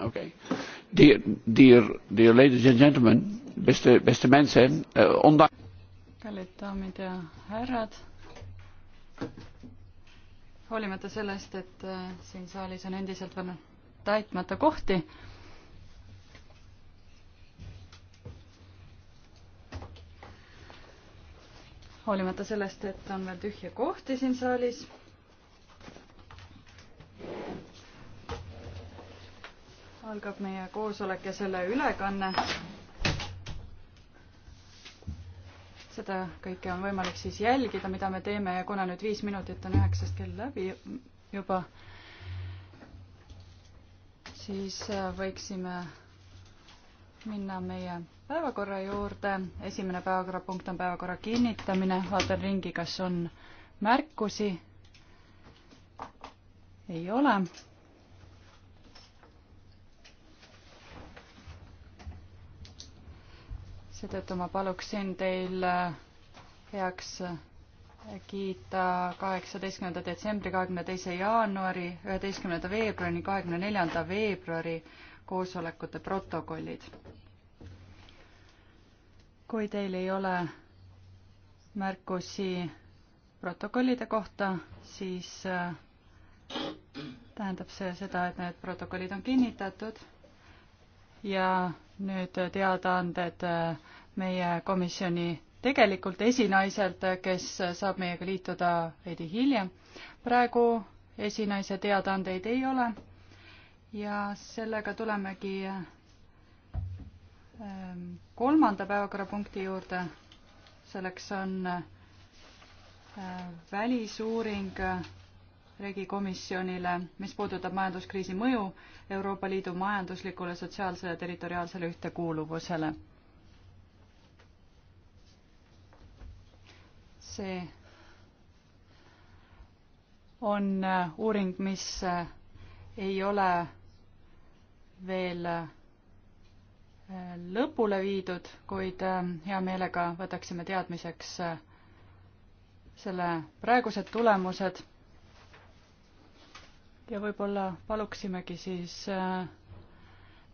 Okay. Dear, dear, dear ladies and gentlemen, beste, beste mensen, uh, ondanks... kallid daamid ja härrad, hoolimata sellest, et uh, siin saalis on endiselt veel täitmata kohti, hoolimata sellest, et on veel tühje kohti siin saalis algab meie koosolek ja selle ülekanne. seda kõike on võimalik siis jälgida, mida me teeme ja kuna nüüd viis minutit on üheksast kell läbi juba, siis äh, võiksime minna meie päevakorra juurde. esimene päevakorrapunkt on päevakorra kinnitamine. vaatan ringi, kas on märkusi? ei ole seetõttu ma paluksin teil äh, heaks äh, kiita kaheksateistkümnenda detsembri, kahekümne teise jaanuari, üheteistkümnenda veebruari, kahekümne neljanda veebruari koosolekute protokollid. kui teil ei ole märkusi protokollide kohta, siis äh, tähendab see seda, et need protokollid on kinnitatud ja nüüd teadaanded äh, meie komisjoni tegelikult esinaiselt, äh, kes saab meiega liituda veidi hiljem. praegu esinaise teadaandeid ei ole ja sellega tulemegi ähm, kolmanda päevakorrapunkti juurde. selleks on äh, välisuuring regikomisjonile, mis puudutab majanduskriisi mõju Euroopa Liidu majanduslikule, sotsiaalsele ja territoriaalsele ühtekuuluvusele. see on äh, uuring, mis äh, ei ole veel äh, lõpule viidud, kuid hea meelega võtaksime teadmiseks selle praegused tulemused ja võib-olla paluksimegi siis äh,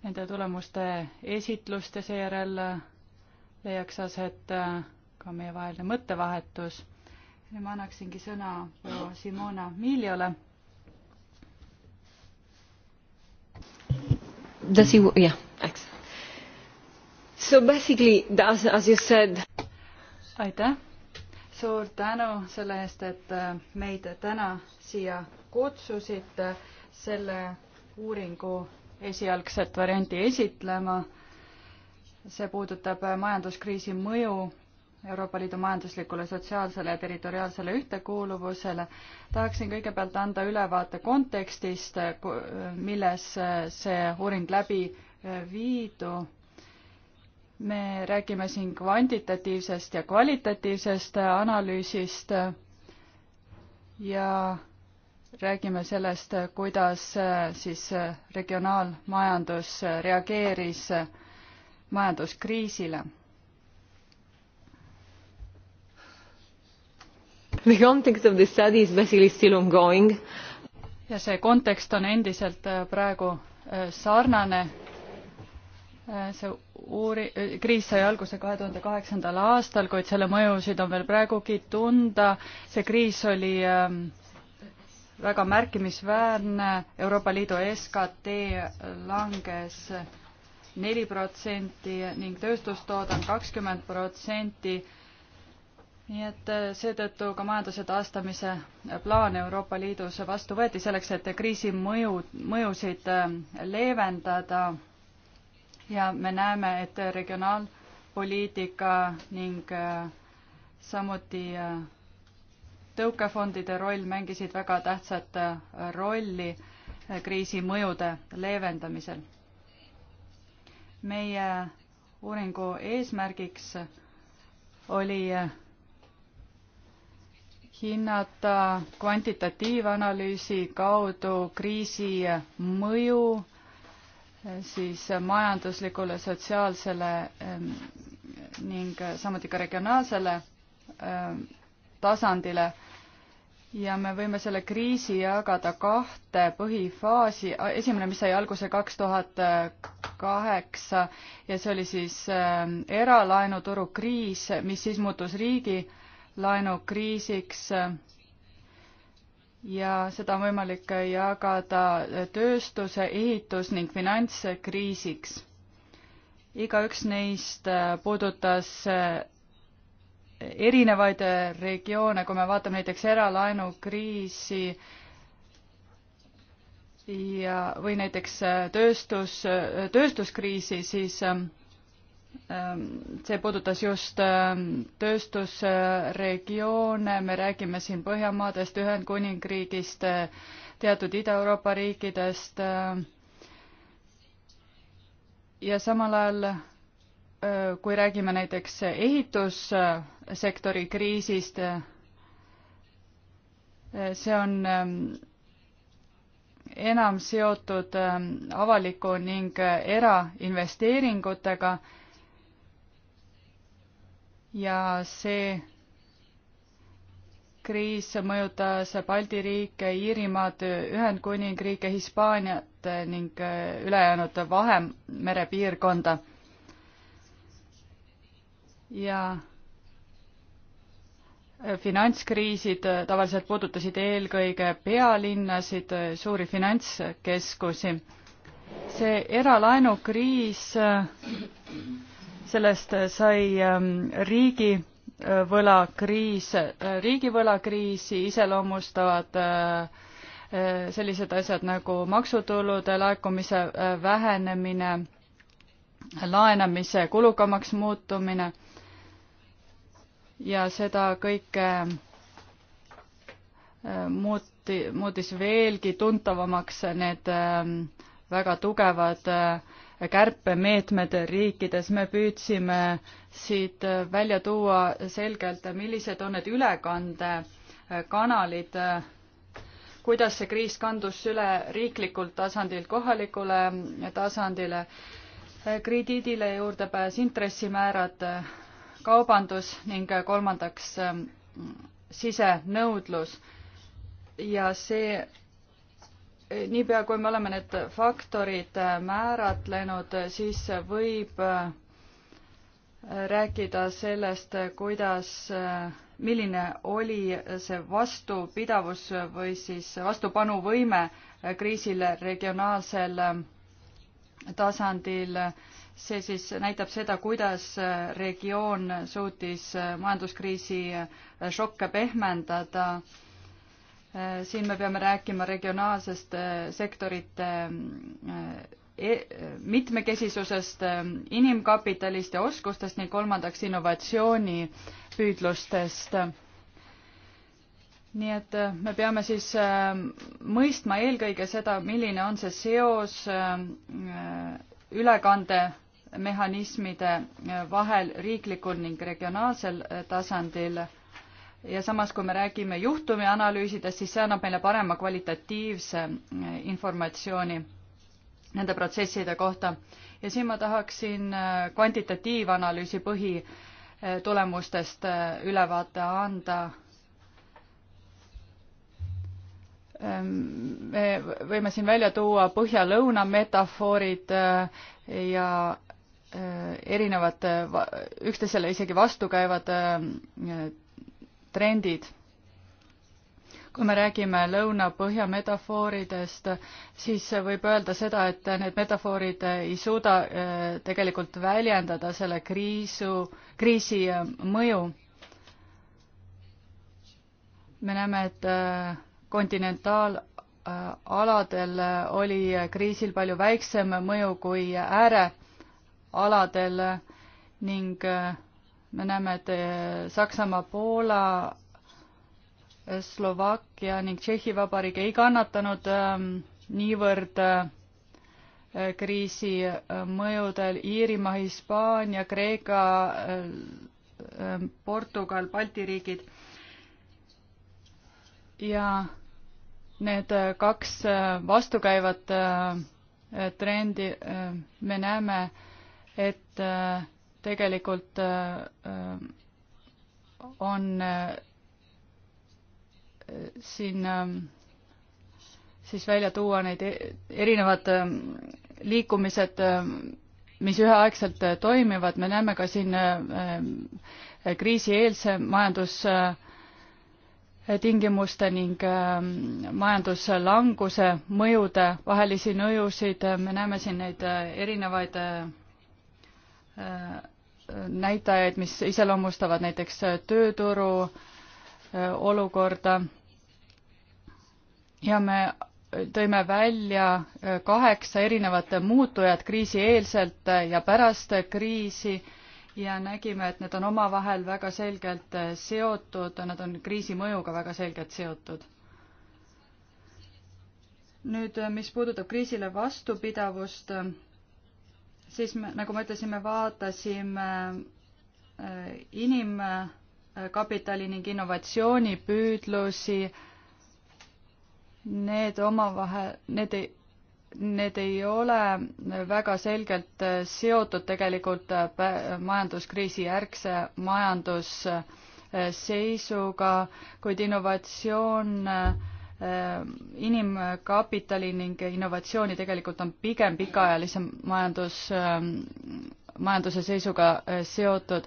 nende tulemuste esitlust ja seejärel äh, leiaks aset äh, ka meievaheline mõttevahetus. ja ma annaksingi sõna proua Simona Miljole. Does he, yeah, thanks. So basically, as, as you said. aitäh suur tänu selle eest, et äh, meid täna siia kutsusite selle uuringu esialgset varianti esitlema. see puudutab äh, majanduskriisi mõju Euroopa Liidu majanduslikule, sotsiaalsele ja territoriaalsele ühtekuuluvusele. tahaksin kõigepealt anda ülevaate kontekstist, äh, milles see uuring läbi viidu me räägime siin kvantitatiivsest ja kvalitatiivsest analüüsist ja räägime sellest, kuidas eh, siis eh, regionaalmajandus eh, reageeris majanduskriisile. The context of the study is basically still ongoing. ja see kontekst on endiselt praegu sarnane Äh, see uuri-, äh, kriis sai alguse kahe tuhande kaheksandal aastal, kuid selle mõjusid on veel praegugi tunda. see kriis oli ähm, väga märkimisväärne, Euroopa Liidu SKT langes neli protsenti ning tööstustoodang kakskümmend protsenti. nii et äh, seetõttu ka majanduse taastamise plaan Euroopa Liidus vastu võeti selleks, et kriisi mõju, mõjusid leevendada ja me näeme, et regionaalpoliitika ning äh, samuti äh, tõukefondide roll mängisid väga tähtsat äh, rolli kriisi mõjude leevendamisel. meie uuringu eesmärgiks oli hinnata kvantitatiivanalüüsi kaudu kriisi mõju siis majanduslikule, sotsiaalsele ning samuti ka regionaalsele tasandile ja me võime selle kriisi jagada kahte põhifaasi. esimene, mis sai alguse kaks tuhat kaheksa ja see oli siis eralaenuturu kriis, mis siis muutus riigi laenukriisiks ja seda on võimalik jagada tööstuse, ehitus ning finantskriisiks. igaüks neist puudutas erinevaid regioone, kui me vaatame näiteks eralaenukriisi ja, või näiteks tööstus, tööstuskriisi, siis ähm, Ehm, see puudutas just ehm, tööstusregioone, me räägime siin Põhjamaadest, Ühendkuningriigist, eh, teatud Ida-Euroopa riikidest. Ehm. ja samal ajal, eh, kui räägime näiteks ehitussektori kriisist, eh, see on enam seotud avaliku ning erainvesteeringutega ja see kriis mõjutas Balti riike, Iirimaad, Ühendkuningriike, Hispaaniat ning äh, ülejäänud Vahemere piirkonda. ja äh, finantskriisid äh, tavaliselt puudutasid eelkõige pealinnasid, suuri finantskeskusi. see eralaenukriis sellest sai ähm, riigi äh, võlakriis, äh, riigivõlakriisi iseloomustavad äh, sellised asjad nagu maksutulude laekumise vähenemine, laenamise kulukamaks muutumine ja seda kõike muuti, muutis veelgi tuntavamaks need ähm, väga tugevad äh, kärpemeetmed riikides, me püüdsime siit välja tuua selgelt, millised on need ülekandekanalid, kuidas see kriis kandus üle riiklikult tasandilt kohalikule tasandile, krediidile juurdepääs, intressimäärad, kaubandus ning kolmandaks sisenõudlus. ja see niipea, kui me oleme need faktorid äh, määratlenud, äh, siis võib äh, rääkida sellest, kuidas, milline oli see vastupidavus või siis vastupanuvõime kriisile regionaalsel tasandil. see siis näitab seda, kuidas regioon suutis majanduskriisi šokke pehmendada Äh, siin me peame rääkima regionaalsest äh, sektorite äh, e, mitmekesisusest, inimkapitalist ja oskustest ning kolmandaks innovatsioonipüüdlustest. nii et me peame siis mõistma eelkõige seda, milline on see seos ülekandemehhanismide vahel riiklikul ning regionaalsel tasandil ja samas, kui me räägime juhtumi analüüsidest, siis see annab meile parema kvalitatiivse eh, informatsiooni nende protsesside kohta. ja siin ma tahaksin eh, kvantitatiivanalüüsi põhitulemustest eh, ülevaate anda ehm, me võime siin välja tuua põhja-lõuna metafoorid ja erinevad üksteisele isegi vastukäivad trendid. kui me räägime lõuna-põhja metafooridest, siis võib öelda seda, et need metafoorid ei suuda äh, tegelikult väljendada selle kriisu, kriisi äh, mõju. me näeme, et äh, kontinentaal aladel oli kriisil palju väiksem mõju kui äärealadel ning me näeme, et eh, Saksamaa, Poola, eh, Slovakkia ning Tšehhi Vabariik ei kannatanud ehm, niivõrd eh, kriisi mõjudel. Iirimaa, Hispaania, Kreeka, Portugal, Balti riigid ja need kaks vastukäivat trendi me näeme, et tegelikult äh, äh, on äh, siin ähm, siis välja tuua neid e-, erinevad ähm, liikumised, ähm, mis üheaegselt toimivad, me näeme ka siin kriisieelse majandus tingimuste ning majanduslanguse mõjude vahelisi nõjusid, me näeme siin neid erinevaid Äh, näitajaid, mis iseloomustavad näiteks äh, tööturu äh, olukorda. ja me tõime välja kaheksa erinevat muutujat kriisieelselt ja pärast kriisi ja nägime, et need on omavahel väga selgelt seotud, nad on kriisi mõjuga väga selgelt seotud. nüüd, mis puudutab kriisile vastupidavust siis me, nagu me ütlesime, vaatasime äh, inimkapitali ning innovatsioonipüüdlusi. Need omavahel, need ei, need ei ole väga selgelt äh, seotud tegelikult äh, majanduskriisi järgse majandusseisuga, kuid innovatsioon äh, Äh, inimkapitali ning innovatsiooni tegelikult on pigem pikaajalise majandus, ähm, majanduse seisuga äh, seotud.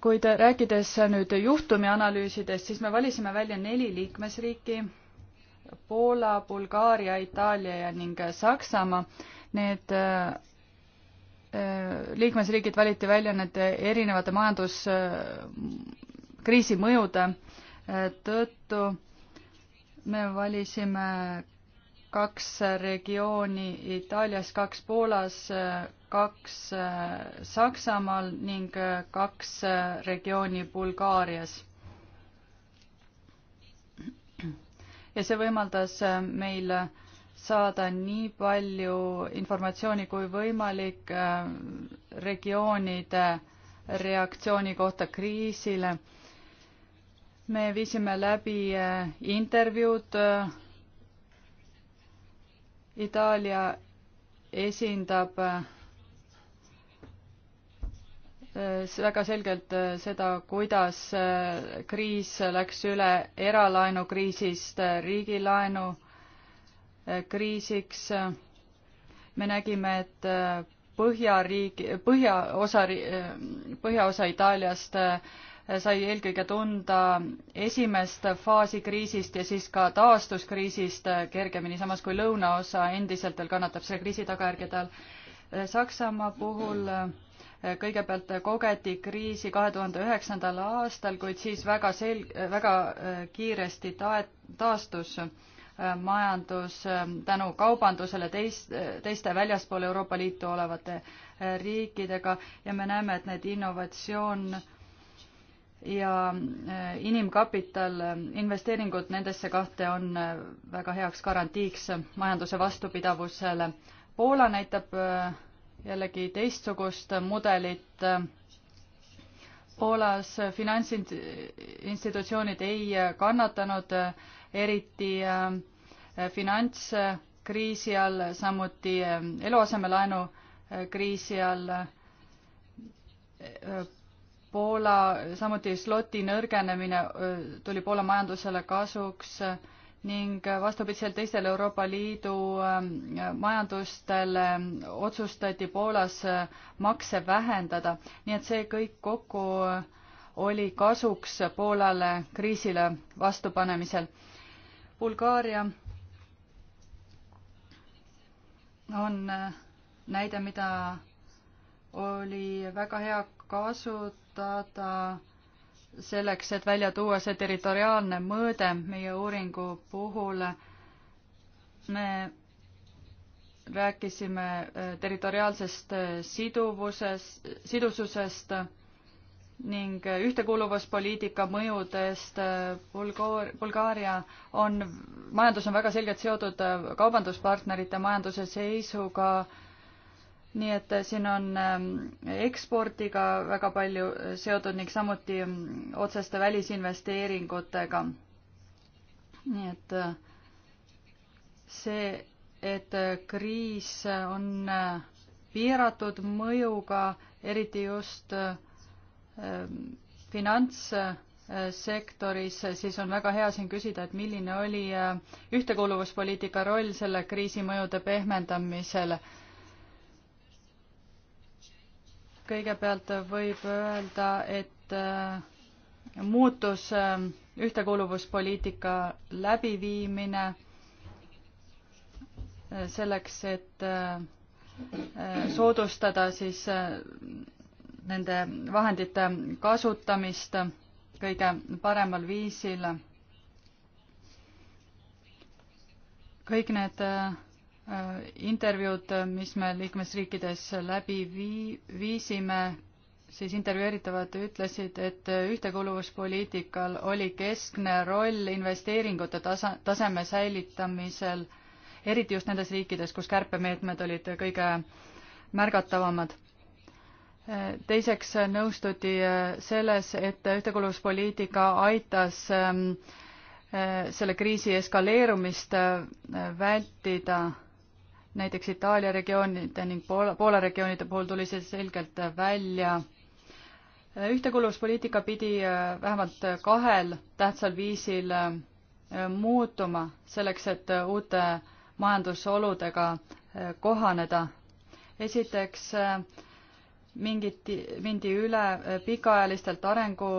kuid rääkides nüüd juhtumianalüüsidest, siis me valisime välja neli liikmesriiki, Poola, Bulgaaria, Itaalia ja ning Saksamaa. Need äh, liikmesriigid valiti välja nende erinevate majanduskriisi mõjude tõttu me valisime kaks regiooni Itaalias, kaks Poolas, äh, kaks äh, Saksamaal ning äh, kaks regiooni Bulgaarias. ja see võimaldas meil saada nii palju informatsiooni kui võimalik regioonide reaktsiooni kohta kriisile me viisime läbi eh, intervjuud eh, Itaalia esindab eh, väga selgelt seda, kuidas kriis läks üle eralaenukriisist riigilaenu kriisiks. me nägime, et põhjariigi, põhjaosa, põhjaosa Itaaliast sai eelkõige tunda esimest faasi kriisist ja siis ka taastuskriisist kergemini, samas kui lõunaosa endiselt veel kannatab selle kriisi tagajärgedel. Saksamaa puhul eh, kõigepealt kogeti kriisi kahe tuhande üheksandal aastal, kuid siis väga sel-, väga eh, kiiresti tae-, taastus eh, majandus tänu kaubandusele teis-, teiste väljaspool Euroopa Liitu olevate riikidega ja me näeme, et need innovatsioon äh, ja äh, inimkapital, äh, investeeringud nendesse kahte on äh, väga heaks garantiiks majanduse vastupidavusele. Poola näitab jällegi teistsugust mudelit. Poolas finantsinstitutsioonid ei kannatanud eriti finantskriisi all, samuti eluasemelaenu kriisi all Poola, samuti sloti nõrgenemine tuli Poola majandusele kasuks äh, ning äh, vastupidiselt teistele Euroopa Liidu ähm, majandustele ähm, otsustati Poolas äh, makse vähendada, nii et see kõik kokku oli kasuks Poolale kriisile vastupanemisel. Bulgaaria on näide, mida oli väga hea kasutada selleks, et välja tuua see territoriaalne mõõde meie uuringu puhul. me rääkisime äh, territoriaalsest äh, siduvuses, sidususest ning äh, ühtekuuluvuspoliitika mõjudest Bulgaar-, Bulgaaria on, majandus on väga selgelt seotud kaubanduspartnerite majanduse seisuga nii et äh, siin on ähm, ekspordiga väga palju äh, seotud ning samuti mm, otseste välisinvesteeringutega. nii et äh, see, et kriis on piiratud mõjuga, eriti just ähm, finantssektoris, siis on väga hea siin küsida, et milline oli ühtekuuluvuspoliitika roll selle kriisi mõjude pehmendamisel kõigepealt võib öelda, et äh, muutus äh, ühtekuuluvuspoliitika läbiviimine äh, selleks, et soodustada siis nende vahendite kasutamist kõige paremal viisil. kõik need äh, Äh, intervjuud, äh, mis me liikmesriikides läbi vii-, viisime, siis intervjueeritavad ütlesid, et äh, ühtekuuluvuspoliitikal oli keskne roll investeeringute tasa, taseme säilitamisel, eriti just nendes riikides, kus kärpemeetmed olid kõige märgatavamad. teiseks nõustuti selles, et ühtekuuluvuspoliitika aitas ähm, selle kriisi eskaleerumist vältida näiteks Itaalia regioonide ning Poola, Poola regioonide puhul tuli see selgelt välja. ühtekuuluvuspoliitika pidi äh, vähemalt äh, kahel tähtsal viisil äh, muutuma selleks, et uute majandusoludega kohaneda. esiteks mingiti, mindi üle pikaajalistelt arengu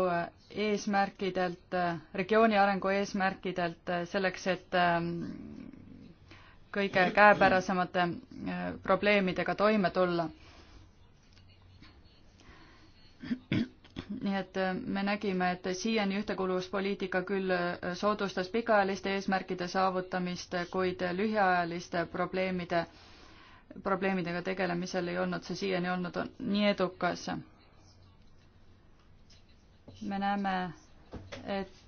eesmärkidelt, regiooni arengu eesmärkidelt selleks, et ähm, kõige käepärasemate äh, probleemidega toime tulla. nii et äh, me nägime, et siiani ühtekuuluvuspoliitika küll äh, soodustas pikaajaliste eesmärkide saavutamist, kuid lühiajaliste probleemide, probleemidega tegelemisel ei olnud see siiani olnud nii edukas. me näeme, et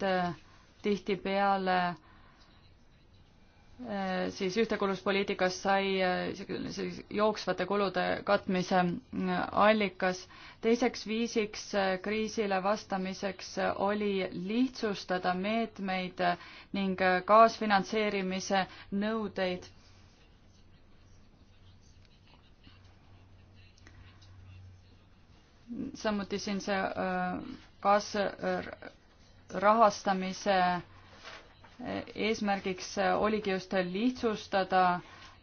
tihtipeale Äh, siis ühtekuuluvuspoliitikas sai äh, siis jooksvate kulude katmise äh, allikas. teiseks viisiks kriisile vastamiseks oli lihtsustada meetmeid ning kaasfinantseerimise nõudeid. samuti siin see kaasrahastamise äh, eesmärgiks oligi just lihtsustada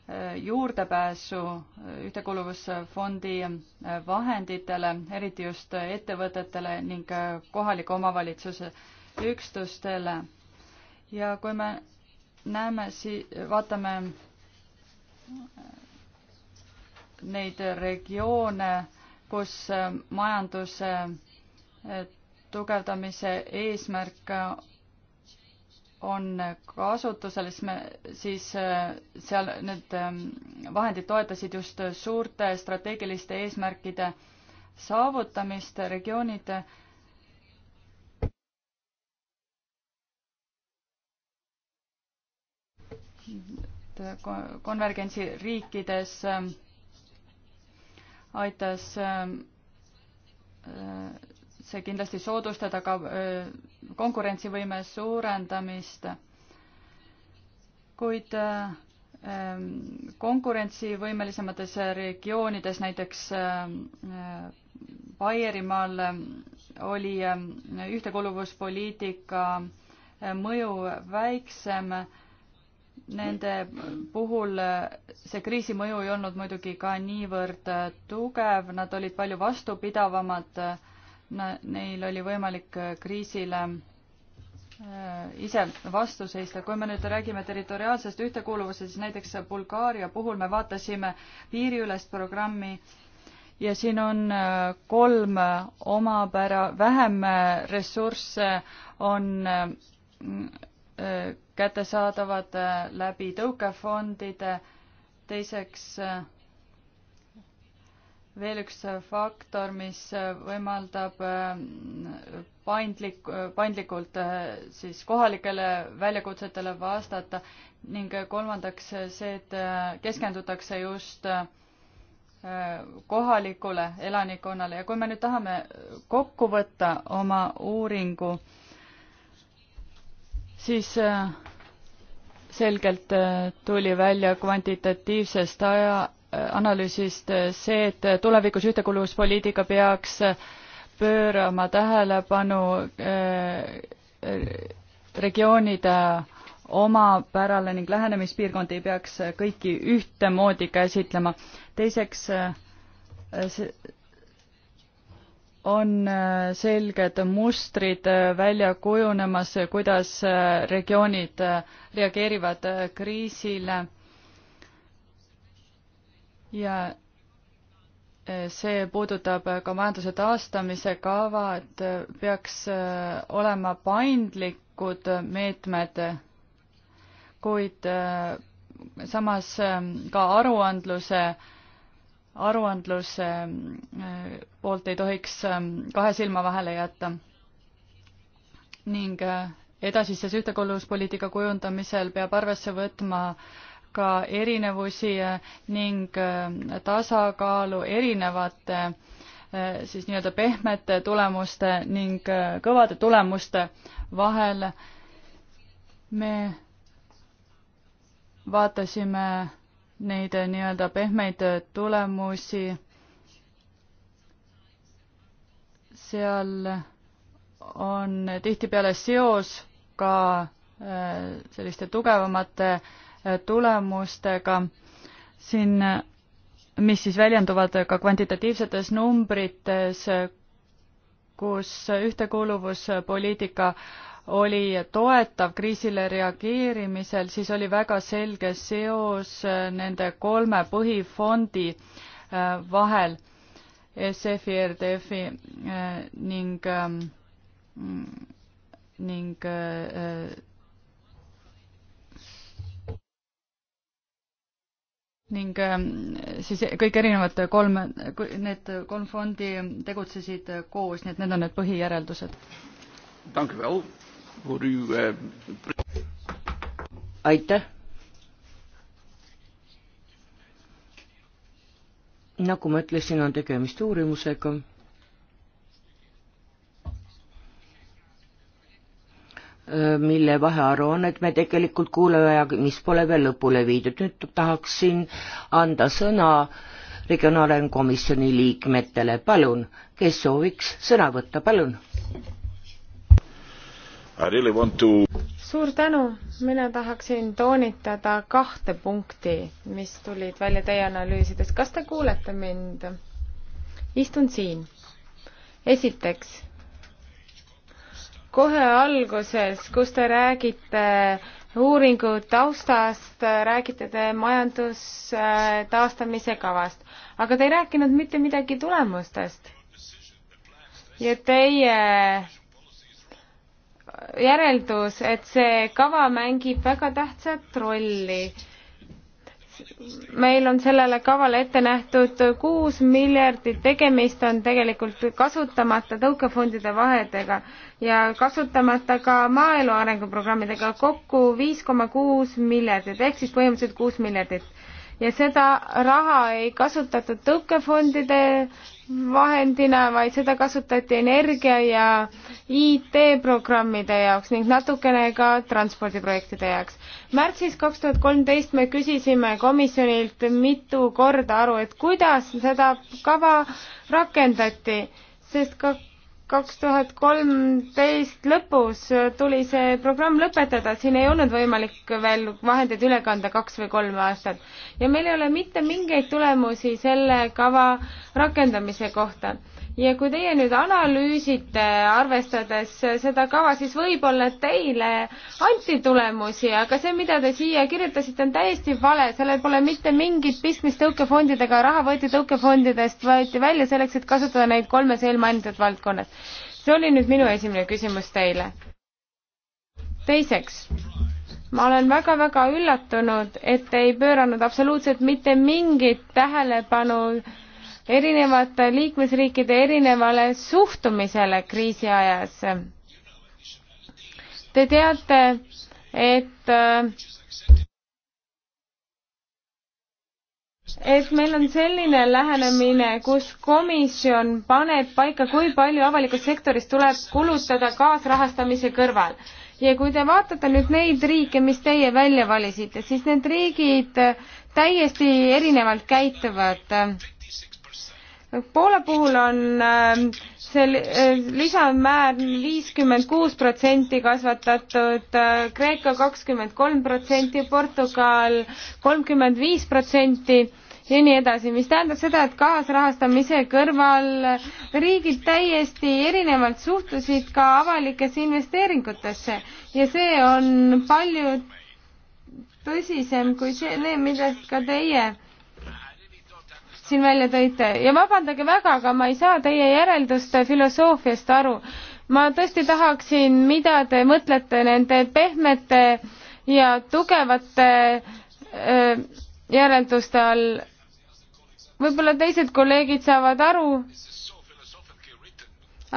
eh, juurdepääsu eh, Ühtekuuluvusfondi eh, vahenditele, eriti just ettevõtetele ning kohaliku omavalitsuse üksustele. ja kui me näeme si-, vaatame neid regioone, kus majanduse tugevdamise eesmärk on kasutusel, siis me, siis äh, seal need ähm, vahendid toetasid just suurte strateegiliste eesmärkide saavutamist, regioonid äh, konvergentsi riikides äh, aitas see kindlasti soodustada ka konkurentsivõime suurendamist. kuid konkurentsivõimelisemates regioonides, näiteks Baierimaal oli ühtekuuluvuspoliitika mõju väiksem. Nende puhul see kriisi mõju ei olnud muidugi ka niivõrd tugev, nad olid palju vastupidavamad äh, neil oli võimalik äh, kriisile äh, ise vastu seista. kui me nüüd räägime territoriaalsest ühtekuuluvusest, siis näiteks Bulgaaria puhul me vaatasime piiriülest programmi ja siin on äh, kolm omapära, vähem ressursse on kättesaadavad läbi tõukefondide, teiseks veel üks faktor, mis võimaldab äh, paindlik, paindlikult äh, siis kohalikele väljakutsetele vastata ning kolmandaks äh, see, et keskendutakse just kohalikule elanikkonnale ja kui me nüüd tahame kokku võtta oma uuringu, siis selgelt tuli välja kvantitatiivsest aja analüüsist see, et tulevikus ühtekuuluvuspoliitika peaks pöörama tähelepanu äh, regioonide omapärale ning lähenemispiirkond ei peaks kõiki ühtemoodi käsitlema. teiseks äh, on äh, selged mustrid välja kujunemas, kuidas regioonid reageerivad kriisile ja e, see puudutab ka majanduse taastamise kava, et e, peaks e, olema paindlikud meetmed, kuid samas ka aruandluse, aruandluse poolt ei tohiks kahe silma vahele jätta. ning edasises ühtekuuluvuspoliitika kujundamisel peab arvesse võtma äh, ka erinevusi ning äh, tasakaalu erinevate äh, siis nii-öelda pehmete tulemuste ning äh, kõvade tulemuste vahel. me vaatasime neid nii-öelda pehmeid tulemusi seal on tihtipeale seos ka selliste tugevamate tulemustega siin, mis siis väljenduvad ka kvantitatiivsetes numbrites, kus ühtekuuluvuspoliitika oli toetav kriisile reageerimisel, siis oli väga selge seos nende kolme põhifondi äh, vahel, SF-i, RDF-i äh, ning, ähm, ning äh, ning äh, siis kõik erinevad kolm, need kolm fondi tegutsesid koos, nii et need on need põhijäreldused. Eh, aitäh. nagu ma ütlesin, on tegemist uurimusega mille vahearu on, et me tegelikult kuulajaga, mis pole veel lõpule viidud, nüüd tahaksin anda sõna regionaalarengu komisjoni liikmetele, palun, kes sooviks sõna võtta, palun. Really to... suur tänu, mina tahaksin toonitada kahte punkti, mis tulid välja teie analüüsides, kas te kuulete mind? istun siin. esiteks kohe alguses, kus te räägite uuringu taustast, räägite te majandustaastamise äh, kavast, aga te ei rääkinud mitte midagi tulemustest. ja teie järeldus, et see kava mängib väga tähtsat rolli meil on sellele kavale ette nähtud kuus miljardit, tegemist on tegelikult kasutamata tõukefondide vahedega ja kasutamata ka maaelu arenguprogrammidega kokku viis koma kuus miljardit ehk siis põhimõtteliselt kuus miljardit ja seda raha ei kasutatud tõukefondide vahendina, vaid seda kasutati energia ja IT-programmide jaoks ning natukene ka transpordiprojektide jaoks. märtsis kaks tuhat kolmteist me küsisime komisjonilt mitu korda aru, et kuidas seda kava rakendati, sest ka kaks tuhat kolmteist lõpus tuli see programm lõpetada, siin ei olnud võimalik veel vahendeid üle kanda kaks või kolm aastat. ja meil ei ole mitte mingeid tulemusi selle kava rakendamise kohta ja kui teie nüüd analüüsite, arvestades seda kava, siis võib-olla teile anti tulemusi, aga see, mida te siia kirjutasite, on täiesti vale, sellel pole mitte mingit pistmist tõukefondidega, raha võeti tõukefondidest, võeti välja selleks, et kasutada neid kolmes eelmainitud valdkonnas. see oli nüüd minu esimene küsimus teile. teiseks ma olen väga-väga üllatunud, et ei pööranud absoluutselt mitte mingit tähelepanu äh, erinevate liikmesriikide erinevale suhtumisele kriisi ajas. Te teate, et et meil on selline lähenemine, kus komisjon paneb paika, kui palju avalikust sektorist tuleb kulutada kaasrahastamise kõrval. ja kui te vaatate nüüd neid riike, mis teie välja valisite, siis need riigid täiesti erinevalt käituvad Poola puhul on äh, see äh, lisamäär viiskümmend kuus protsenti kasvatatud, äh, Kreeka kakskümmend kolm protsenti, Portugal kolmkümmend viis protsenti ja nii edasi, mis tähendab seda, et kaasrahastamise kõrval riigid täiesti erinevalt suhtusid ka avalikesse investeeringutesse ja see on palju tõsisem kui see, millest ka teie siin välja tõite ja vabandage väga, aga ma ei saa teie järelduste filosoofiast aru. ma tõesti tahaksin, mida te mõtlete nende pehmete ja tugevate äh, järelduste all. võib-olla teised kolleegid saavad aru,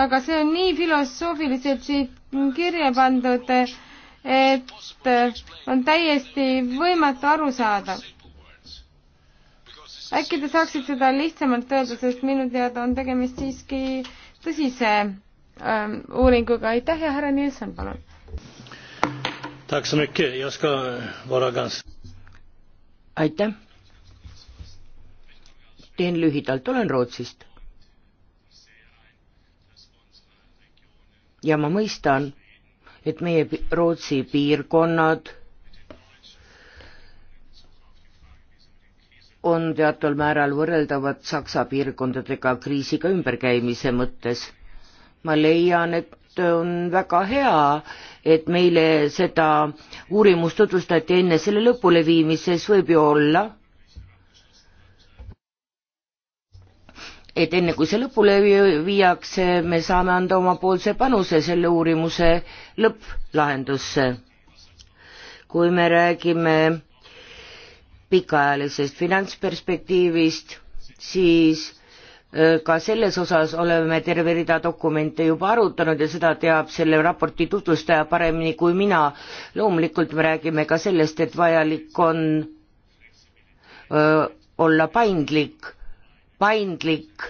aga see on nii filosoofiliselt siit kirja pandud, et on täiesti võimatu aru saada äkki te saaksite seda lihtsamalt öelda, sest minu teada on tegemist siiski tõsise ähm, uuringuga. aitäh ja härra Nilsson, palun. Äh, aitäh. teen lühidalt, olen Rootsist. ja ma mõistan, et meie Rootsi piirkonnad on teatud määral võrreldavad Saksa piirkondadega kriisiga ümberkäimise mõttes. ma leian, et on väga hea, et meile seda uurimust tutvustati enne selle lõpuleviimist, sest võib ju olla, et enne kui see lõpule viiakse, me saame anda omapoolse panuse selle uurimuse lõpplahendusse. kui me räägime pikaajalisest finantsperspektiivist, siis äh, ka selles osas oleme terve rida dokumente juba arutanud ja seda teab selle raporti tutvustaja paremini kui mina. loomulikult me räägime ka sellest, et vajalik on öö, äh, olla paindlik, paindlik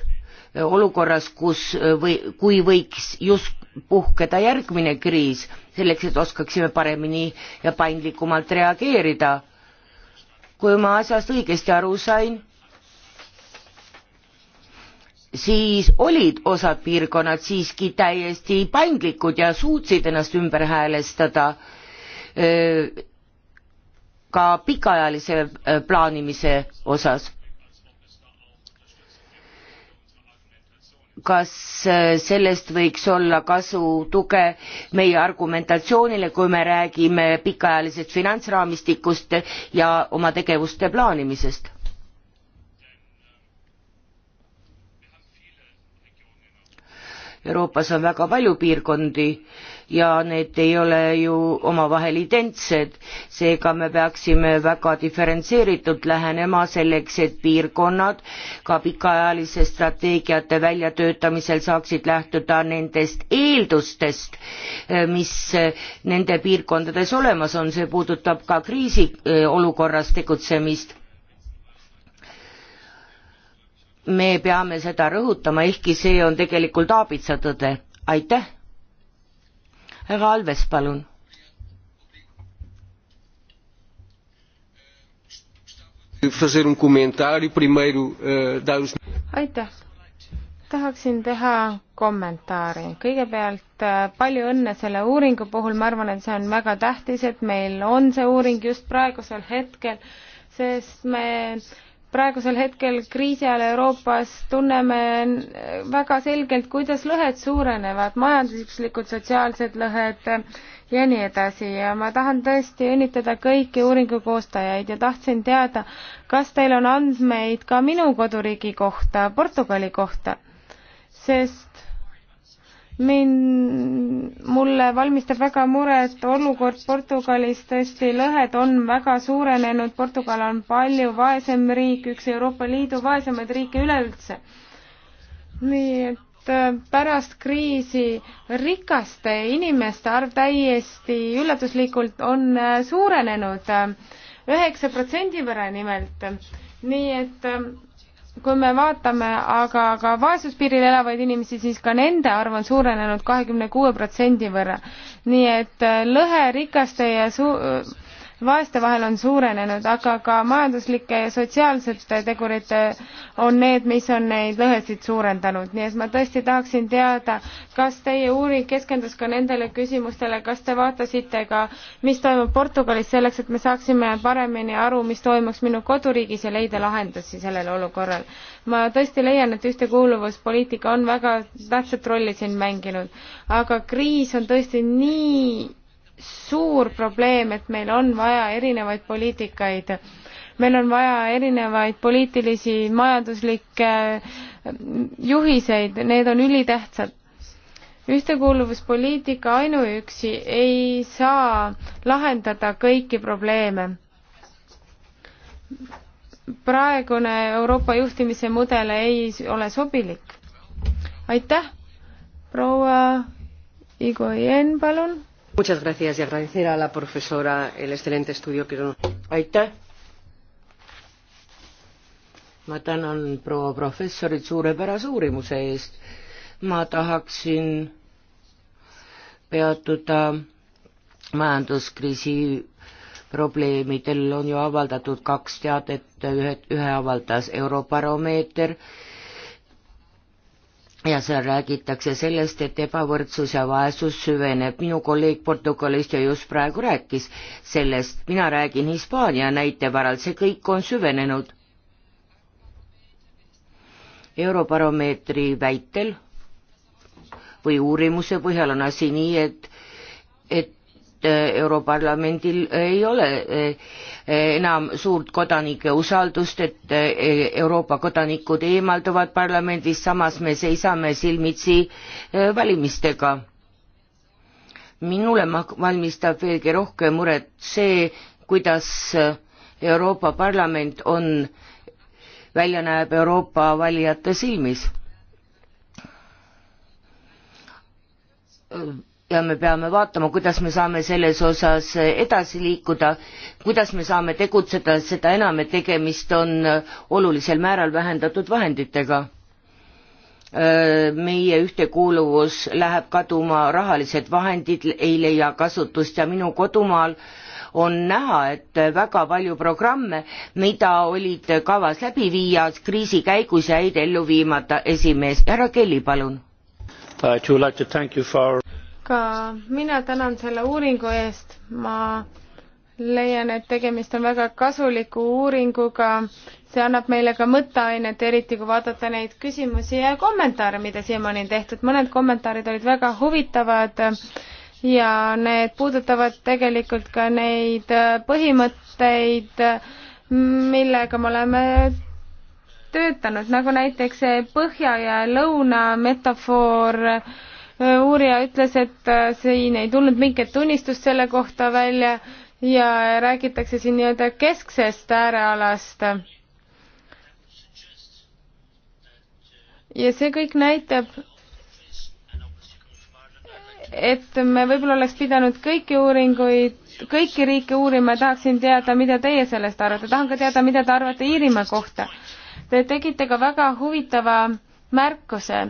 äh, olukorras, kus või kui võiks just puhkeda järgmine kriis, selleks et oskaksime paremini ja paindlikumalt reageerida kui ma asjast õigesti aru sain, siis olid osad piirkonnad siiski täiesti paindlikud ja suutsid ennast ümber häälestada äh, ka pikaajalise äh, plaanimise osas kas äh, sellest võiks olla kasu tuge meie argumentatsioonile kui me räägime pikaajalisest finantsraamistikust ja oma tegevuste plaanimisest? Euroopas on väga palju piirkondi ja need ei ole ju omavahel identsed, seega me peaksime väga diferentseeritult lähenema selleks, et piirkonnad ka pikaajalise strateegiate väljatöötamisel saaksid lähtuda nendest eeldustest, mis nende piirkondades olemas on, see puudutab ka kriisiolukorras tegutsemist me peame seda rõhutama, ehkki see on tegelikult aabitsatõde. aitäh! härra Alves, palun. Um e eh, aitäh! tahaksin teha kommentaari. kõigepealt eh, palju õnne selle uuringu puhul, ma arvan, et see on väga tähtis, et meil on see uuring just praegusel hetkel, sest me äh, praegusel hetkel kriisi ajal Euroopas tunneme väga selgelt, kuidas lõhed suurenevad, majanduslikud, sotsiaalsed lõhed ja nii edasi ja ma tahan tõesti õnnitleda kõiki uuringu koostajaid ja tahtsin teada, kas teil on andmeid ka minu koduriigi kohta, Portugali kohta, sest mind, mulle valmistab väga muret olukord Portugalis, tõesti lõhed on väga suurenenud, Portugal on palju vaesem riik, üks Euroopa Liidu vaesemaid riike üleüldse. nii et äh, pärast kriisi rikaste inimeste arv täiesti üllatuslikult on äh, suurenenud äh, üheksa protsendi võrra nimelt, nii et kui me vaatame aga ka vaesuspiiril elavaid inimesi, siis ka nende arv on suurenenud kahekümne kuue protsendi võrra. nii et äh, lõhe rikaste ja su-, vaeste vahel on suurenenud, aga ka majanduslike ja sotsiaalsete tegurite on need, mis on neid lõhesid suurendanud, nii et ma tõesti tahaksin teada, kas teie uuring keskendus ka nendele küsimustele, kas te vaatasite ka, mis toimub Portugalis selleks, et me saaksime paremini aru, mis toimuks minu koduriigis ja leida lahendusi sellele olukorrale. ma tõesti leian, et ühtekuuluvuspoliitika on väga tähtsat rolli siin mänginud, aga kriis on tõesti nii suur probleem, et meil on vaja erinevaid poliitikaid. meil on vaja erinevaid poliitilisi, majanduslikke äh, juhiseid, need on ülitähtsad. ühtekuuluvuspoliitika ainuüksi ei saa lahendada kõiki probleeme. praegune Euroopa juhtimise mudel ei ole sobilik. aitäh, proua Igo Jen, palun Muchas gracias y agradecer a la profesora el excelente estudio que nos... aitäh! ma tänan proua professorit suurepärase uurimuse eest. ma tahaksin peatuda majanduskriisi probleemidel on ju avaldatud kaks teadet, ühe, ühe avaldas Eurobaromeeter ja seal räägitakse sellest, et ebavõrdsus ja vaesus süveneb. minu kolleeg Portugalist ju just praegu rääkis sellest, mina räägin Hispaania näite varal, see kõik on süvenenud. eurobaromeetri väitel või uurimuse põhjal on asi nii, et, et Äh, Europarlamendil äh, ei ole äh, enam suurt kodanike usaldust, et e, Euroopa kodanikud eemalduvad parlamendist, samas me seisame silmitsi valimistega. minule valmistab veelgi rohkem muret see, kuidas Euroopa Parlament on, välja näeb Euroopa valijate silmis ja me peame vaatama, kuidas me saame selles osas edasi liikuda, kuidas me saame tegutseda, seda enam, et tegemist on olulisel määral vähendatud vahenditega. meie ühtekuuluvus läheb kaduma, rahalised vahendid ei leia kasutust ja minu kodumaal on näha, et väga palju programme, mida olid kavas läbi viia, kriisi käigus jäid ellu viimata. esimees, härra Kelly, palun. I uh, would like to thank you for ka mina tänan selle uuringu eest, ma leian, et tegemist on väga kasuliku uuringuga, see annab meile ka mõtteainet, eriti kui vaadata neid küsimusi ja kommentaare, mida siiamaani on tehtud, mõned kommentaarid olid väga huvitavad ja need puudutavad tegelikult ka neid põhimõtteid, millega me oleme töötanud, nagu näiteks see põhja ja lõuna metafoor äh, uurija ütles, et äh, siin ei tulnud mingit tunnistust selle kohta välja ja räägitakse siin nii-öelda kesksest äärealast. ja see kõik näitab, et me võib-olla oleks pidanud kõiki uuringuid, kõiki riike uurima ja tahaksin teada, mida teie sellest arvate. tahan ka teada, mida te arvate Iirimaa kohta. Te tegite ka väga huvitava märkuse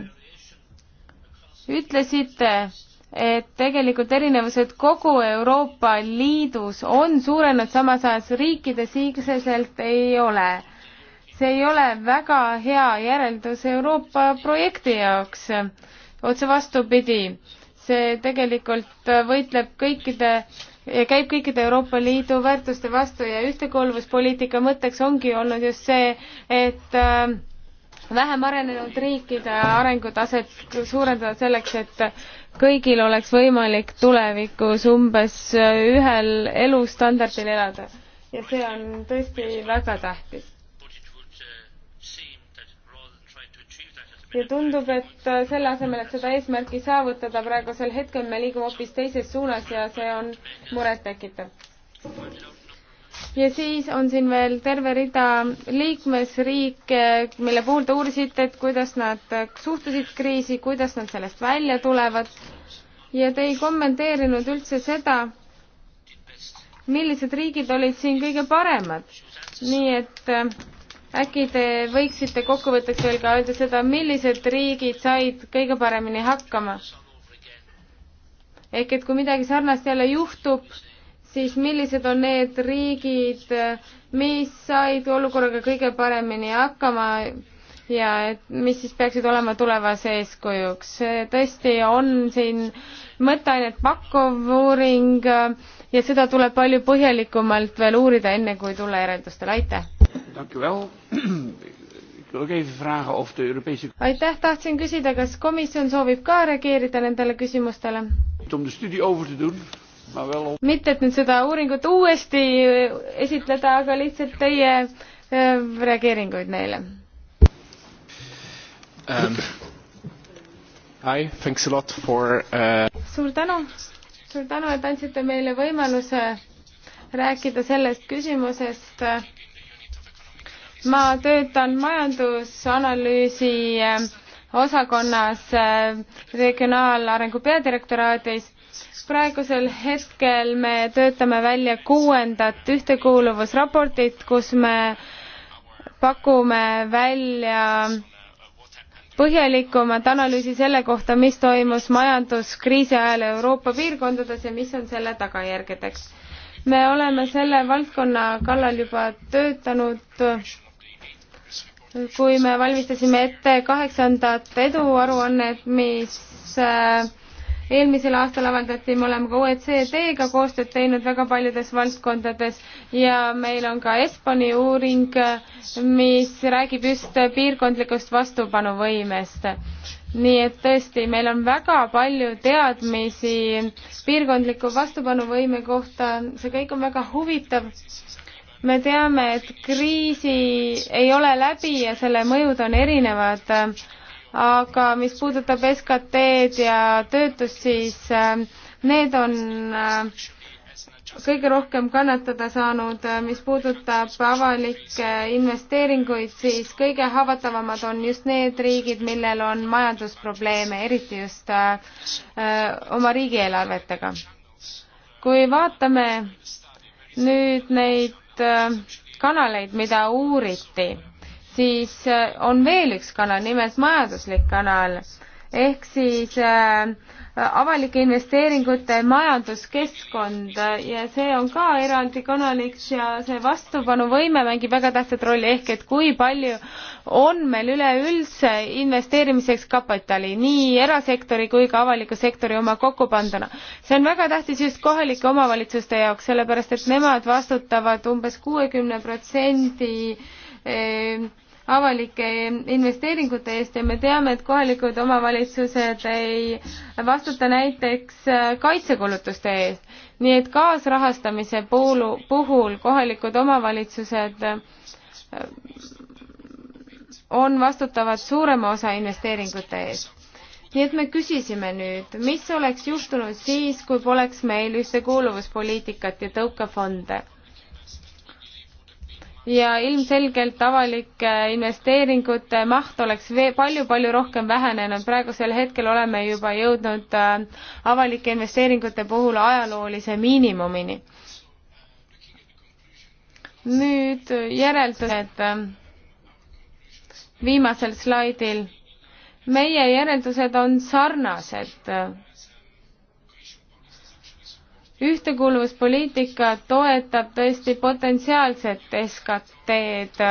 ütlesite, et tegelikult erinevused kogu Euroopa Liidus on suurenenud, samas ajas riikidesiseselt ei ole. see ei ole väga hea järeldus Euroopa projekti jaoks. otse vastupidi, see tegelikult võitleb kõikide ja käib kõikide Euroopa Liidu väärtuste vastu ja ühtekuuluvuspoliitika mõtteks ongi olnud just see, et äh, vähem arenenud riikide arengutaset suurendada selleks, et kõigil oleks võimalik tulevikus umbes ühel elustandardil elada. ja see on tõesti väga tähtis. ja tundub, et selle asemel, et seda eesmärki saavutada, praegusel hetkel me liigume hoopis teises suunas ja see on murettekitav ja siis on siin veel terve rida liikmesriike, mille puhul te uurisite, et kuidas nad suhtusid kriisi, kuidas nad sellest välja tulevad ja te ei kommenteerinud üldse seda, millised riigid olid siin kõige paremad. nii et äh, äkki te võiksite kokkuvõtteks veel ka öelda seda, millised riigid said kõige paremini hakkama? ehk et kui midagi sarnast jälle juhtub, siis millised on need riigid, mis said olukorraga kõige paremini hakkama ja et mis siis peaksid olema tulevase eeskujuks. tõesti on siin mõtteainet pakkuv uuring ja seda tuleb palju põhjalikumalt veel uurida, enne kui tulla järeldustele, aitäh! aitäh, tahtsin küsida, kas komisjon soovib ka reageerida nendele küsimustele? om de studie over te doen. Veel... mitte, et nüüd seda uuringut uuesti esitleda, aga lihtsalt teie äh, reageeringuid neile um,. Hi, thanks a lot for uh... suur tänu, suur tänu, et andsite meile võimaluse rääkida sellest küsimusest. ma töötan majandusanalüüsi äh, osakonnas äh, regionaalarengu peadirektoraadis praegusel hetkel me töötame välja kuuendat ühtekuuluvusraportit, kus me pakume välja põhjalikumat analüüsi selle kohta, mis toimus majanduskriisi ajal Euroopa piirkondades ja mis on selle tagajärgedeks. me oleme selle valdkonna kallal juba töötanud kui me valmistasime ette kaheksandat eduaruannet, mis äh, eelmisel aastal avaldati, me oleme ka OECD-ga koostööd teinud väga paljudes valdkondades ja meil on ka Espani uuring, mis räägib just piirkondlikust vastupanuvõimest. nii et tõesti, meil on väga palju teadmisi piirkondliku vastupanuvõime kohta, see kõik on väga huvitav me teame, et kriisi ei ole läbi ja selle mõjud on erinevad aga mis puudutab SKT-d ja töötust, siis äh, need on äh, kõige rohkem kannatada saanud, äh, mis puudutab avalikke investeeringuid, siis kõige haavatavamad on just need riigid, millel on majandusprobleeme, eriti just oma riigieelarvetega. kui vaatame nüüd neid kanaleid, mida uuriti siis äh, on veel üks kanal, nimelt majanduslik kanal ehk siis äh, avalike investeeringute majanduskeskkond ja see on ka eraldi kanaliks ja see vastupanuvõime mängib väga tähtsat rolli, ehk et kui palju on meil üleüldse investeerimiseks kapitali, nii erasektori kui ka avaliku sektori oma kokkupanduna. see on väga tähtis just kohalike omavalitsuste jaoks, sellepärast et nemad vastutavad umbes kuuekümne protsendi eh, avalike investeeringute eest ja me teame, et kohalikud omavalitsused ei vastuta näiteks kaitsekulutuste eest. nii et kaasrahastamise poolu, puhul kohalikud omavalitsused äh, on vastutavad suurema osa investeeringute eest. nii et me küsisime nüüd, mis oleks juhtunud siis, kui poleks meil ühtekuuluvuspoliitikat ja tõukefonde ja ilmselgelt avalike investeeringute maht oleks palju-palju rohkem vähenenud. praegusel hetkel oleme juba jõudnud äh, avalike investeeringute puhul ajaloolise miinimumini. nüüd järeldused äh, viimasel slaidil. meie järeldused on sarnased ühtekuuluvuspoliitika toetab tõesti potentsiaalset SKT-d,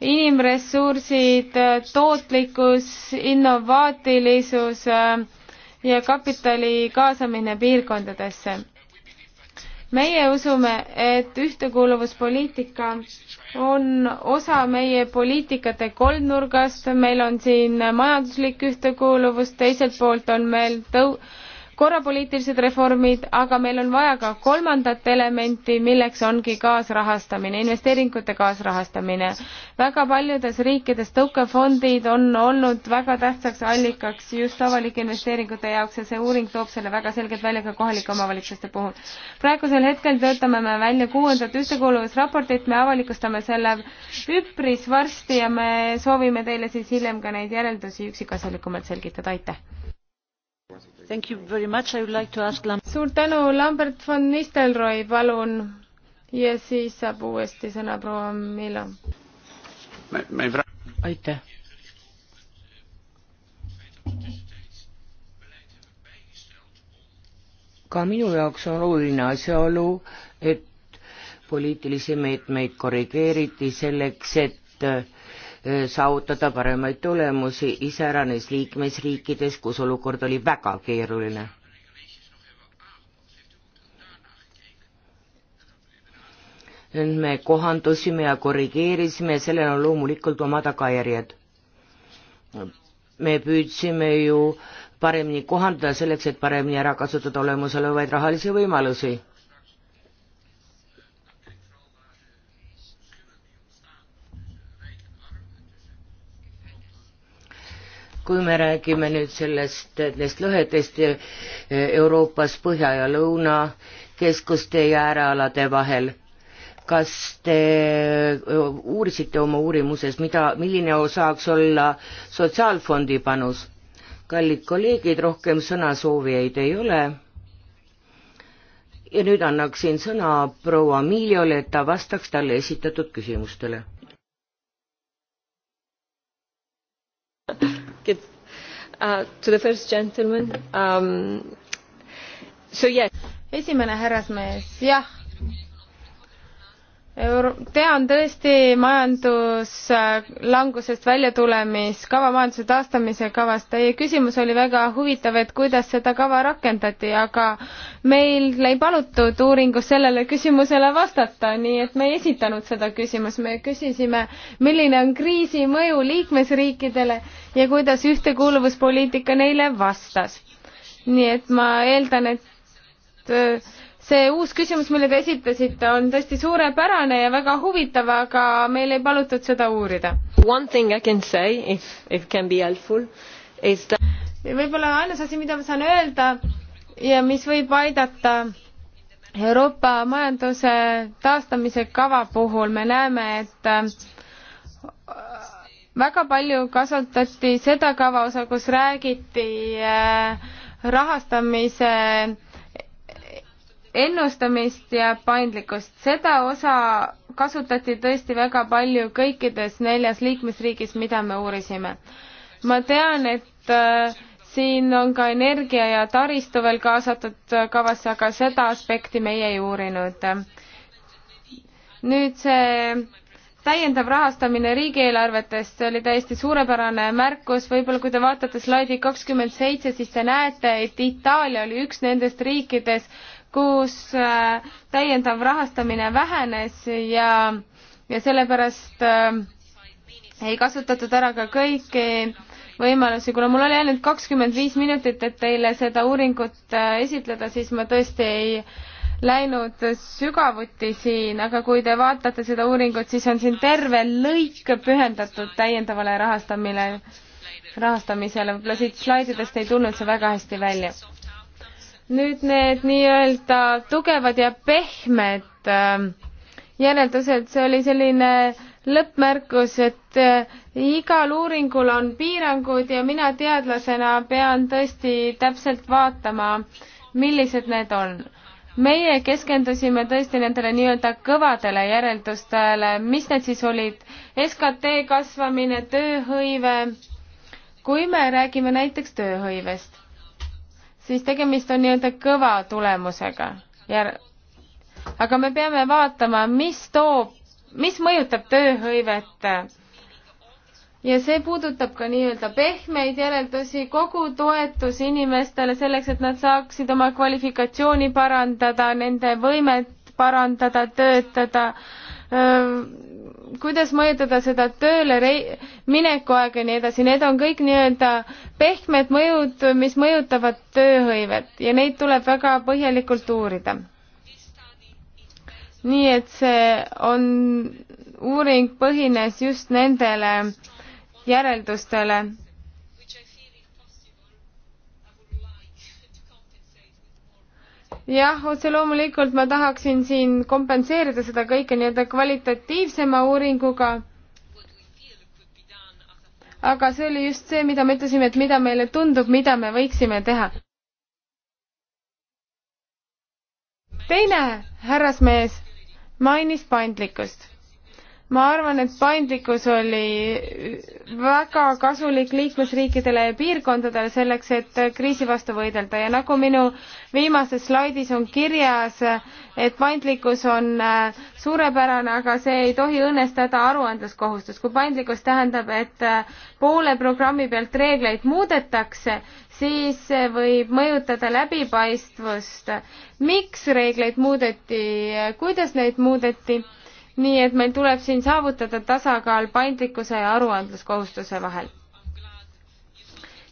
inimressursid, tootlikkus, innovaatilisus äh, ja kapitali kaasamine piirkondadesse. meie usume, et ühtekuuluvuspoliitika on osa meie poliitikate kolmnurgast, meil on siin majanduslik ühtekuuluvus, teiselt poolt on meil tõu-, korrapoliitilised reformid, aga meil on vaja ka kolmandat elementi, milleks ongi kaasrahastamine, investeeringute kaasrahastamine. väga paljudes riikides tõukefondid on olnud väga tähtsaks allikaks just avalike investeeringute jaoks ja see uuring toob selle väga selgelt välja ka kohalike omavalitsuste puhul. praegusel hetkel töötame me välja kuuendat ühtekuuluvusraportit, me avalikustame selle üpris varsti ja me soovime teile siis hiljem ka neid järeldusi üksikasjalikumalt selgitada, aitäh! Like suur tänu, Lambert von Nistelrooy, palun. ja siis saab uuesti sõna proua Milo. aitäh. ka minu jaoks on oluline asjaolu, et poliitilisi meetmeid korrigeeriti selleks, et Äh, saavutada paremaid tulemusi iseäranis liikmesriikides, kus olukord oli väga keeruline. nüüd me kohandusime ja korrigeerisime ja sellel on loomulikult oma tagajärjed. me püüdsime ju paremini kohandada selleks, et paremini ära kasutada olemasolevaid rahalisi võimalusi kui me räägime nüüd sellest, nendest lõhedest eh, Euroopas põhja ja lõuna keskuste ja äärealade vahel, kas te eh, uurisite oma uurimuses, mida, milline saaks olla sotsiaalfondi panus? kallid kolleegid, rohkem sõnasoovijaid ei ole. ja nüüd annaksin sõna proua Miljole, et ta vastaks talle esitatud küsimustele uh, to the first gentleman um,. So yes. esimene härrasmees, jah Euro-, tean tõesti majanduslangusest väljatulemiskava, majanduse taastamise kavast. Teie küsimus oli väga huvitav, et kuidas seda kava rakendati, aga meil ei palutud uuringus sellele küsimusele vastata, nii et me ei esitanud seda küsimust. me küsisime, milline on kriisi mõju liikmesriikidele ja kuidas ühtekuuluvuspoliitika neile vastas. nii et ma eeldan, et see uus küsimus, mille te esitasite, on tõesti suurepärane ja väga huvitav, aga meil ei palutud seda uurida. One thing I can say if, if can be helpful is that võib-olla ainus asi, mida ma saan öelda ja mis võib aidata Euroopa majanduse taastamise kava puhul, me näeme, et äh, väga palju kasutati seda kava osa, kus räägiti äh, rahastamise ennustamist ja paindlikkust, seda osa kasutati tõesti väga palju kõikides neljas liikmesriigis, mida me uurisime. ma tean, et äh, siin on ka energia ja taristu veel kaasatud äh, kavasse, aga seda aspekti meie ei uurinud. nüüd see täiendav rahastamine riigieelarvetest, see oli täiesti suurepärane märkus, võib-olla kui te vaatate slaidi kakskümmend seitse, siis te näete, et Itaalia oli üks nendest riikidest, kus äh, täiendav rahastamine vähenes ja, ja sellepärast äh, ei kasutatud ära ka kõiki võimalusi. kuna mul oli ainult kakskümmend viis minutit, et teile seda uuringut äh, esitleda, siis ma tõesti ei läinud sügavuti siin, aga kui te vaatate seda uuringut, siis on siin terve lõik pühendatud täiendavale rahastamine, rahastamisele. võib-olla siit slaididest ei tulnud see väga hästi välja nüüd need nii-öelda tugevad ja pehmed ähm, järeldused, see oli selline lõppmärkus, et äh, igal uuringul on piirangud ja mina teadlasena pean tõesti täpselt vaatama, millised need on. meie keskendusime tõesti nendele nii-öelda kõvadele järeldustele, mis need siis olid, SKT kasvamine, tööhõive, kui me räägime näiteks tööhõivest, siis tegemist on nii-öelda kõva tulemusega ja aga me peame vaatama, mis toob, mis mõjutab tööhõivet. ja see puudutab ka nii-öelda pehmeid järeldusi, kogu toetus inimestele selleks, et nad saaksid oma kvalifikatsiooni parandada, nende võimet parandada, töötada, kuidas mõjutada seda tööle rei-, mineku aega ja nii edasi, need on kõik nii-öelda pehmed mõjud, mis mõjutavad tööhõivet ja neid tuleb väga põhjalikult uurida. nii et see on, uuring põhines just nendele järeldustele jah, otse loomulikult ma tahaksin siin kompenseerida seda kõike nii-öelda kvalitatiivsema uuringuga. aga see oli just see, mida me ütlesime, et mida meile tundub, mida me võiksime teha. teine härrasmees mainis paindlikkust ma arvan, et paindlikkus oli väga kasulik liikmesriikidele ja piirkondadele selleks, et kriisi vastu võidelda ja nagu minu viimases slaidis on kirjas, et paindlikkus on äh, suurepärane, aga see ei tohi õnnestada aruandluskohustust. kui paindlikkus tähendab, et äh, poole programmi pealt reegleid muudetakse, siis see võib mõjutada läbipaistvust. miks reegleid muudeti, kuidas neid muudeti? nii et meil tuleb siin saavutada tasakaal paindlikkuse ja aruandluskohustuse vahel.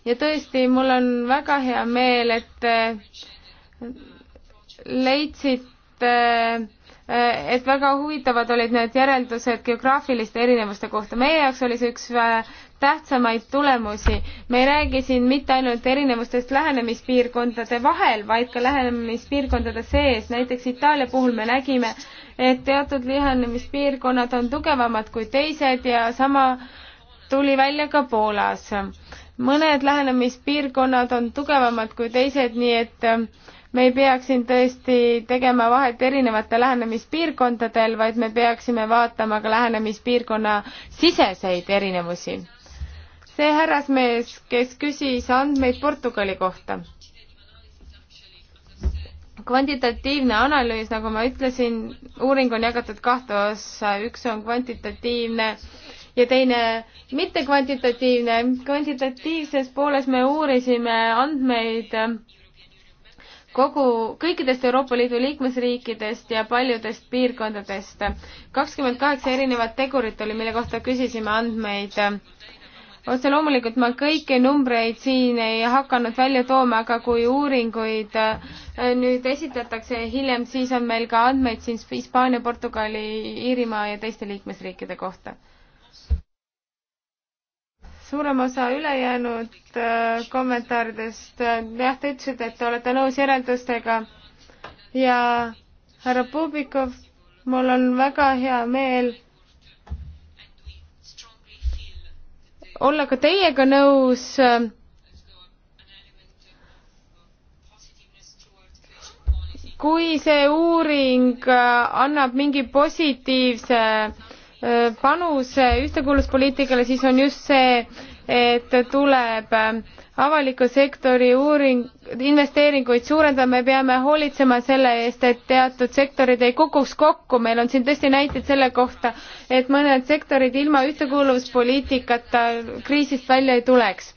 ja tõesti, mul on väga hea meel, et äh, leidsite, äh, et väga huvitavad olid need järeldused geograafiliste erinevuste kohta. meie jaoks oli see üks äh, tähtsamaid tulemusi. me ei räägi siin mitte ainult erinevustest lähenemispiirkondade vahel, vaid ka lähenemispiirkondade sees. näiteks Itaalia puhul me nägime, et teatud lihanemispiirkonnad on tugevamad kui teised ja sama tuli välja ka Poolas. mõned lähenemispiirkonnad on tugevamad kui teised, nii et äh, me ei peaks siin tõesti tegema vahet erinevate lähenemispiirkondadel, vaid me peaksime vaatama ka lähenemispiirkonna siseseid erinevusi. see härrasmees, kes küsis andmeid Portugali kohta kvantitatiivne analüüs, nagu ma ütlesin, uuring on jagatud kahte ossa, üks on kvantitatiivne ja teine mitte kvantitatiivne. kvantitatiivses pooles me uurisime andmeid kogu, kõikidest Euroopa Liidu liikmesriikidest ja paljudest piirkondadest. kakskümmend kaheksa erinevat tegurit oli, mille kohta küsisime andmeid otse loomulikult ma kõiki numbreid siin ei hakanud välja tooma, aga kui uuringuid äh, nüüd esitatakse hiljem, siis on meil ka andmeid siin Hispaania, Portugali, Iirimaa ja teiste liikmesriikide kohta. suurem osa ülejäänud äh, kommentaaridest, äh, jah, te ütlesite, et te olete nõus järeldustega ja härra Pubikov, mul on väga hea meel olla ka teiega nõus kui see uuring annab mingi positiivse äh, panuse ühtekuuluvuspoliitikale, siis on just see et tuleb äh, avaliku sektori uuring, investeeringuid suurendada, me peame hoolitsema selle eest, et teatud sektorid ei kukuks kokku, meil on siin tõesti näiteid selle kohta, et mõned sektorid ilma ühtekuuluvuspoliitikata kriisist välja ei tuleks.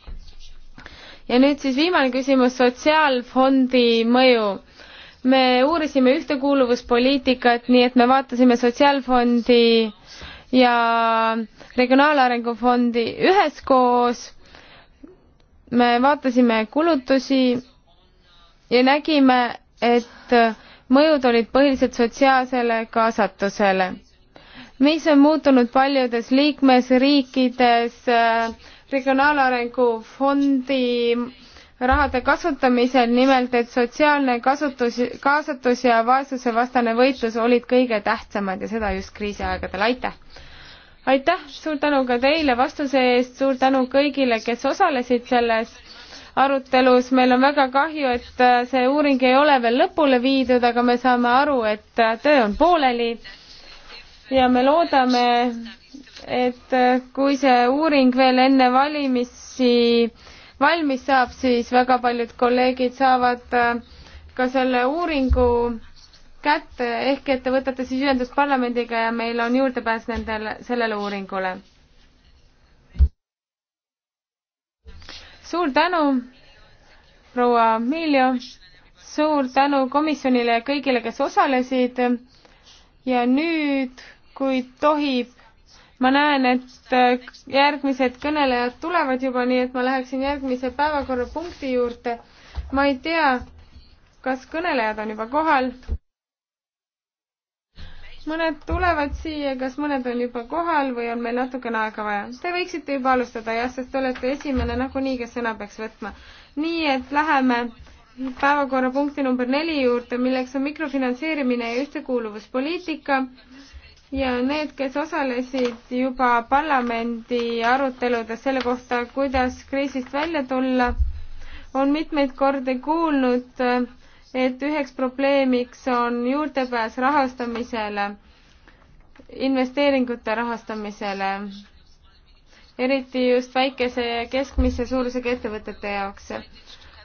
ja nüüd siis viimane küsimus, sotsiaalfondi mõju me uurisime ühtekuuluvuspoliitikat, nii et me vaatasime sotsiaalfondi ja Regionaalarengu Fondi üheskoos. me vaatasime kulutusi ja nägime, et mõjud olid põhiliselt sotsiaalsele kaasatusele, mis on muutunud paljudes liikmesriikides äh, regionaalarengu fondi rahade kasutamisel, nimelt et sotsiaalne kasutus, kaasatus ja vaesusevastane võitlus olid kõige tähtsamad ja seda just kriisiaegadel, aitäh! aitäh, suur tänu ka teile vastuse eest, suur tänu kõigile, kes osalesid selles arutelus, meil on väga kahju, et äh, see uuring ei ole veel lõpule viidud, aga me saame aru, et äh, töö on pooleli ja me loodame, et äh, kui see uuring veel enne valimisi valmis saab, siis väga paljud kolleegid saavad äh, ka selle uuringu kätte, ehk et te võtate siis ühendust parlamendiga ja meil on juurdepääs nendele, sellele uuringule. suur tänu, proua Miljo, suur tänu komisjonile ja kõigile, kes osalesid ja nüüd, kui tohib, ma näen, et äh, järgmised kõnelejad tulevad juba, nii et ma läheksin järgmise päevakorrapunkti juurde. ma ei tea, kas kõnelejad on juba kohal? mõned tulevad siia, kas mõned on juba kohal või on meil natukene aega vaja? Te võiksite juba alustada jah, sest te olete esimene nagunii, kes sõna peaks võtma. nii et läheme päevakorrapunkti number neli juurde, milleks on mikrofinantseerimine ja ühtekuuluvuspoliitika ja need, kes osalesid juba parlamendi aruteludes selle kohta, kuidas kriisist välja tulla, on mitmeid kordi kuulnud, et üheks probleemiks on juurdepääs rahastamisele, investeeringute rahastamisele, eriti just väikese ja keskmise suurusega ettevõtete jaoks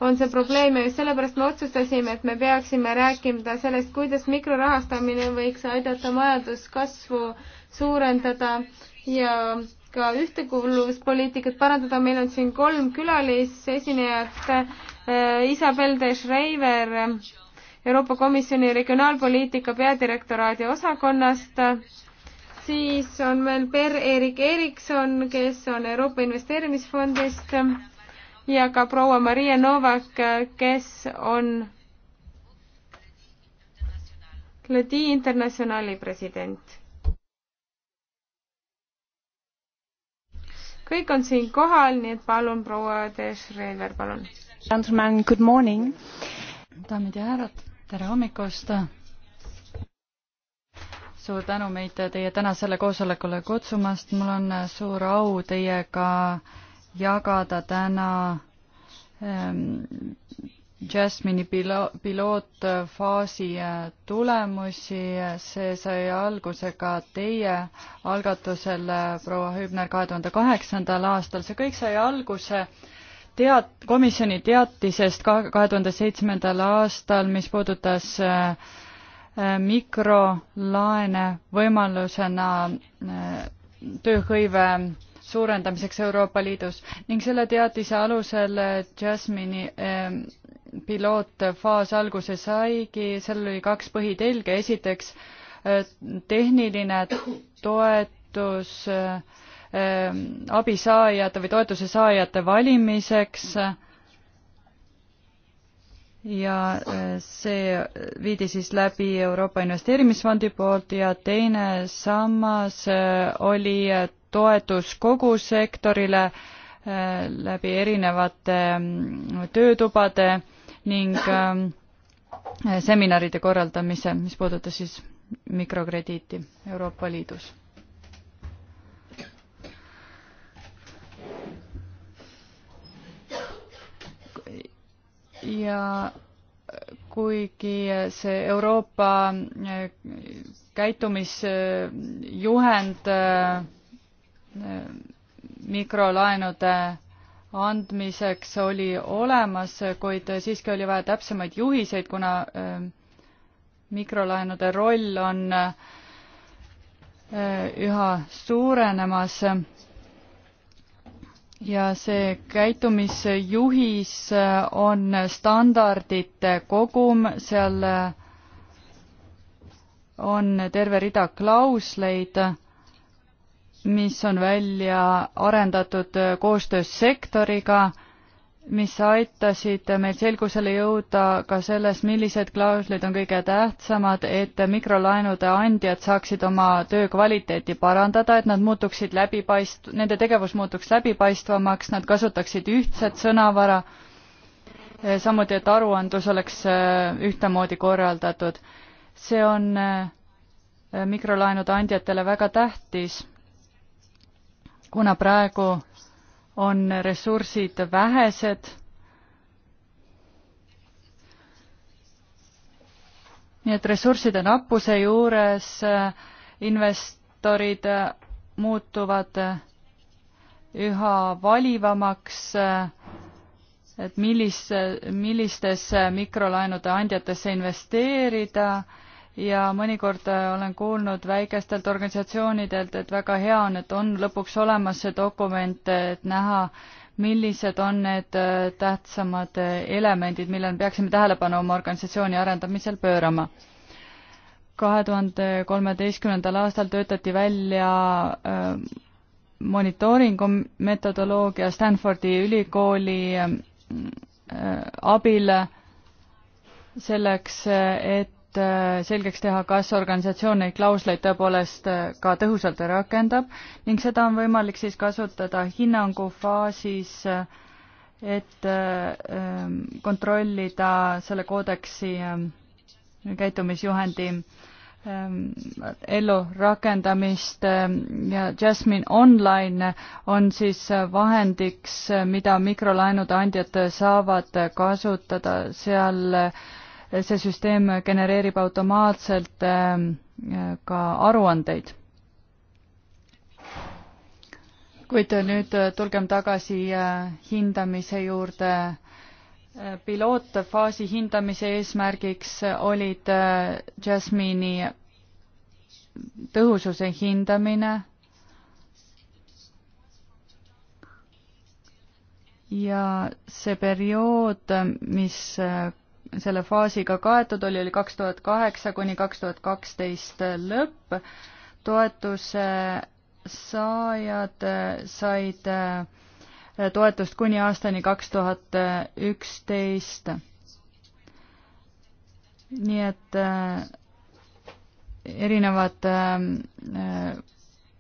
on see probleem ja just sellepärast me otsustasime, et me peaksime rääkima sellest, kuidas mikrorahastamine võiks aidata majanduskasvu suurendada ja ka ühtekuuluvuspoliitikat parandada. meil on siin kolm külalisesinejat äh,, Isabel de Schreiber Euroopa Komisjoni regionaalpoliitika peadirektoraadi osakonnast, siis on meil Per-Erik Erikson, kes on Euroopa Investeerimisfondist ja ka proua Maria Novak, kes on Lodi Internatsionaali president. kõik on siin kohal, nii et palun, proua De Schreiber, palun. Gentlemen, good morning. daamid ja härrad, tere hommikust suur tänu meid teie tänasele koosolekule kutsumast, mul on suur au teiega jagada täna ähm, Jasmine'i pilo-, pilootfaasi eh, tulemusi, see sai alguse ka teie algatusel, eh, proua Hübner, kahe tuhande kaheksandal aastal, see kõik sai alguse teat-, komisjoni teatisest ka kahe tuhande seitsmendal aastal, mis puudutas eh, mikrolaene võimalusena tööhõive suurendamiseks Euroopa Liidus ning selle teadise alusel eh, Jasmine'i eh, pilootfaas alguse saigi, seal oli kaks põhitelge, esiteks eh, tehniline toetus abisaajate või toetuse saajate valimiseks ja see viidi siis läbi Euroopa Investeerimisfondi poolt ja teine sammas oli toetus kogu sektorile äh, läbi erinevate mm, töötubade ning ähm, äh, seminaride korraldamise, mis puudutas siis mikrokrediiti Euroopa Liidus. ja kuigi see Euroopa äh, käitumisjuhend mikrolaenude andmiseks oli olemas, kuid siiski oli vaja täpsemaid juhiseid, kuna ähm, mikrolaenude roll on äh, üha suurenemas ja see käitumisjuhis äh, on standardite kogum, seal äh, on terve rida klausleid mis on välja arendatud koostöös sektoriga, mis aitasid meil selgusele jõuda ka selles, millised klauslid on kõige tähtsamad, et mikrolaenude andjad saaksid oma töö kvaliteeti parandada, et nad muutuksid läbipaist-, nende tegevus muutuks läbipaistvamaks, nad kasutaksid ühtset sõnavara, samuti, et aruandlus oleks äh, ühtemoodi korraldatud. see on äh, mikrolaenude andjatele väga tähtis kuna praegu on ressursid vähesed. nii et ressursside nappuse juures äh, investorid äh, muutuvad äh, üha valivamaks, et millis, millistesse mikrolaenude andjatesse investeerida ja mõnikord äh, olen kuulnud väikestelt organisatsioonidelt, et väga hea on, et on lõpuks olemas see dokument, et näha, millised on need äh, tähtsamad äh, elemendid, millele me peaksime tähelepanu oma organisatsiooni arendamisel pöörama. kahe tuhande kolmeteistkümnendal aastal töötati välja monitooringu metodoloogia Stanfordi ülikooli abil selleks, et et äh, selgeks teha, kas organisatsioon neid klausleid tõepoolest äh, ka tõhusalt rakendab ning seda on võimalik siis kasutada hinnangu faasis, äh, et ähm, kontrollida selle koodeksi ähm, käitumisjuhendi ähm, ellurakendamist ja Jasmine Online on siis vahendiks, mida mikrolaenude andjad saavad kasutada, seal see süsteem genereerib automaatselt ähm, ka aruandeid. kuid nüüd äh, tulgem tagasi äh, hindamise juurde. Äh, pilootfaasi hindamise eesmärgiks olid Jasmine'i tõhususe hindamine ja see periood, mis selle faasiga kaetud oli, oli kaks tuhat kaheksa kuni kaks tuhat kaksteist lõpp. toetuse saajad said eh, toetust kuni aastani kaks tuhat üksteist. nii et eh, erinevad eh,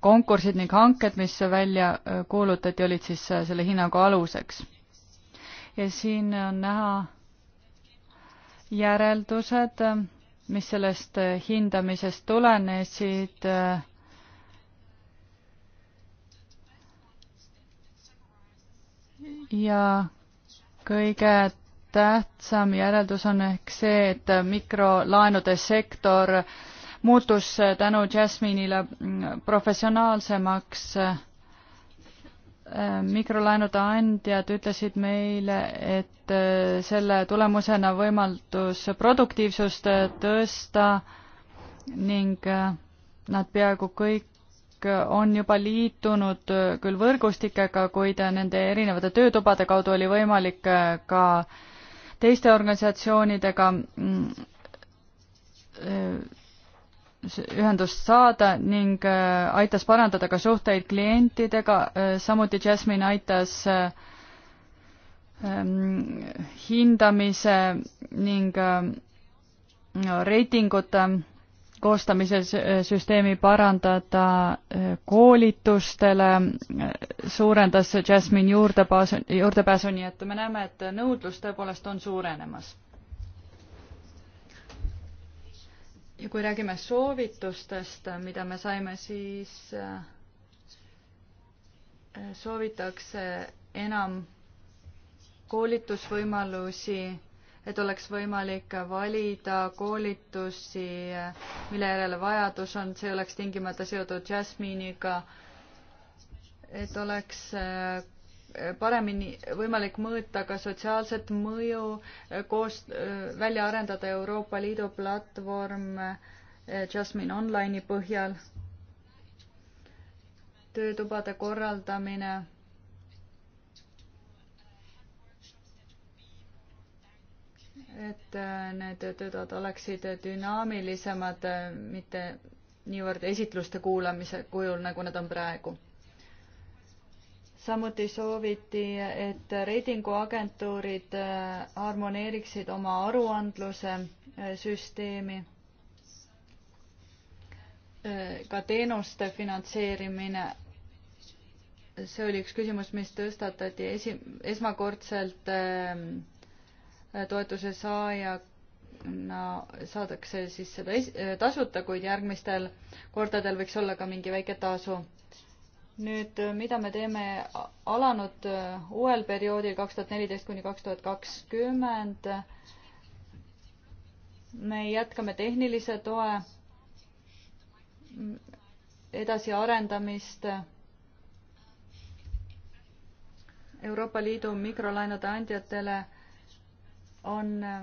konkursid ning hanked, mis välja kuulutati, olid siis selle hinnangu aluseks. ja siin on näha järeldused, mis sellest hindamisest tulenesid, ja kõige tähtsam järeldus on ehk see, et mikrolaenude sektor muutus tänu Jasmine'ile professionaalsemaks äh, Äh, mikrolaenude andjad ütlesid meile, et äh, selle tulemusena võimaldus produktiivsust äh, tõsta ning nad peaaegu kõik on juba liitunud küll võrgustikega, kuid nende erinevate töötubade kaudu oli võimalik ka teiste organisatsioonidega mm, ühendust saada ning äh, aitas parandada ka suhteid klientidega, äh, samuti Jasmine aitas äh, ähm, hindamise ning reitingute koostamise süsteemi parandada koolitustele, suurendas Jasmine juurdepääsu, juurdepääsu, nii et me näeme, et nõudlus tõepoolest on suurenemas ja kui räägime soovitustest, mida me saime, siis äh, soovitakse enam koolitusvõimalusi, et oleks võimalik valida koolitusi, mille järele vajadus on, see oleks tingimata seotud jasmiiniga, et oleks äh, paremini võimalik mõõta ka sotsiaalset mõju, eh, koos, eh, välja arendada Euroopa Liidu platvorm eh, Jasmine Online'i põhjal, töötubade korraldamine, et need töötoad oleksid dünaamilisemad, mitte niivõrd esitluste kuulamise kujul, nagu nad on praegu samuti sooviti, et reitinguagentuurid äh, harmoneeriksid oma aruandluse äh, süsteemi. Äh, ka teenuste finantseerimine, see oli üks küsimus, mis tõstatati esi, esmakordselt toetuse saaja no saadakse siis seda tasuta, kuid järgmistel kordadel võiks olla ka mingi väike tasu nüüd, äh, mida me teeme alanud äh, uuel perioodil kaks tuhat neliteist kuni kaks tuhat kakskümmend. me jätkame tehnilise toe edasiarendamist. Euroopa Liidu mikrolaenude andjatele on äh,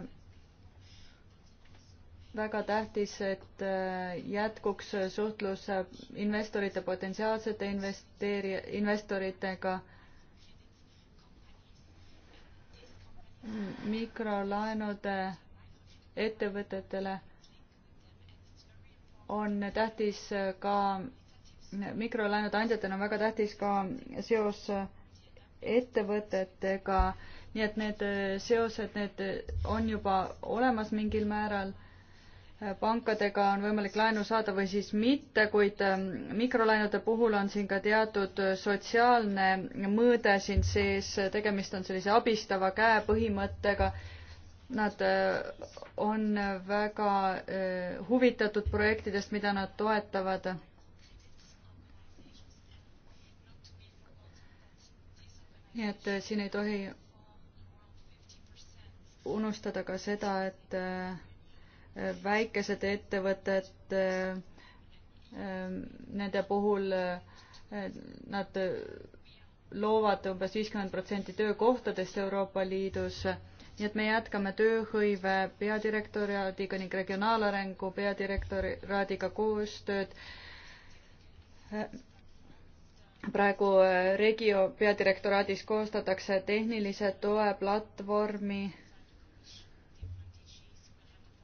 väga tähtis, et äh, jätkuks suhtlus investorite, potentsiaalsete investeeri-, investoritega. mikrolaenude ettevõtetele on tähtis ka, mikrolaenude andjatena on väga tähtis ka seos ettevõtetega, nii et need seosed, need on juba olemas mingil määral pankadega on võimalik laenu saada või siis mitte, kuid ähm, mikrolaenude puhul on siin ka teatud sotsiaalne mõõde siin sees, tegemist on sellise abistava käe põhimõttega. Nad äh, on väga äh, huvitatud projektidest, mida nad toetavad. nii et äh, siin ei tohi unustada ka seda, et väikesed ettevõtted, äh, nende puhul äh, nad loovad umbes viiskümmend protsenti töökohtadest Euroopa Liidus, nii et me jätkame tööhõive peadirektoraadiga ning regionaalarengu peadirektoraadiga koostööd. praegu äh, Regio peadirektoraadis koostatakse tehnilise toe platvormi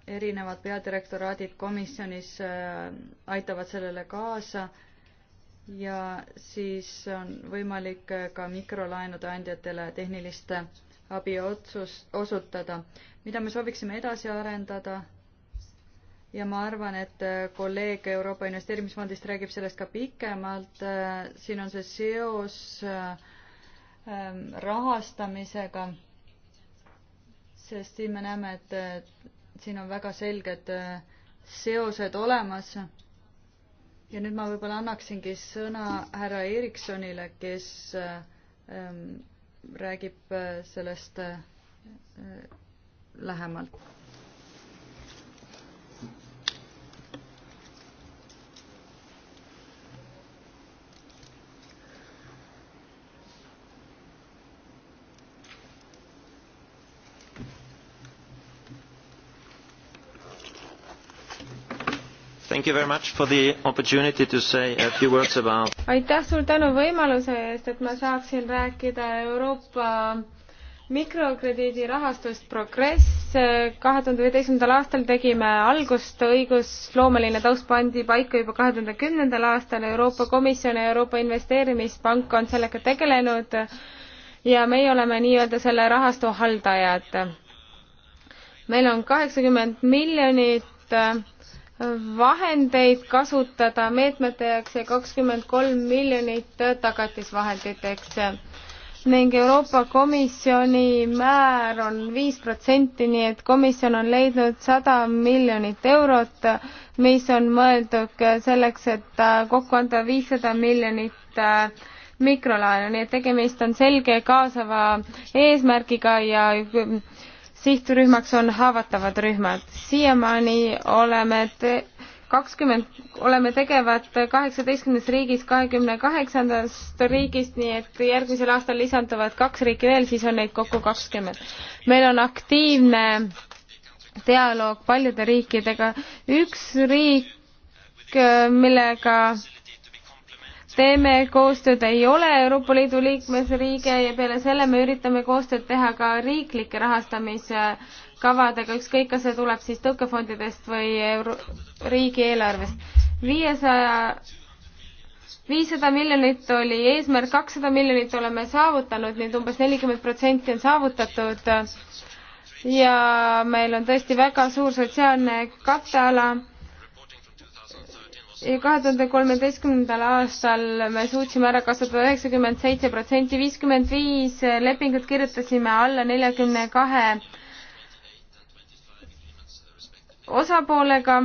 erinevad peadirektoraadid komisjonis äh, aitavad sellele kaasa ja siis on võimalik äh, ka mikrolaenude andjatele tehnilist äh, abi otsus, osutada. mida me sooviksime edasi arendada? ja ma arvan, et kolleeg Euroopa Investeerimisfondist räägib sellest ka pikemalt. siin on see seos ähm, rahastamisega, sest siin me näeme, et siin on väga selged äh, seosed olemas. ja nüüd ma võib-olla annaksingi sõna härra Ericssonile, kes äh, ähm, räägib äh, sellest äh, lähemalt aitäh, suur tänu võimaluse eest, et ma saaksin rääkida Euroopa mikrokrediidirahastust Progress. kahe tuhande üheteistkümnendal aastal tegime algust, õigusloomeline taust pandi paika juba kahe tuhande kümnendal aastal. Euroopa Komisjon ja Euroopa Investeerimispank on sellega tegelenud ja meie oleme nii-öelda selle rahastu haldajad. meil on kaheksakümmend miljonit vahendeid kasutada meetmete jaoks ja kakskümmend kolm miljonit tagatisvahenditeks ning Euroopa Komisjoni määr on viis protsenti, nii et komisjon on leidnud sada miljonit eurot, mis on mõeldud selleks, et äh, kokku anda viissada miljonit äh, mikrolaenu, nii et tegemist on selge kaasava eesmärgiga ja sihtrühmaks on haavatavad rühmad. siiamaani oleme te-, kakskümmend, oleme tegevad kaheksateistkümnes riigis kahekümne kaheksandast riigist, nii et järgmisel aastal lisanduvad kaks riiki veel, siis on neid kokku kakskümmend. meil on aktiivne dialoog paljude riikidega. üks riik, millega teeme koostööd, ei ole Euroopa Liidu liikmesriige ja peale selle me üritame koostööd teha ka riiklike rahastamiskavadega, ükskõik, kas see tuleb siis tõukefondidest või euro-, riigieelarvest. viiesaja, viissada miljonit oli eesmärk, kakssada miljonit oleme saavutanud, nii et umbes nelikümmend protsenti on saavutatud ja meil on tõesti väga suur sotsiaalne katteala kahe tuhande kolmeteistkümnendal aastal me suutsime ära kasutada üheksakümmend seitse protsenti, viiskümmend viis lepingut kirjutasime alla neljakümne kahe osapoolega.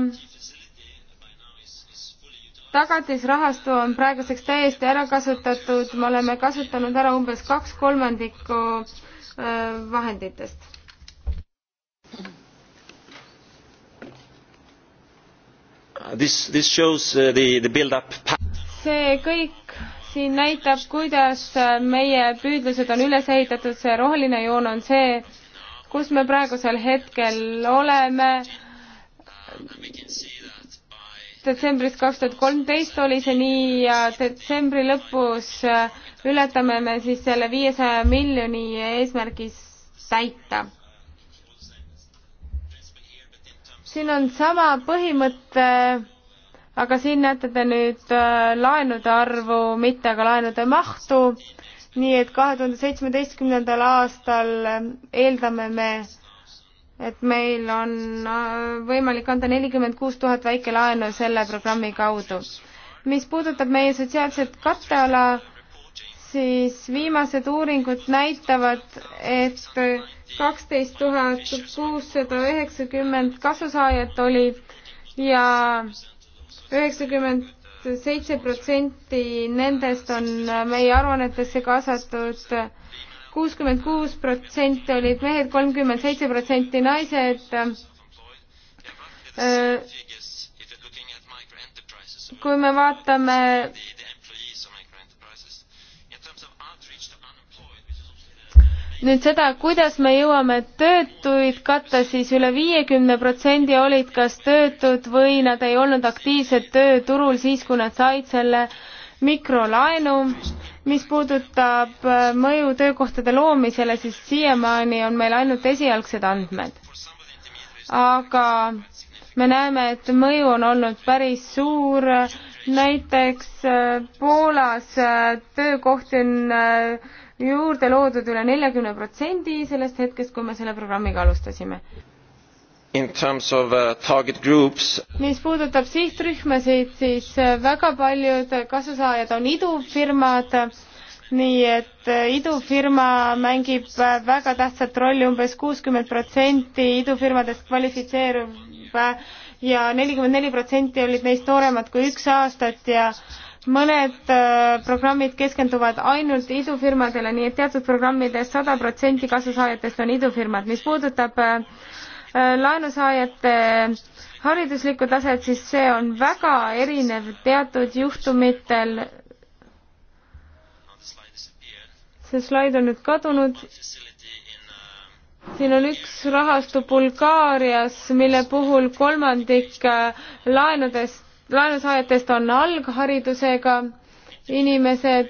tagatisrahastu on praeguseks täiesti ära kasutatud, me oleme kasutanud ära umbes kaks kolmandikku äh, vahenditest. This, this shows uh, the, the build up see kõik siin näitab, kuidas äh, meie püüdlused on üles ehitatud, see roheline joon on see, kus me praegusel hetkel oleme. detsembris kaks tuhat kolmteist oli see nii ja detsembri lõpus äh, ületame me siis selle viiesaja miljoni eesmärgis täita siin on sama põhimõte, aga siin näete te nüüd äh, laenude arvu, mitte aga laenude mahtu. nii et kahe tuhande seitsmeteistkümnendal aastal eeldame me, et meil on äh, võimalik anda nelikümmend kuus tuhat väikelaenu selle programmi kaudu. mis puudutab meie sotsiaalset katteala, siis viimased uuringud näitavad, et kaksteist tuhat kuussada üheksakümmend kasusaajat oli ja üheksakümmend seitse protsenti nendest on meie aruannetesse kaasatud. kuuskümmend kuus protsenti olid mehed, kolmkümmend seitse protsenti naised. Äh, kui me vaatame nüüd seda, kuidas me jõuame töötuid katta, siis üle viiekümne protsendi olid kas töötud või nad ei olnud aktiivsed tööturul siis, kui nad said selle mikrolaenu. mis puudutab äh, mõju töökohtade loomisele, siis siiamaani on meil ainult esialgsed andmed. aga me näeme, et mõju on olnud päris suur, näiteks äh, Poolas äh, töökohti on juurde loodud üle neljakümne protsendi sellest hetkest, kui me selle programmiga alustasime. Of, uh, mis puudutab sihtrühmasid, siis uh, väga paljud kasusaajad on idufirmad, nii et uh, idufirma mängib uh, väga tähtsat rolli umbes, umbes kuuskümmend protsenti idufirmadest kvalifitseerub ja nelikümmend neli protsenti olid neist nooremad kui üks aastat ja äh, mõned äh, programmid keskenduvad ainult idufirmadele, nii et teatud programmidest sada protsenti kasusaajatest on idufirmad. mis puudutab äh, äh, laenusaajate hariduslikku taset, siis see on väga erinev teatud juhtumitel. see slaid on nüüd kadunud siin on üks rahastu Bulgaarias, mille puhul kolmandik laenudest laenusaajatest on algharidusega inimesed.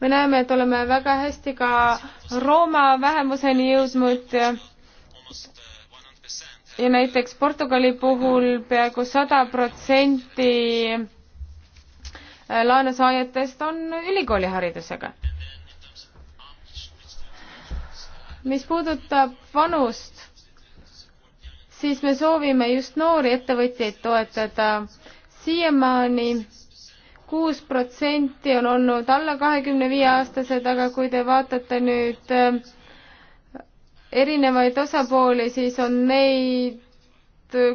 me näeme, et oleme väga hästi ka Rooma vähemuseni jõudnud ja, ja näiteks Portugali puhul peaaegu sada protsenti laenusaajatest on ülikooliharidusega. mis puudutab vanust, siis me soovime just noori ettevõtjaid toetada. siiamaani kuus protsenti on olnud alla kahekümne viie aastased, aga kui te vaatate nüüd äh, erinevaid osapooli, siis on neid,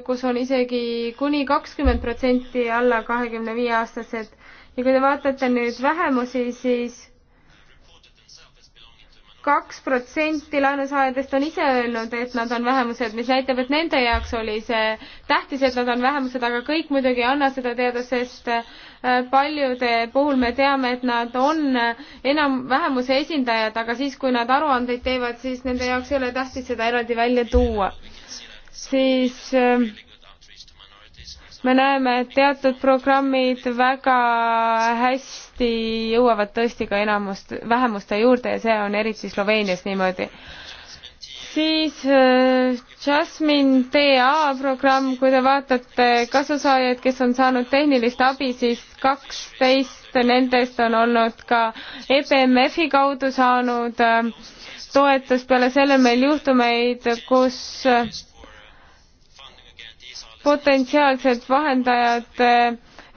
kus on isegi kuni kakskümmend protsenti alla kahekümne viie aastased ja kui te vaatate nüüd vähemusi, siis kaks protsenti laenusaajadest on ise öelnud, et nad on vähemused, mis näitab, et nende jaoks oli see tähtis, et nad on vähemused, aga kõik muidugi ei anna seda teada, sest äh, paljude puhul me teame, et nad on enam vähemuse esindajad, aga siis, kui nad aruandeid teevad, siis nende jaoks ei ole tähtis seda eraldi välja tuua. siis äh, me näeme, et teatud programmid väga hästi tihti jõuavad tõesti ka enamust, vähemuste juurde ja see on eriti Sloveenias niimoodi. siis äh, Jasmine TA programm, kui te vaatate kasusaajaid, kes on saanud tehnilist abi, siis kaksteist nendest on olnud ka EBMF-i kaudu saanud äh, toetust, peale selle meil juhtumeid, kus äh, potentsiaalsed vahendajad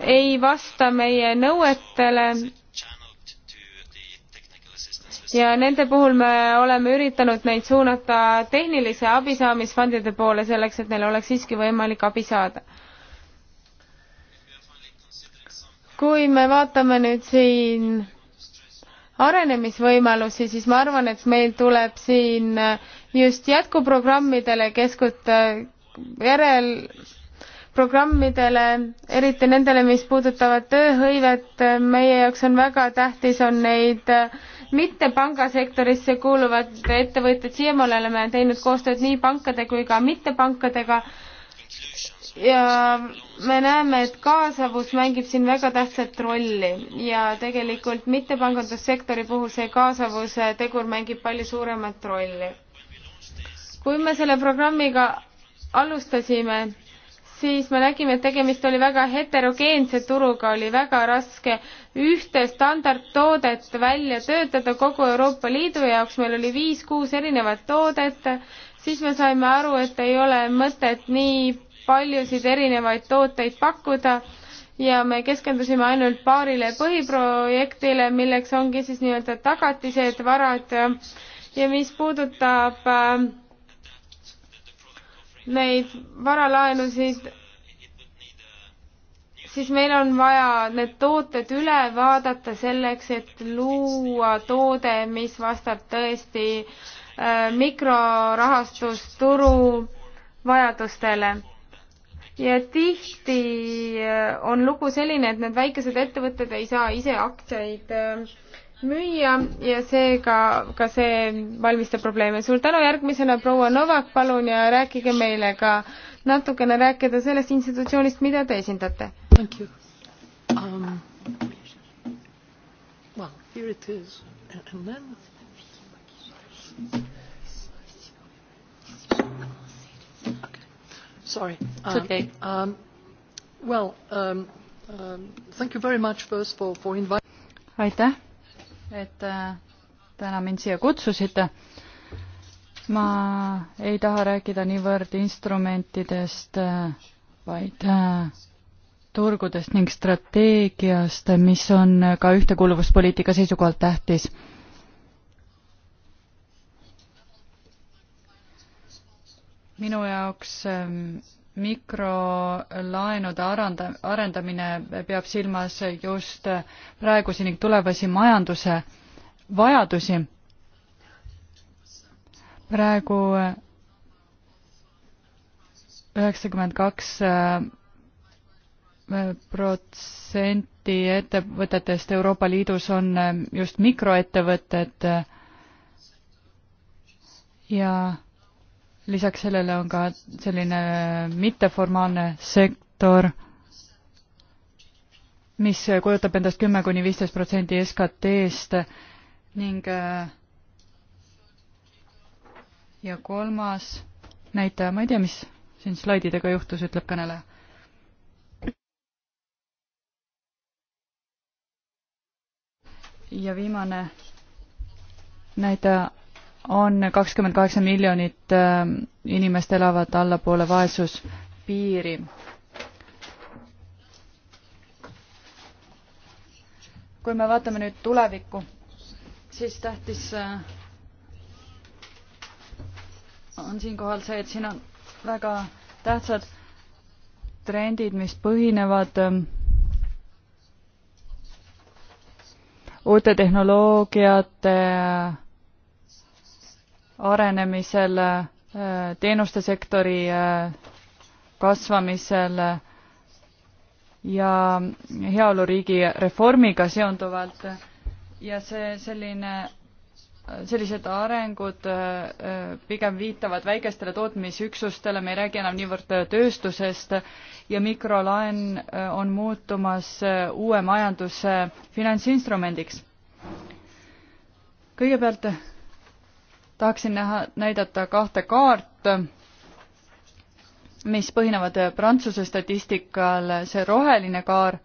ei vasta meie nõuetele ja nende puhul me oleme üritanud neid suunata tehnilise abi saamisfondide poole selleks, et neil oleks siiski võimalik abi saada. kui me vaatame nüüd siin arenemisvõimalusi, siis ma arvan, et meil tuleb siin just jätkuprogrammidele keskuda järel programmidele, eriti nendele, mis puudutavad tööhõivet, meie jaoks on väga tähtis, on neid äh, mitte pangasektorisse kuuluvad ettevõtted, siiamaale oleme teinud koostööd nii pankade kui ka mittepankadega ja me näeme, et kaasavus mängib siin väga tähtsat rolli ja tegelikult mittepangandussektori puhul see kaasavuse tegur mängib palju suuremat rolli. kui me selle programmiga alustasime, siis me nägime, et tegemist oli väga heterogeense turuga, oli väga raske ühte standardtoodet välja töötada kogu Euroopa Liidu jaoks, meil oli viis-kuus erinevat toodet, siis me saime aru, et ei ole mõtet nii paljusid erinevaid tooteid pakkuda ja me keskendusime ainult paarile põhiprojektile, milleks ongi siis nii-öelda tagatised, varad ja mis puudutab äh, neid varalaenusid, siis meil on vaja need tooted üle vaadata selleks, et luua toode, mis vastab tõesti äh, mikrorahastusturu vajadustele. ja tihti äh, on lugu selline, et need väikesed ettevõtted ei saa ise aktsiaid äh, müüa ja seega ka see valmistab probleeme. suur tänu, järgmisena proua Novak, palun ja rääkige meile ka natukene rääkida sellest institutsioonist, mida te esindate. Um, well, here it is, and then. Okay. Sorry. Um, it's okay. Um, well, um, um, thank you very much first for, for inviting. Aitäh et äh, täna mind siia kutsusite. ma ei taha rääkida niivõrd instrumentidest, äh, vaid äh, turgudest ning strateegiast, mis on ka ühtekuuluvuspoliitika seisukohalt tähtis. minu jaoks ähm, mikrolaenude arenda-, arendamine peab silmas just praegusi ning tulevasi majanduse vajadusi. praegu üheksakümmend kaks protsenti ettevõtetest Euroopa Liidus on just mikroettevõtted ja lisaks sellele on ka selline mitteformaalne sektor, mis kujutab endast kümme kuni viisteist protsenti SKT-st ning äh, ja kolmas näitaja, ma ei tea, mis siin slaididega juhtus, ütleb kõneleja. ja viimane näitaja on kakskümmend kaheksa miljonit ähm, inimest elavad allapoole vaesuspiiri. kui me vaatame nüüd tulevikku, siis tähtis äh, on siinkohal see, et siin on väga tähtsad trendid, mis põhinevad ähm, uute tehnoloogiate äh, arenemisel, äh, teenuste sektori äh, kasvamisel äh, ja heaoluriigi reformiga seonduvalt ja see selline sellised arengud pigem viitavad väikestele tootmisüksustele, me ei räägi enam niivõrd tööstusest ja mikrolaen on muutumas uue majanduse finantsinstrumendiks. kõigepealt tahaksin näha, näidata kahte kaart, mis põhinevad Prantsuse statistikal, see roheline kaar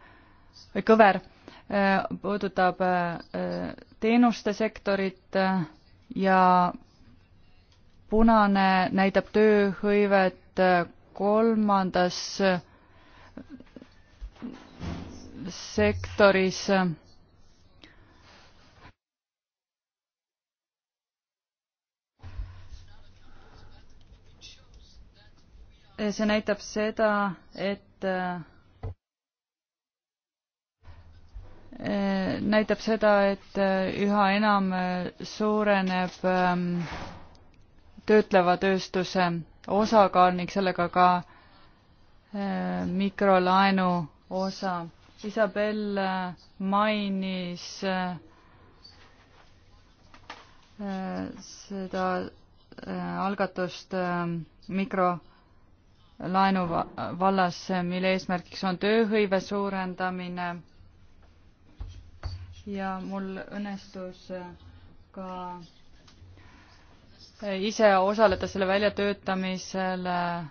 või kõver eh, puudutab eh, teenuste sektorit eh, ja punane näitab tööhõivet kolmandas sektoris see näitab seda, et äh, näitab seda, et äh, üha enam äh, suureneb ähm, töötleva tööstuse osakaal ning sellega ka mikrolaenu osa. Isabel mainis seda algatust mikro laenu vallas, mille eesmärgiks on tööhõive suurendamine. ja mul õnnestus äh, ka äh, ise osaleda selle väljatöötamisel äh,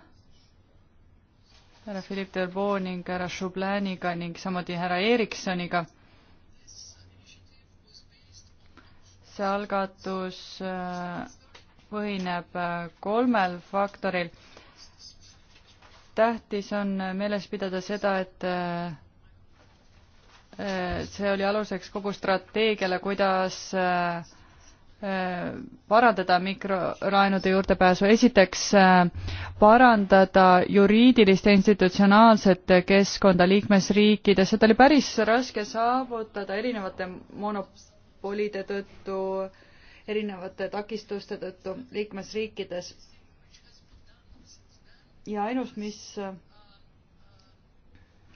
härra Philippe Delvaux ning härra Šublaniga ning samuti härra Eriksoniga. see algatus põhineb kolmel faktoril tähtis on meeles pidada seda, et äh, see oli aluseks kogu strateegiale, kuidas äh, äh, parandada mikrolaenude juurdepääsu, esiteks parandada juriidilist ja institutsionaalset keskkonda liikmesriikides, seda oli päris raske saavutada erinevate monopolide tõttu, erinevate takistuste tõttu liikmesriikides ja ainus, mis,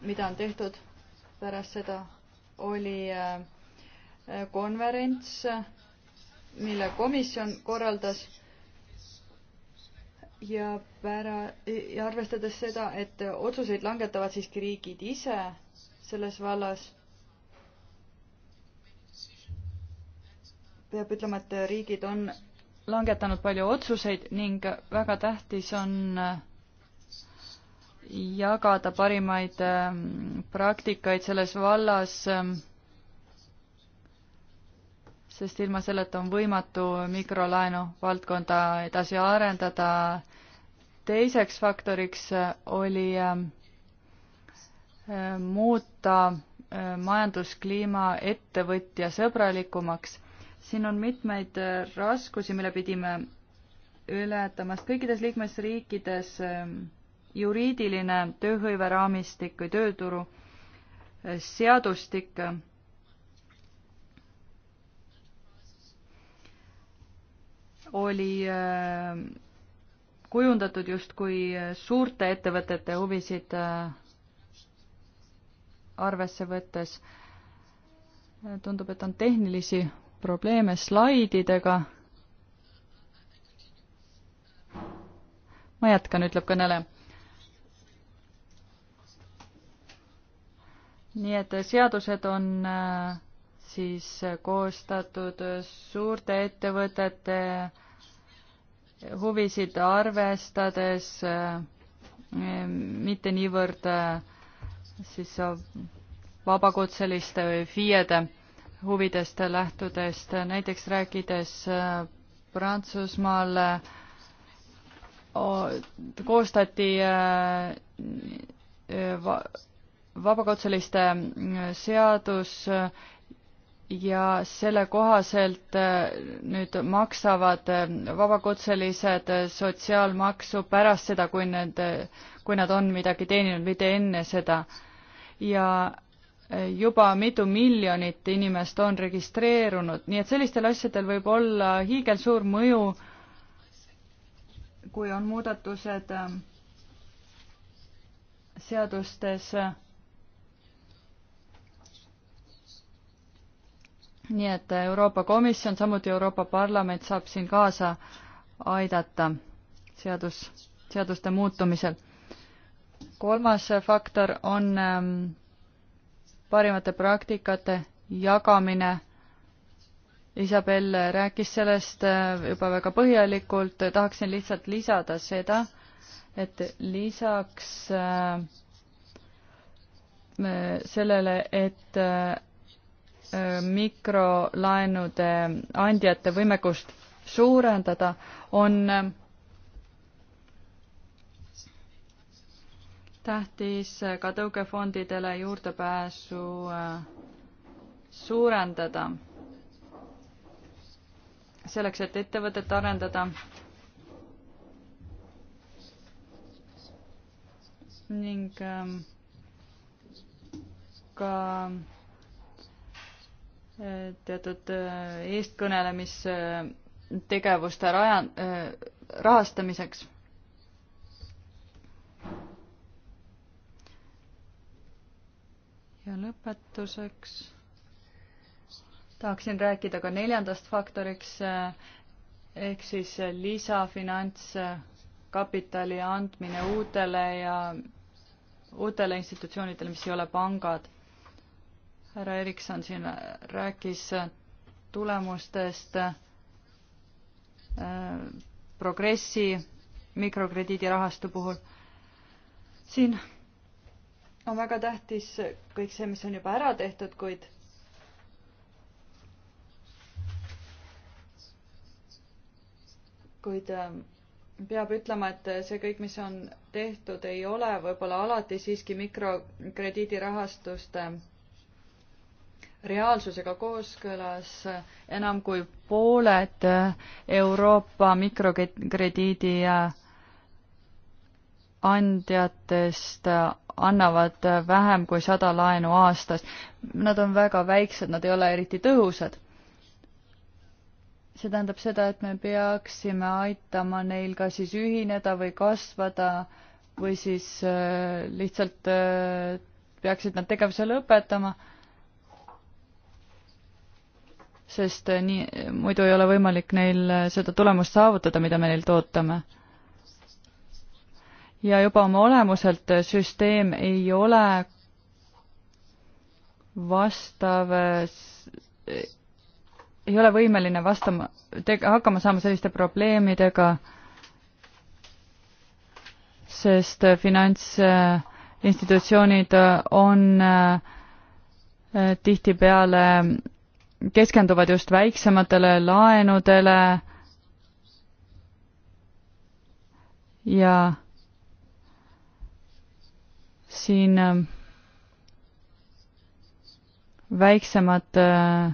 mida on tehtud pärast seda, oli äh, konverents, mille komisjon korraldas ja pära-, ja arvestades seda, et otsuseid langetavad siiski riigid ise selles vallas, peab ütlema, et riigid on langetanud palju otsuseid ning väga tähtis on äh, jagada parimaid ähm, praktikaid selles vallas, ähm, sest ilma selleta on võimatu mikrolaenu valdkonda edasi arendada. teiseks faktoriks äh, oli ähm, äh, muuta äh, majanduskliima ettevõtja sõbralikumaks. siin on mitmeid raskusi, mille pidime ületama, sest kõikides liikmesriikides juriidiline tööhõiveraamistik või tööturu eh, seadustik eh, oli eh, kujundatud justkui suurte ettevõtete huvisid arvesse võttes. tundub, et on tehnilisi probleeme slaididega. ma jätkan, ütleb kõneleja nii et seadused on äh, siis koostatud suurte ettevõtete huvisid arvestades, äh, mitte niivõrd äh, siis vabakutseliste või FIE-de huvidest lähtudest, näiteks rääkides Prantsusmaal koostati vabakutseliste mm, seadus ja selle kohaselt mm, nüüd maksavad mm, vabakutselised sotsiaalmaksu pärast seda, kui need, kui nad on midagi teeninud, mitte enne seda. ja juba mitu miljonit inimest on registreerunud, nii et sellistel asjadel võib olla hiigelsuur mõju, kui on muudatused seadustes nii et Euroopa Komisjon, samuti Euroopa Parlament saab siin kaasa aidata seadus, seaduste muutumisel. kolmas faktor on ähm, parimate praktikate jagamine. Isabel rääkis sellest äh, juba väga põhjalikult, tahaksin lihtsalt lisada seda, et lisaks äh, sellele, et äh, Äh, mikrolaenude andjate võimekust suurendada, on äh, tähtis ka tõukefondidele juurdepääsu äh, suurendada. selleks, et ettevõtet arendada. ning ähm, ka teatud äh, eestkõnelemistegevuste raja, äh, rahastamiseks. ja lõpetuseks tahaksin rääkida ka neljandast faktoriks äh, ehk siis lisafinantskapitali andmine uutele ja uutele institutsioonidele, mis ei ole pangad härra Erikson siin rääkis tulemustest äh, progressi mikrokrediidirahastu puhul. siin on väga tähtis kõik see, mis on juba ära tehtud, kuid kuid äh, peab ütlema, et see kõik, mis on tehtud, ei ole võib-olla alati siiski mikrokrediidirahastuste äh, reaalsusega kooskõlas enam kui pooled Euroopa mikrokrediidi andjatest annavad vähem kui sada laenu aastas. Nad on väga väiksed, nad ei ole eriti tõhusad. see tähendab seda, et me peaksime aitama neil ka siis ühineda või kasvada või siis äh, lihtsalt äh, peaksid nad tegevuse lõpetama sest eh, nii, muidu ei ole võimalik neil eh, seda tulemust saavutada, mida me neilt ootame. ja juba oma olemuselt eh, süsteem ei ole vastav, ei ole võimeline vastama, hakkama saama selliste probleemidega, sest finantsinstitutsioonid on tihtipeale keskenduvad just väiksematele laenudele ja siin äh, väiksemad äh,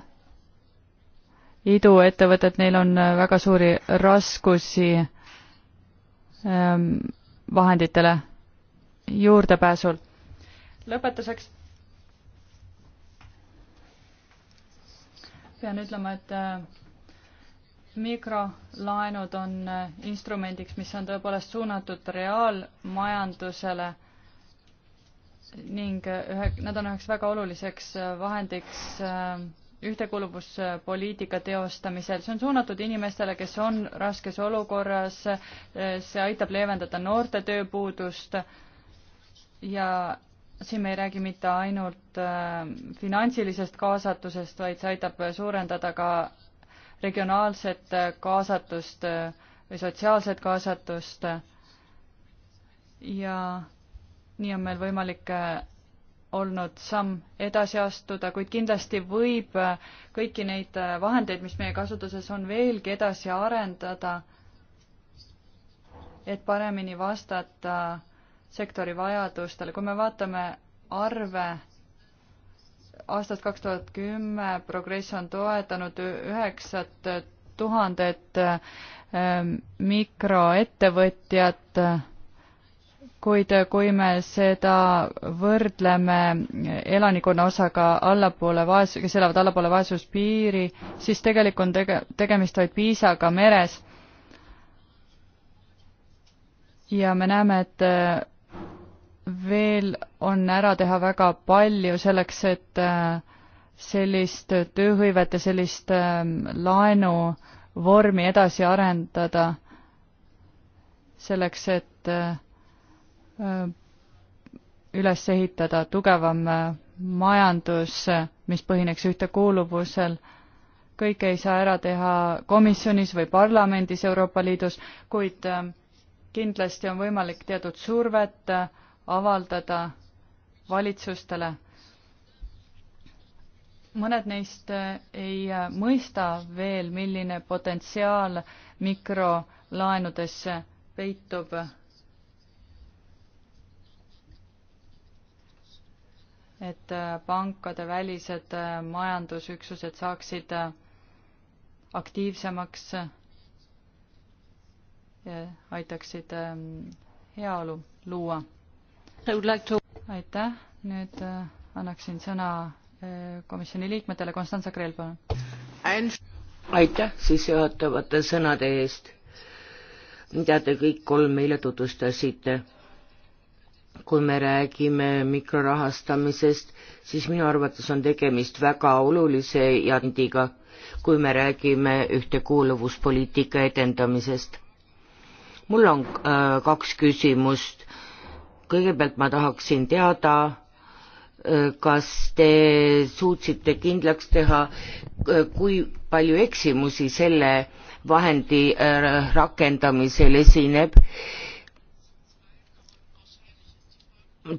iduettevõtted, neil on äh, väga suuri raskusi ähm, vahenditele juurdepääsul. lõpetuseks pean ütlema, et äh, mikrolaenud on äh, instrumendiks, mis on tõepoolest suunatud reaalmajandusele ning äh, ühe, nad on üheks väga oluliseks vahendiks ühtekuuluvuspoliitika teostamisel, see on suunatud inimestele, kes on raskes olukorras, see aitab leevendada noorte tööpuudust ja siin me ei räägi mitte ainult äh, finantsilisest kaasatusest, vaid see aitab suurendada ka regionaalset äh, kaasatust äh, või sotsiaalset kaasatust. ja nii on meil võimalik olnud samm edasi astuda, kuid kindlasti võib kõiki neid vahendeid, mis meie kasutuses on, veelgi edasi arendada, et paremini vastata sektori vajadustele, kui me vaatame arve aastast kaks tuhat kümme, Progress on toetanud üheksat tuhandet ähm, mikroettevõtjat, kuid kui me seda võrdleme elanikkonna osaga allapoole vaesus, kes elavad allapoole vaesuspiiri, siis tegelikult on tege-, tegemist vaid piisaga meres. ja me näeme, et veel on ära teha väga palju selleks, et äh, sellist tööhõivet ja sellist ähm, laenuvormi edasi arendada, selleks et äh, äh, üles ehitada tugevam majandus, mis põhineks ühtekuuluvusel. kõike ei saa ära teha komisjonis või parlamendis Euroopa Liidus, kuid ähm, kindlasti on võimalik teatud survet äh, avaldada valitsustele. mõned neist ei mõista veel, milline potentsiaal mikrolaenudesse peitub. et pankade välised majandusüksused saaksid aktiivsemaks ja aitaksid heaolu luua aitäh, nüüd äh, annaksin sõna äh, komisjoni liikmetele, Konstantin Kreel, palun. aitäh sissejuhatavate sõnade eest, mida te kõik kolm meile tutvustasite. kui me räägime mikrorahastamisest, siis minu arvates on tegemist väga olulise jandiga, kui me räägime ühtekuuluvuspoliitika edendamisest. mul on äh, kaks küsimust kõigepealt ma tahaksin teada, äh, kas te suutsite kindlaks teha, äh, kui palju eksimusi selle vahendi äh, rakendamisel esineb?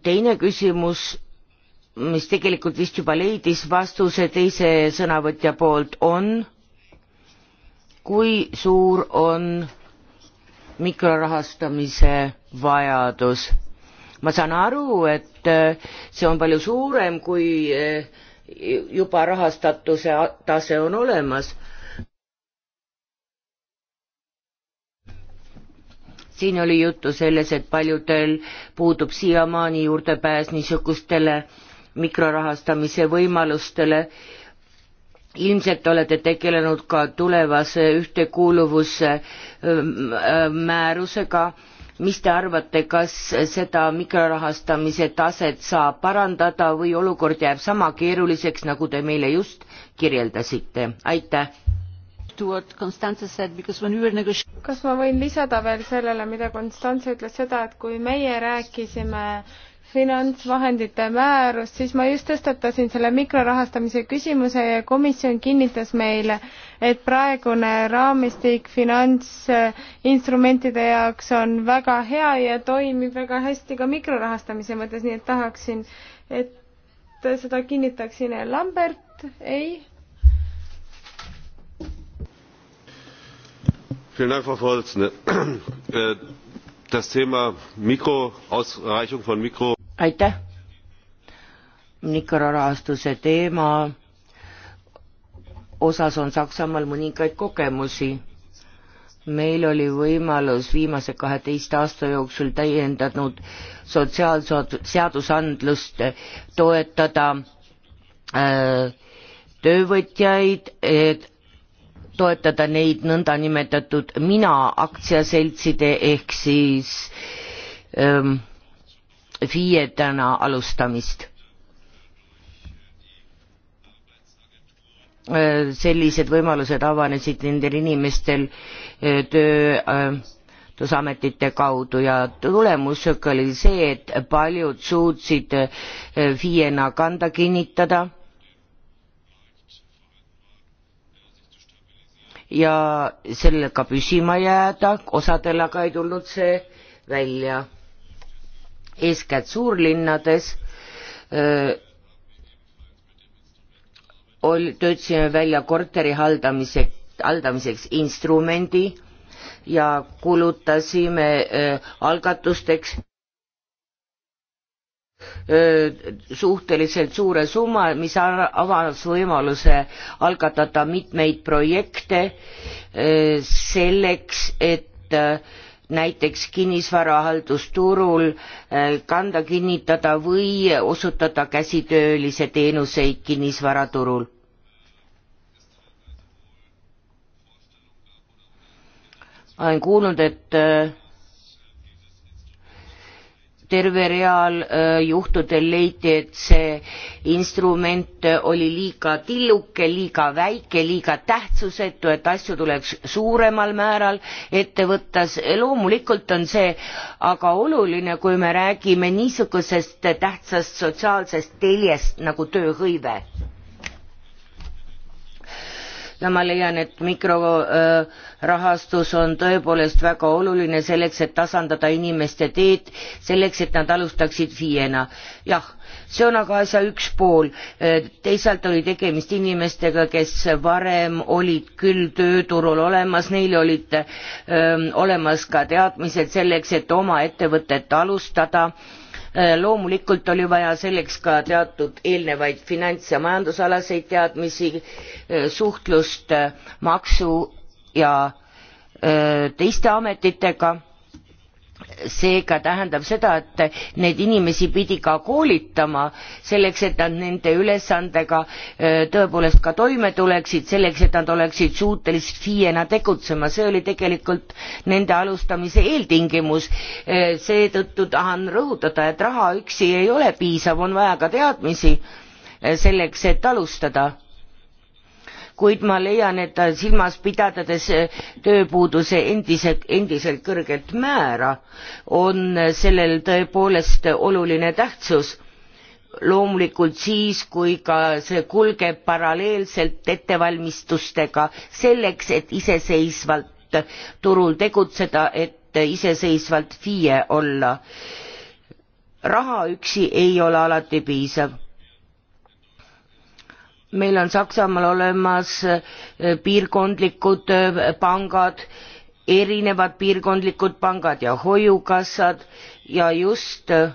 teine küsimus, mis tegelikult vist juba leidis vastuse teise sõnavõtja poolt, on kui suur on mikrorahastamise vajadus? ma saan aru, et äh, see on palju suurem, kui äh, juba rahastatuse tase on olemas. siin oli juttu selles, et paljudel puudub siiamaani juurdepääs niisugustele mikrorahastamise võimalustele ilmselt olete tegelenud ka tulevase ühtekuuluvusmäärusega ähm, äh, mis te arvate, kas seda mikrorahastamise taset saab parandada või olukord jääb sama keeruliseks, nagu te meile just kirjeldasite, aitäh. kas ma võin lisada veel sellele, mida Konstantse ütles, seda, et kui meie rääkisime finantsvahendite määrust, siis ma just tõstatasin selle mikrorahastamise küsimuse ja komisjon kinnitas meile, et praegune raamistik finantsinstrumentide jaoks on väga hea ja toimib väga hästi ka mikrorahastamise mõttes, nii et tahaksin, et seda kinnitaksin. Lambert, ei? frau präsidentin! Äh, das thema Mikro, ausreichung von mikro aitäh. mikrorahastuse teema osas on Saksamaal mõningaid kogemusi. meil oli võimalus viimase kaheteist aasta jooksul täiendatud sotsiaalseadusandlust toetada äh, töövõtjaid, et toetada neid nõndanimetatud mina aktsiaseltside ehk siis ähm, viiendana alustamist. Äh, sellised võimalused avanesid nendel inimestel äh, töötusametite äh, kaudu ja tulemuseks oli see, et paljud suutsid FIE-na kanda kinnitada ja sellega püsima jääda, osadel aga ei tulnud see välja eeskätt suurlinnades töötasime välja korteri haldamise, haldamiseks instrumendi ja kulutasime öö, algatusteks öö, suhteliselt suure summa, mis avas võimaluse algatada mitmeid projekte öö, selleks, et öö, näiteks kinnisvarahaldusturul äh, kanda kinnitada või osutada käsitöölise teenuseid kinnisvaraturul. ma olen kuulnud, et äh, terve real juhtudel leiti, et see instrument oli liiga tilluke, liiga väike, liiga tähtsusetu, et asju tuleks suuremal määral ette võtta. loomulikult on see aga oluline, kui me räägime niisugusest tähtsast sotsiaalsest teljest nagu tööhõive ja ma leian, et mikrorahastus on tõepoolest väga oluline selleks, et tasandada inimeste teed, selleks, et nad alustaksid FIE-na. jah, see on aga asja üks pool. teisalt oli tegemist inimestega, kes varem olid küll tööturul olemas, neil olid öö, olemas ka teadmised selleks, et oma ettevõtet alustada Äh, loomulikult oli vaja selleks ka teatud eelnevaid finants ja majandusalaseid teadmisi äh, suhtlust äh, maksu ja teiste ametitega seega tähendab seda, et neid inimesi pidi ka koolitama selleks, et nad nende ülesandega äh, tõepoolest ka toime tuleksid, selleks, et nad oleksid suutelised FIE-na tegutsema, see oli tegelikult nende alustamise eeltingimus. Äh, seetõttu tahan rõhutada, et raha üksi ei ole piisav, on vaja ka teadmisi äh, selleks, et alustada kuid ma leian, et silmas pidades eh, tööpuuduse endise, endiselt kõrget määra, on sellel tõepoolest oluline tähtsus loomulikult siis kui ka see kulgeb paralleelselt ettevalmistustega selleks et iseseisvalt turul tegutseda et iseseisvalt fie olla raha üksi ei ole alati piisav meil on Saksamaal olemas eh, piirkondlikud eh, pangad, erinevad piirkondlikud pangad ja hoiukassad ja just eh,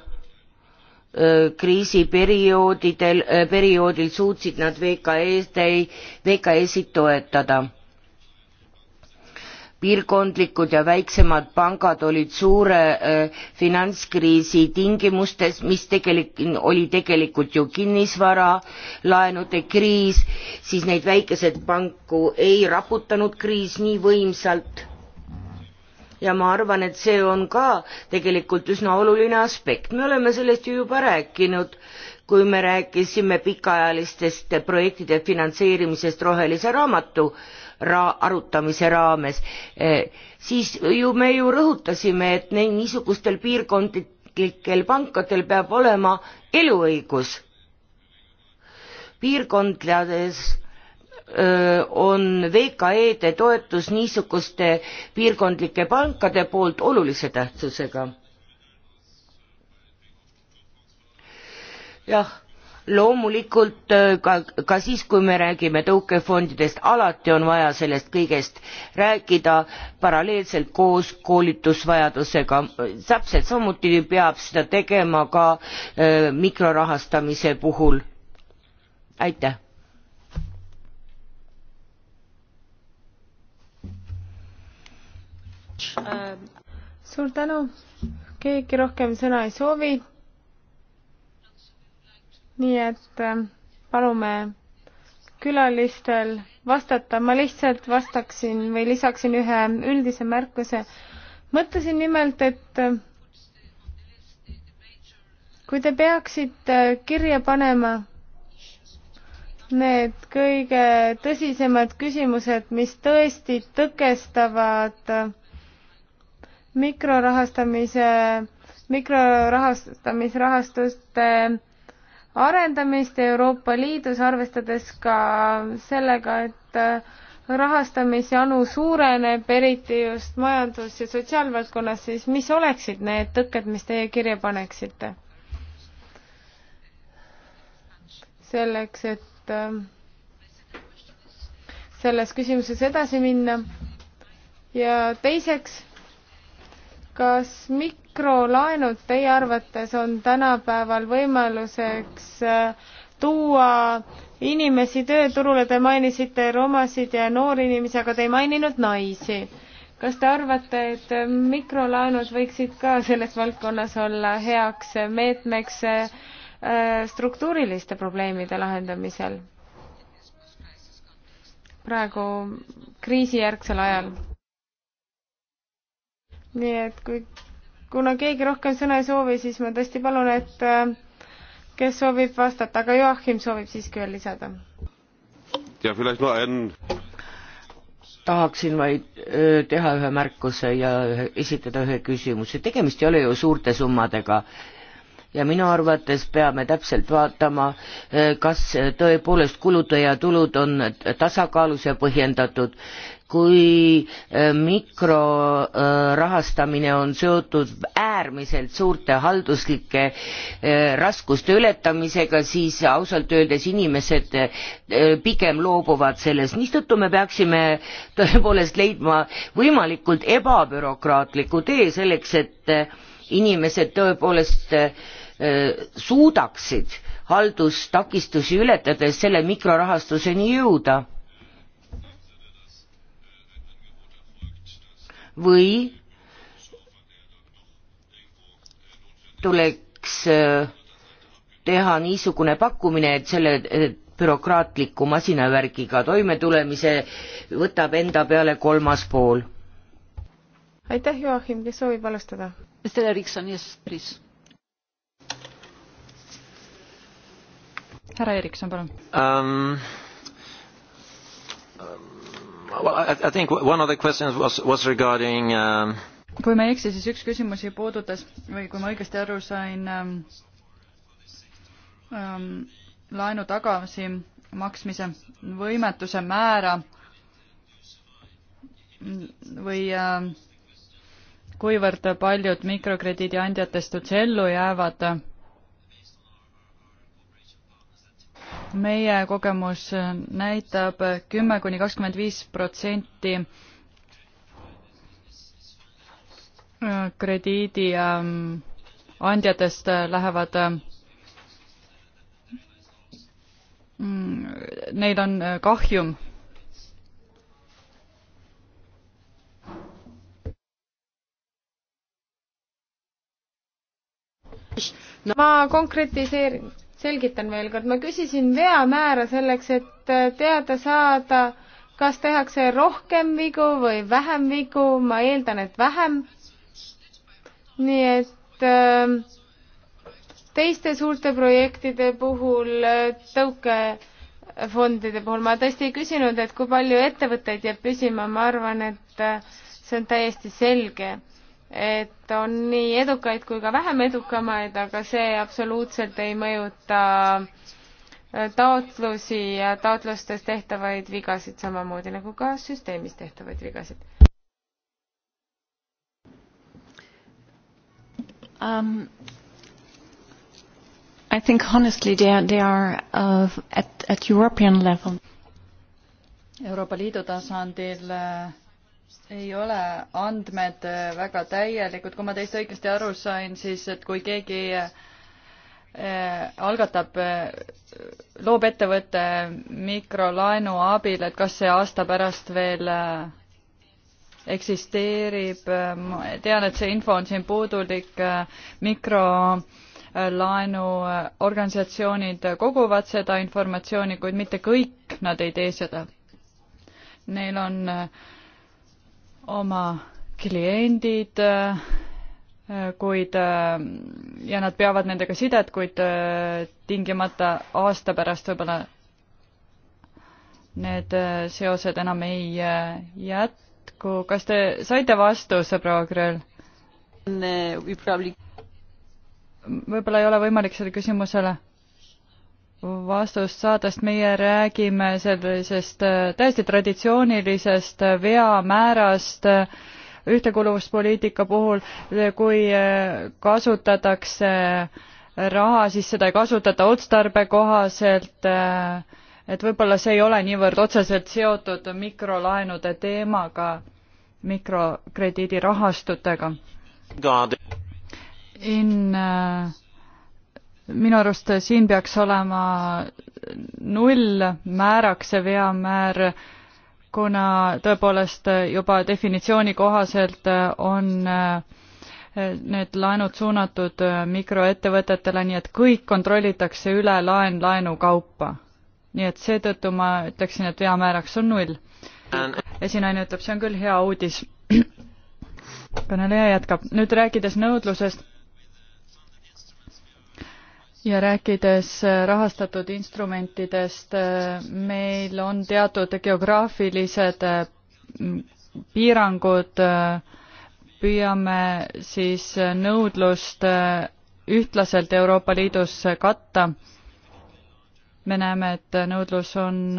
kriisiperioodidel, perioodil suutsid nad VKE-d, VKE-sid toetada piirkondlikud ja väiksemad pangad olid suure äh, finantskriisi tingimustes, mis tegelik-, oli tegelikult ju kinnisvaralaenude kriis, siis neid väikeseid panku ei raputanud kriis nii võimsalt. ja ma arvan, et see on ka tegelikult üsna oluline aspekt, me oleme sellest ju juba rääkinud kui me rääkisime pikaajalistest projektide finantseerimisest rohelise raamatu ra-, arutamise raames, eh, siis ju me ju rõhutasime, et neil niisugustel piirkondlikel pankadel peab olema eluõigus. piirkondades eh, on VKE-de toetus niisuguste piirkondlike pankade poolt olulise tähtsusega. jah loomulikult äh, ka, ka siis kui me räägime tõukefondidest alati on vaja sellest kõigest rääkida paralleelselt koos koolitusvajadusega täpselt samuti peab seda tegema ka äh, mikrorahastamise puhul aitäh suur tänu keegi rohkem sõna ei soovi nii et äh, palume külalistel vastata, ma lihtsalt vastaksin või lisaksin ühe üldise märkuse. mõtlesin nimelt, et äh, kui te peaksite kirja panema need kõige tõsisemad küsimused, mis tõesti tõkestavad äh, mikrorahastamise, mikrorahastamisrahastuste arendamist Euroopa Liidus, arvestades ka sellega, et äh, rahastamisjanu suureneb, eriti just majandus- ja sotsiaalvaldkonnas, siis mis oleksid need tõkked, mis teie kirja paneksite? selleks, et äh, selles küsimuses edasi minna. ja teiseks kas mikrolaenud teie arvates on tänapäeval võimaluseks äh, tuua inimesi tööturule, te mainisite romasid ja noori inimesi, aga te ei maininud naisi. kas te arvate, et äh, mikrolaenud võiksid ka selles valdkonnas olla heaks meetmeks äh, struktuuriliste probleemide lahendamisel praegu kriisijärgsel ajal? nii et kui, kuna keegi rohkem sõna ei soovi, siis ma tõesti palun, et äh, kes soovib vastata, aga Joachim soovib siiski veel lisada. ja, ma en... tahaksin vaid äh, teha ühe märkuse ja esitada ühe küsimuse, tegemist ei ole ju suurte summadega ja minu arvates peame täpselt vaatama, äh, kas tõepoolest kulud ja tulud on tasakaalus ja põhjendatud kui äh, mikrorahastamine äh, on seotud äärmiselt suurte halduslike äh, raskuste ületamisega, siis ausalt öeldes inimesed pigem loobuvad sellest, mistõttu me peaksime tõepoolest leidma võimalikult ebabürokraatliku tee selleks, et inimesed tõepoolest suudaksid haldustakistusi ületades selle mikrorahastuseni jõuda või tuleks äh, teha niisugune pakkumine, et selle äh, bürokraatliku masinavärgiga toimetulemise võtab enda peale kolmas pool. aitäh, Joachim, kes soovib alustada? Mr Erikson, yes, please. härra Erikson, palun um,. Well, I, I think one of the questions was, was regarding um... kui ma ei eksi, siis üks küsimusi puudutas või kui ma õigesti aru sain um, um, laenu tagasimaksmise võimetuse määra või um, kuivõrd paljud mikrokrediidi andjatest üldse ellu jäävad meie kogemus näitab kümme kuni kakskümmend viis protsenti krediidi ähm, andjatest lähevad, ähm, neil on äh, kahjum ma konkretiseerin selgitan veel kord, ma küsisin veamäära selleks, et äh, teada saada, kas tehakse rohkem vigu või vähem vigu, ma eeldan, et vähem. nii et ähm, teiste suurte projektide puhul äh, tõukefondide puhul ma tõesti ei küsinud, et kui palju ettevõtteid jääb püsima, ma arvan, et äh, see on täiesti selge et on nii edukaid kui ka vähem edukamaid, aga see absoluutselt ei mõjuta äh, taotlusi ja taotlustes tehtavaid vigasid samamoodi nagu ka süsteemis tehtavaid vigasid um,. I think honestly they are, they are uh, at, at European level. Euroopa Liidu tasandil uh, ei ole andmed äh, väga täielikud, kui ma teist õigesti aru sain, siis et kui keegi äh, algatab, äh, loob ettevõtte mikrolaenu abil, et kas see aasta pärast veel eksisteerib, ma tean, et see info on siin puudulik, mikrolaenu organisatsioonid koguvad seda informatsiooni, kuid mitte kõik nad ei tee seda. Neil on äh, oma kliendid, äh, kuid äh, ja nad peavad nendega sidet, kuid äh, tingimata aasta pärast võib-olla need seosed enam ei jätku. kas te saite vastuse, proua Krõõl? võib-olla ei ole võimalik sellele küsimusele vastust saada, sest meie räägime sellisest äh, täiesti traditsioonilisest äh, veamäärast äh, ühtekuuluvuspoliitika puhul, kui kasutatakse raha, siis seda ei kasutata otstarbekohaselt, et võib-olla see ei ole niivõrd otseselt seotud mikrolaenude teemaga, mikrokrediidirahastutega. In uh, minu arust siin peaks olema null määraks see veamäär, kuna tõepoolest juba definitsiooni kohaselt on eh, need laenud suunatud eh, mikroettevõtetele, nii et kõik kontrollitakse üle laen laenu kaupa. nii et seetõttu ma ütleksin, et veamääraks on null. esinaine ütleb, see on küll hea uudis. kõneleja jätkab, nüüd rääkides nõudlusest ja rääkides äh, rahastatud instrumentidest, äh, meil on teatud geograafilised äh, piirangud, püüame siis nõudlust ühtlaselt Euroopa Liidus katta. me näeme, et nõudlus on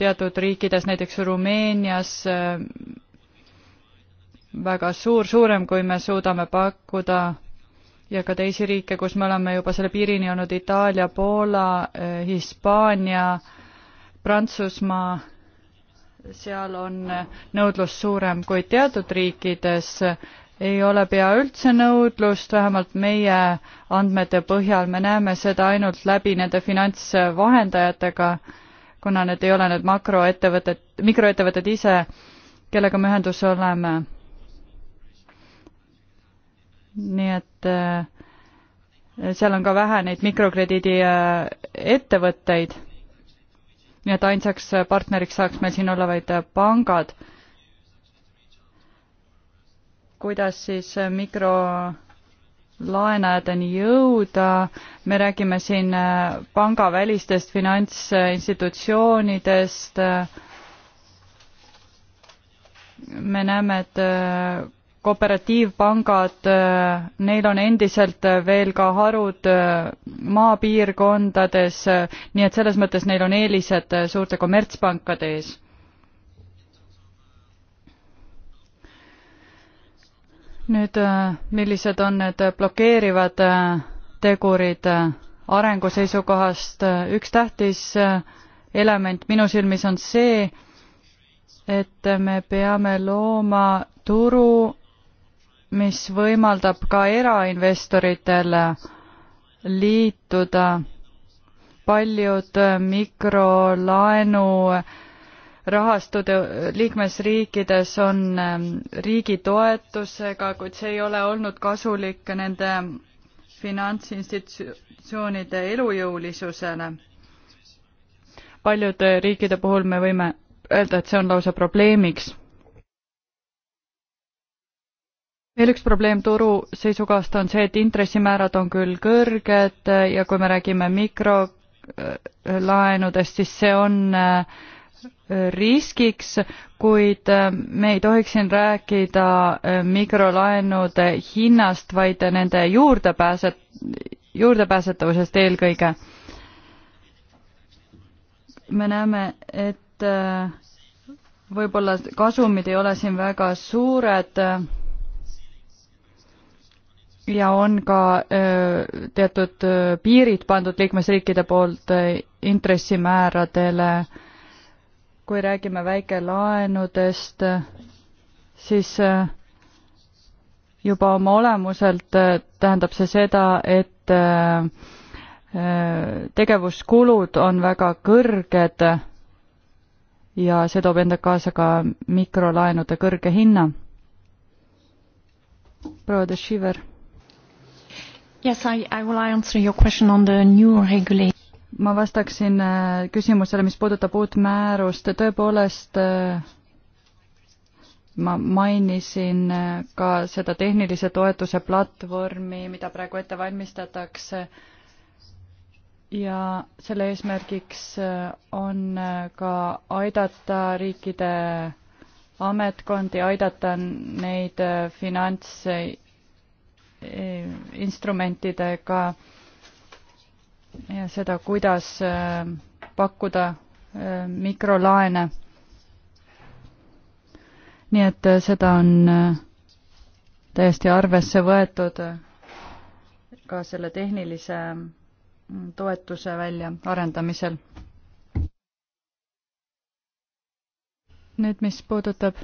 teatud riikides, näiteks Rumeenias, väga suur, suurem, kui me suudame pakkuda ja ka teisi riike, kus me oleme juba selle piirini olnud, Itaalia, Poola, eh, Hispaania, Prantsusmaa, seal on eh, nõudlus suurem, kuid teatud riikides ei ole pea üldse nõudlust, vähemalt meie andmete põhjal, me näeme seda ainult läbi nende finantsvahendajatega, kuna need ei ole need makroettevõtted, mikroettevõtted ise, kellega me ühenduses oleme nii et äh, seal on ka vähe neid mikrokrediidi äh, ettevõtteid. nii et ainsaks äh, partneriks saaks meil siin olla vaid pangad. kuidas siis mikrolaenajateni jõuda, me räägime siin pangavälistest finantsinstitutsioonidest, me näeme, et kooperatiivpangad, äh, neil on endiselt äh, veel ka harud äh, maapiirkondades, nii et selles mõttes neil on eelised suurte kommertspankade ees. nüüd, millised on need blokeerivad tegurid arengu seisukohast, üks tähtis element minu silmis on see, et me peame looma turu mis võimaldab ka erainvestoritel liituda. paljud mikrolaenu rahastud liikmesriikides on ähm, riigi toetusega, kuid see ei ole olnud kasulik nende finantsinstitutsioonide elujõulisusele. paljude riikide puhul me võime öelda, et see on lausa probleemiks veel üks probleem turu seisukohast on see, et intressimäärad on küll kõrged ja kui me räägime mikrolaenudest, siis see on äh, riskiks, kuid äh, me ei tohiks siin rääkida äh, mikrolaenude hinnast, vaid nende juurdepääset-, juurdepääsetavusest eelkõige. me näeme, et võib-olla kasumid ei ole siin väga suured ja on ka teatud piirid pandud liikmesriikide poolt intressimääradele. kui räägime väikelaenudest, siis juba oma olemuselt tähendab see seda, et tegevuskulud on väga kõrged ja see toob enda kaasa ka mikrolaenude kõrge hinna. proua De Schiver Yes, I, I will answer your question on the new regulation. ma vastaksin äh, küsimusele, mis puudutab uut määrust, tõepoolest äh, ma mainisin äh, ka seda tehnilise toetuse platvormi, mida praegu ette valmistatakse ja selle eesmärgiks on ka aidata riikide ametkondi, aidata neid finants Eh, instrumentidega ja seda, kuidas eh, pakkuda eh, mikrolaene. nii et seda on täiesti arvesse võetud ka selle tehnilise mm, toetuse väljaarendamisel. nüüd, mis puudutab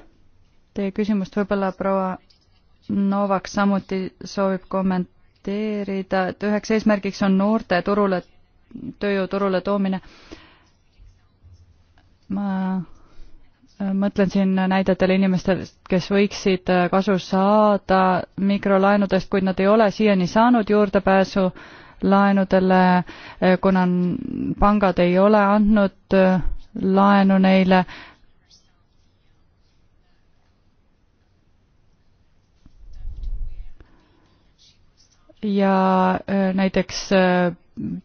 teie küsimust, võib-olla proua Novak samuti soovib kommenteerida, et üheks eesmärgiks on noorte turule, tööjõuturule toomine. ma äh, mõtlen siin näidetele inimestele, kes võiksid äh, kasu saada mikrolaenudest, kuid nad ei ole siiani saanud juurdepääsu laenudele, äh, kuna pangad ei ole andnud laenu neile ja äh, näiteks äh,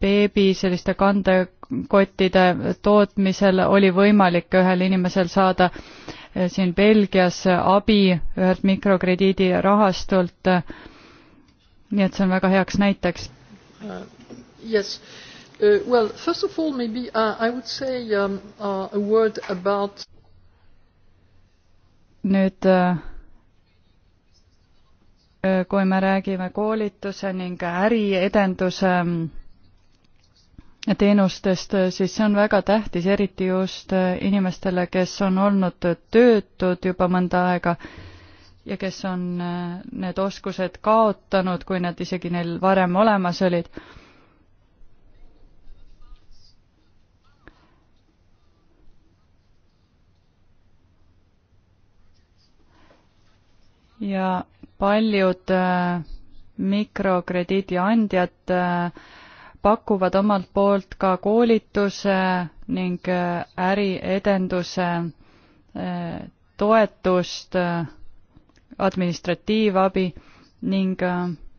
beebi selliste kandekottide tootmisel oli võimalik ühel inimesel saada äh, siin Belgias abi ühelt mikrokrediidirahastult. nii et see on väga heaks näiteks uh,. Yes. Uh, well, first of all, maybe uh, I would say um, uh, a word about. nüüd uh, kui me räägime koolituse ning äriedenduse ähm, teenustest, siis see on väga tähtis, eriti just äh, inimestele, kes on olnud töötud juba mõnda aega ja kes on äh, need oskused kaotanud, kui nad isegi neil varem olemas olid ja paljud äh, mikrokrediidi andjad äh, pakuvad omalt poolt ka koolituse ning äh, äriedenduse toetust, administratiivabi ning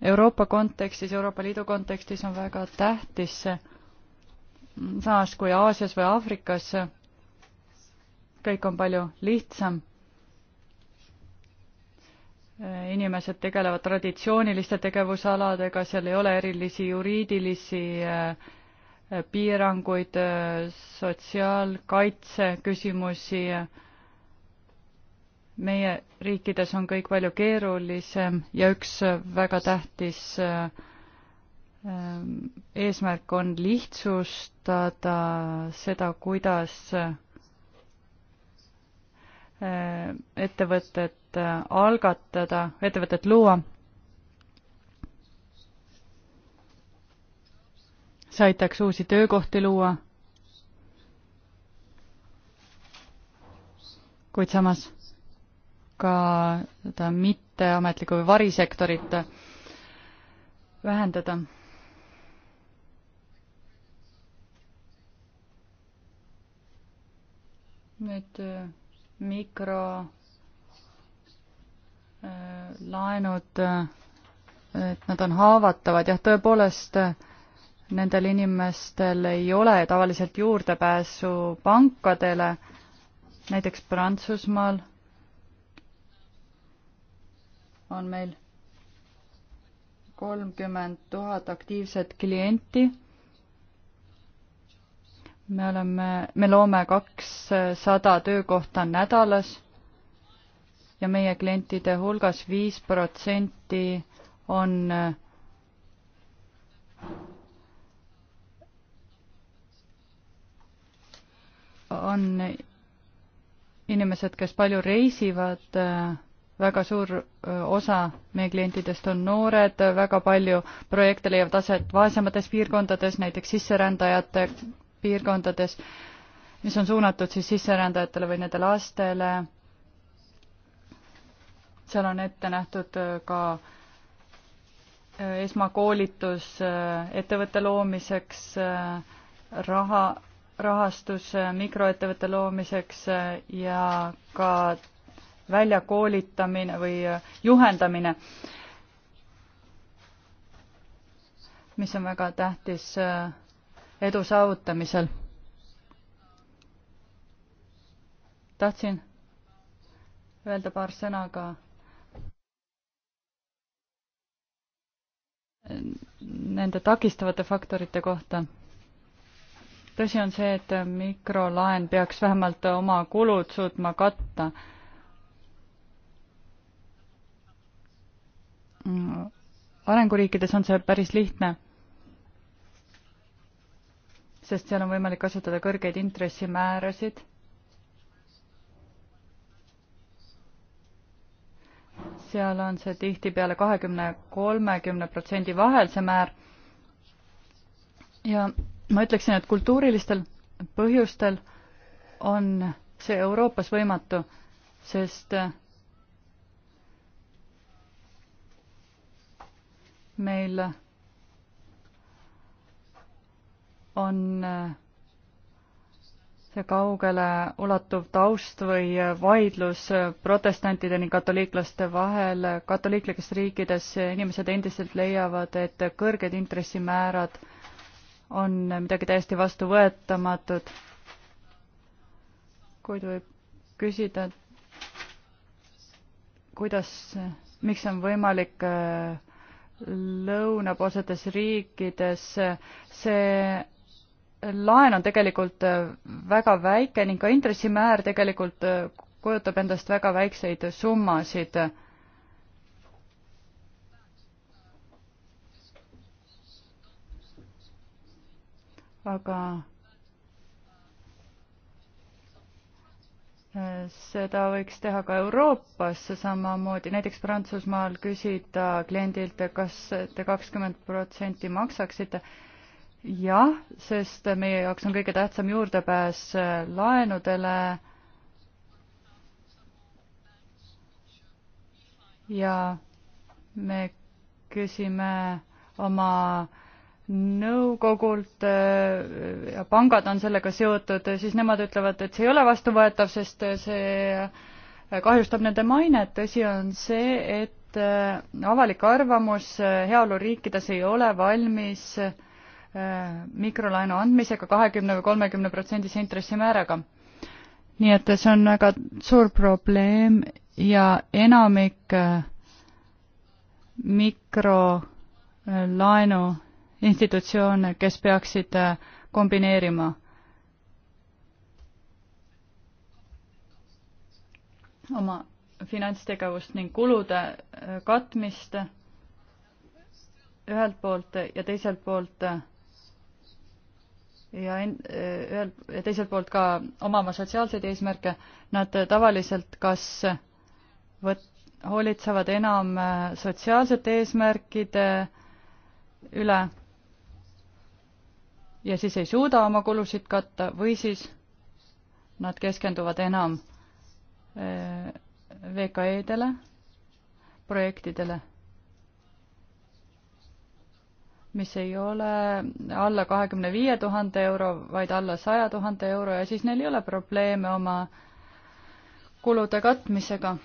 Euroopa kontekstis, Euroopa Liidu kontekstis on väga tähtis see, samas kui Aasias või Aafrikas kõik on palju lihtsam inimesed tegelevad traditsiooniliste tegevusaladega, seal ei ole erilisi juriidilisi äh, piiranguid, äh, sotsiaalkaitse küsimusi. meie riikides on kõik palju keerulisem ja üks väga tähtis äh, eesmärk on lihtsustada seda, kuidas ettevõtted ettevõtet äh, algatada, ettevõtet luua. see aitaks uusi töökohti luua. kuid samas ka seda mitteametlikku või varisektorit vähendada nüüd äh, mikro laenud, et nad on haavatavad, jah, tõepoolest nendel inimestel ei ole tavaliselt juurdepääsu pankadele, näiteks Prantsusmaal on meil kolmkümmend tuhat aktiivset klienti. me oleme, me loome kakssada töökohta nädalas ja meie klientide hulgas viis protsenti on on inimesed, kes palju reisivad, väga suur osa meie klientidest on noored, väga palju projekte leiavad aset vaesemates piirkondades, näiteks sisserändajate piirkondades, mis on suunatud siis sisserändajatele või nende lastele seal on ette nähtud äh, ka äh, esmakoolitus äh, ettevõtte loomiseks, raha, rahastus mikroettevõtte loomiseks ja ka väljakoolitamine või juhendamine, mis on väga tähtis edu saavutamisel. tahtsin öelda paar sõna ka nende takistavate faktorite kohta. tõsi on see, et mikrolaen peaks vähemalt oma kulud suutma katta. arenguriikides on see päris lihtne, sest seal on võimalik kasutada kõrgeid intressimäärasid seal on see tihtipeale kahekümne, kolmekümne protsendi vahel, see määr. ja ma ütleksin, et kultuurilistel põhjustel on see Euroopas võimatu, sest äh, meil on äh, see kaugele ulatuv taust või vaidlus protestantide ning katoliiklaste vahel. katoliiklikes riikides inimesed endiselt leiavad, et kõrged intressimäärad on midagi täiesti vastuvõetamatut. kuid võib küsida, kuidas, miks on võimalik äh, lõunapoolsetes riikides see laen on tegelikult äh, väga väike ning ka intressimäär tegelikult äh, kujutab endast väga väikseid summasid. aga äh, seda võiks teha ka Euroopas samamoodi, näiteks Prantsusmaal küsida kliendilt, kas te kakskümmend protsenti maksaksite jah, sest meie jaoks on kõige tähtsam juurdepääs äh, laenudele ja me küsime oma nõukogult äh, ja pangad on sellega seotud, siis nemad ütlevad, et see ei ole vastuvõetav, sest see kahjustab nende mainet, tõsi on see, et äh, avalik arvamus heaoluriikides ei ole valmis äh, mikrolaenu andmisega kahekümne või kolmekümne protsendise intressimääraga. nii et see on väga suur probleem ja enamik äh, mikrolaenu institutsioone, kes peaksid äh, kombineerima oma finantstegevust ning kulude äh, katmist ühelt poolt ja teiselt poolt äh, ja ühel ja teiselt poolt ka omama sotsiaalseid eesmärke, nad tavaliselt kas võt-, hoolitsevad enam sotsiaalsete eesmärkide üle ja siis ei suuda oma kulusid katta või siis nad keskenduvad enam eh, VKE-dele, projektidele mis ei ole alla kahekümne viie tuhande euro, vaid alla saja tuhande euro ja siis neil ei ole probleeme oma kulude katmisega.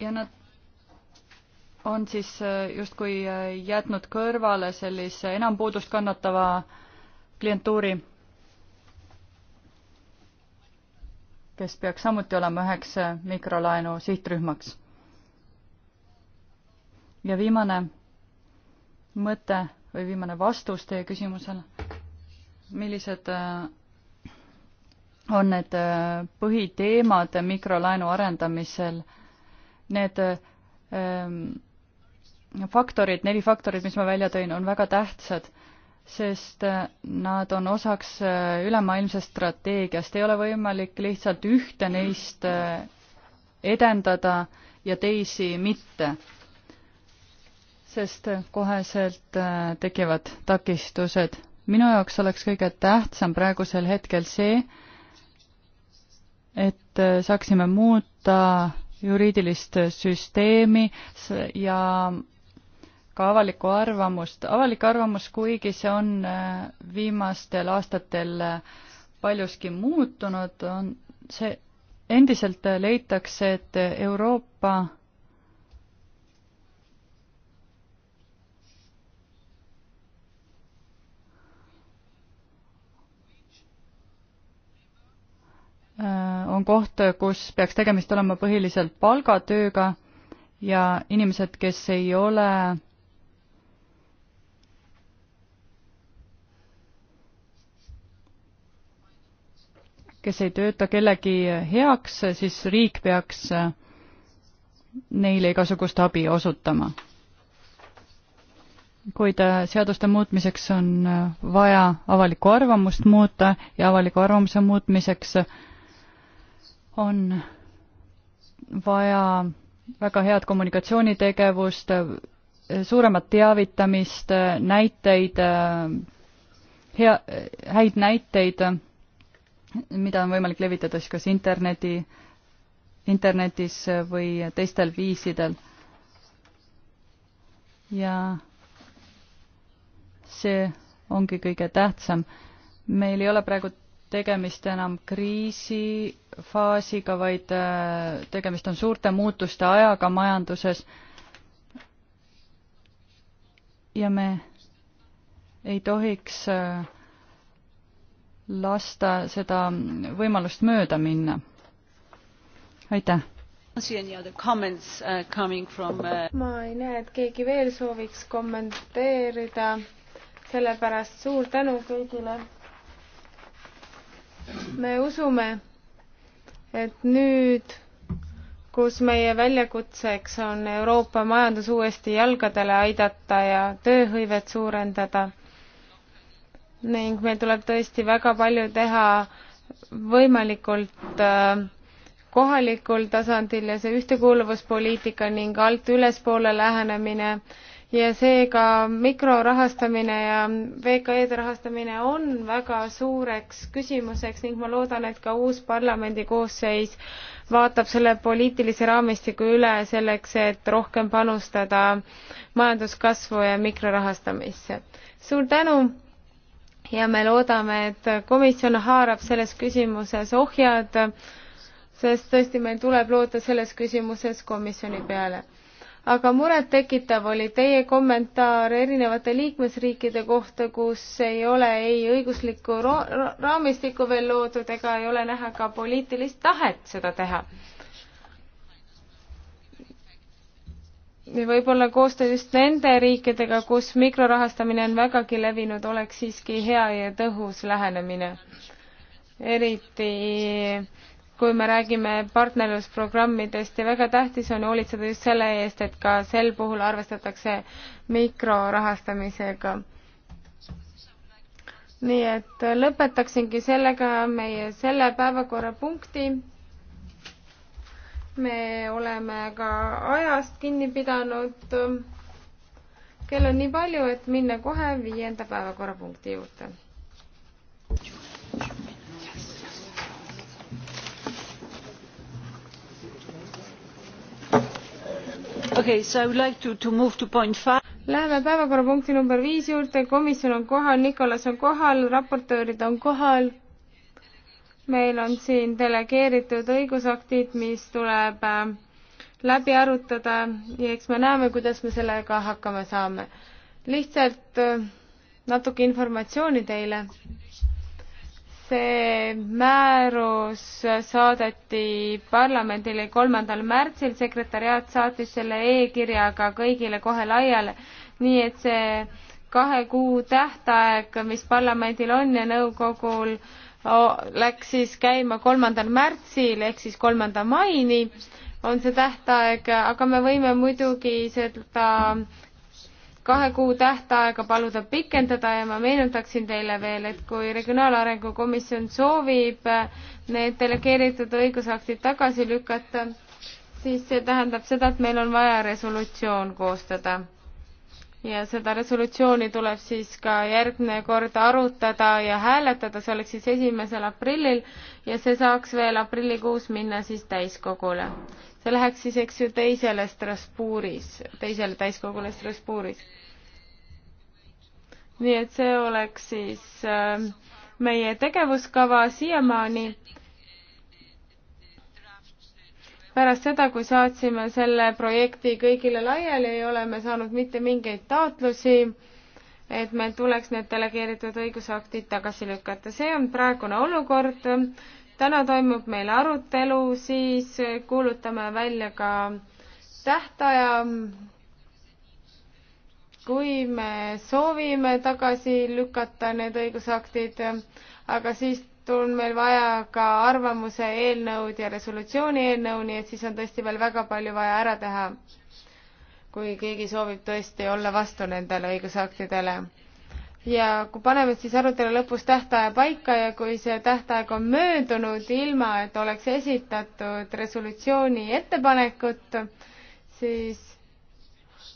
ja nad on siis äh, justkui äh, jätnud kõrvale sellise enam puudust kannatava klientuuri, kes peaks samuti olema üheks äh, mikrolaenu sihtrühmaks. ja viimane mõte või viimane vastus teie küsimusele. millised äh, on need äh, põhiteemad mikrolaenu arendamisel? Need ähm, faktorid, neli faktorit, mis ma välja tõin, on väga tähtsad, sest äh, nad on osaks ülemaailmsest strateegiast, ei ole võimalik lihtsalt ühte neist edendada ja teisi mitte sest koheselt äh, tekivad takistused. minu jaoks oleks kõige tähtsam praegusel hetkel see, et äh, saaksime muuta juriidilist süsteemi ja ka avalikku arvamust. avalik arvamus, kuigi see on äh, viimastel aastatel paljuski muutunud, on see, endiselt leitakse, et Euroopa Äh, on koht, kus peaks tegemist olema põhiliselt palgatööga ja inimesed, kes ei ole kes ei tööta kellegi heaks, siis riik peaks neile igasugust abi osutama. kuid äh, seaduste muutmiseks on äh, vaja avalikku arvamust muuta ja avaliku arvamuse muutmiseks äh, on vaja väga head kommunikatsioonitegevust, suuremat teavitamist, näiteid, hea, häid näiteid, mida on võimalik levitada siis kas interneti, internetis või teistel viisidel. ja see ongi kõige tähtsam. meil ei ole praegu tegemist enam kriisifaasiga, vaid äh, tegemist on suurte muutuste ajaga majanduses. ja me ei tohiks äh, lasta seda võimalust mööda minna. aitäh! Uh, uh, ma ei näe, et keegi veel sooviks kommenteerida, sellepärast suur tänu kõigile! me usume, et nüüd, kus meie väljakutseks on Euroopa majandus uuesti jalgadele aidata ja tööhõivet suurendada ning meil tuleb tõesti väga palju teha võimalikult äh, kohalikul tasandil ja see ühtekuuluvuspoliitika ning alt ülespoole lähenemine äh, ja seega mikrorahastamine ja VKE-de rahastamine on väga suureks küsimuseks ning ma loodan, et ka uus parlamendi koosseis vaatab selle poliitilise raamistiku üle selleks, et rohkem panustada majanduskasvu ja mikrorahastamisse. suur tänu ja me loodame, et komisjon haarab selles küsimuses ohjad, sest tõesti, meil tuleb loota selles küsimuses komisjoni peale aga murettekitav oli teie kommentaar erinevate liikmesriikide kohta, kus ei ole ei õiguslikku raamistikku veel loodud ega ei ole näha ka poliitilist tahet seda teha. võib-olla koostöö just nende riikidega, kus mikrorahastamine on vägagi levinud, oleks siiski hea ja tõhus lähenemine. eriti kui me räägime partnerlusprogrammidest ja väga tähtis on hoolitseda just selle eest, et ka sel puhul arvestatakse mikrorahastamisega. nii et lõpetaksingi sellega meie selle päevakorrapunkti. me oleme ka ajast kinni pidanud. kell on nii palju, et minna kohe viienda päevakorrapunkti juurde. Okay, so I would like to, to move to point five. Läheme päevakorrapunkti number viis juurde, komisjon on kohal, Nikolas on kohal, raportöörid on kohal. meil on siin delegeeritud õigusaktid, mis tuleb äh, läbi arutada ja eks me näeme, kuidas me sellega hakkama saame. lihtsalt äh, natuke informatsiooni teile see määrus saadeti parlamendile kolmandal märtsil, sekretäriaat saatis selle e-kirjaga kõigile kohe laiali, nii et see kahe kuu tähtaeg, mis parlamendil on ja nõukogul, läks siis käima kolmandal märtsil ehk siis kolmanda maini on see tähtaeg, aga me võime muidugi seda kahe kuu tähtaega paluda pikendada ja ma meenutaksin teile veel, et kui Regionaalarengu Komisjon soovib äh, need delegeeritud õigusaktid tagasi lükata, siis see tähendab seda, et meil on vaja resolutsioon koostada. ja seda resolutsiooni tuleb siis ka järgmine kord arutada ja hääletada, see oleks siis esimesel aprillil ja see saaks veel aprillikuus minna siis täiskogule see läheks siis, eks ju, teisele Strasbourgis, teisele täiskogule Strasbourgis. nii et see oleks siis ähm, meie tegevuskava siiamaani. pärast seda, kui saatsime selle projekti kõigile laiali, ei ole me saanud mitte mingeid taotlusi, et meil tuleks need delegeeritud õigusaktid tagasi lükata. see on praegune olukord täna toimub meil arutelu, siis kuulutame välja ka tähtaja. kui me soovime tagasi lükata need õigusaktid, aga siis on meil vaja ka arvamuse eelnõud ja resolutsiooni eelnõu, nii et siis on tõesti veel väga palju vaja ära teha. kui keegi soovib tõesti olla vastu nendele õigusaktidele ja kui paneme siis arutelu lõpus tähtaja paika ja kui see tähtaeg on möödunud, ilma et oleks esitatud resolutsiooni ettepanekut, siis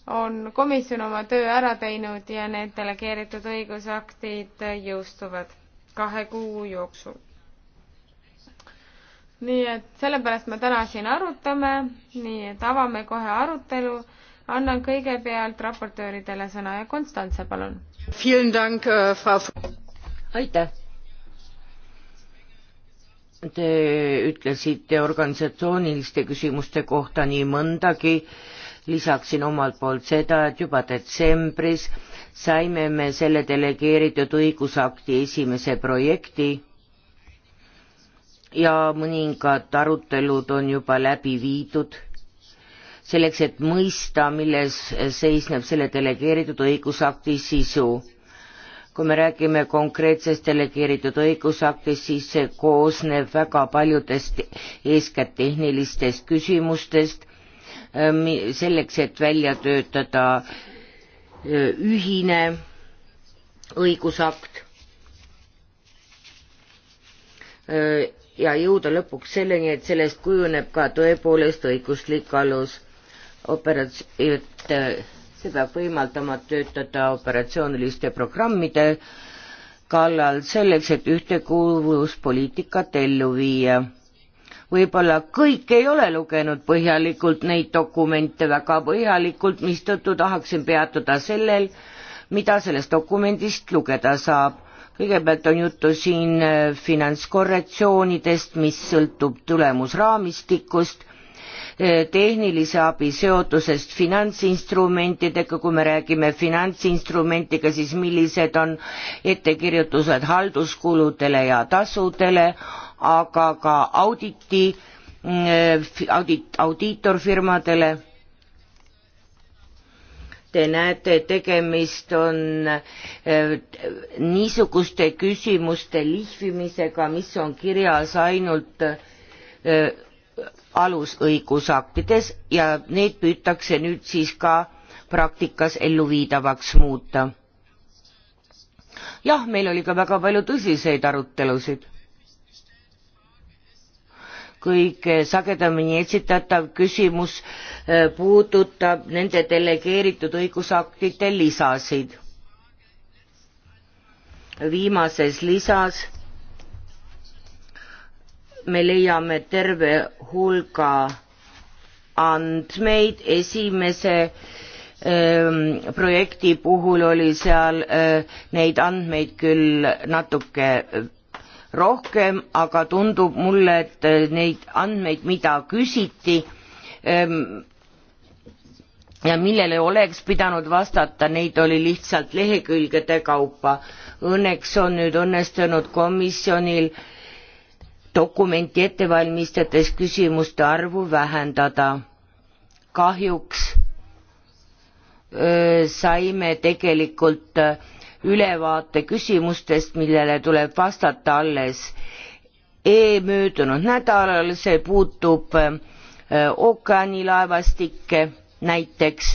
on komisjon oma töö ära teinud ja need delegeeritud õigusaktid jõustuvad kahe kuu jooksul. nii et sellepärast me täna siin arutame, nii et avame kohe arutelu annan kõigepealt raportööridele sõna ja Konstantse, palun. Äh, aitäh. Te ütlesite organisatsiooniliste küsimuste kohta nii mõndagi, lisaksin omalt poolt seda, et juba detsembris saime me selle delegeeritud õigusakti esimese projekti ja mõningad arutelud on juba läbi viidud selleks, et mõista, milles seisneb selle delegeeritud õigusakti sisu. kui me räägime konkreetsest delegeeritud õigusaktist, siis see koosneb väga paljudest eeskätt tehnilistest küsimustest, äh, selleks, et välja töötada äh, ühine õigusakt äh, ja jõuda lõpuks selleni, et sellest kujuneb ka tõepoolest õiguslik alus operats-, et äh, see peab võimaldama töötada operatsiooniliste programmide kallal selleks, et ühtekuuluvuspoliitikat ellu viia. võib-olla kõik ei ole lugenud põhjalikult neid dokumente väga põhjalikult, mistõttu tahaksin peatuda sellel, mida sellest dokumendist lugeda saab. kõigepealt on juttu siin äh, finantskorrektsioonidest, mis sõltub tulemusraamistikust Eh, tehnilise abi seotusest finantsinstrumentidega, kui me räägime finantsinstrumentiga, siis millised on ettekirjutused halduskuludele ja tasudele, aga ka auditi, eh, audit, audiitorfirmadele te näete, tegemist on eh, niisuguste küsimuste lihvimisega, mis on kirjas ainult alusõigusaktides ja need püütakse nüüd siis ka praktikas elluviidavaks muuta. jah, meil oli ka väga palju tõsiseid arutelusid. kõige sagedamini esitatav küsimus eh, puudutab nende delegeeritud õigusaktide lisasid. viimases lisas me leiame terve hulga andmeid, esimese öö, ähm, projekti puhul oli seal öö, äh, neid andmeid küll natuke äh, rohkem, aga tundub mulle, et äh, neid andmeid, mida küsiti öö, ähm, ja millele oleks pidanud vastata, neid oli lihtsalt lehekülgede kaupa. Õnneks on nüüd õnnestunud komisjonil öö, dokumenti ette valmistades küsimuste arvu vähendada. kahjuks öö, saime tegelikult ülevaate küsimustest, millele tuleb vastata alles e-möödunud nädalal, see puutub ookeanilaevastikke näiteks.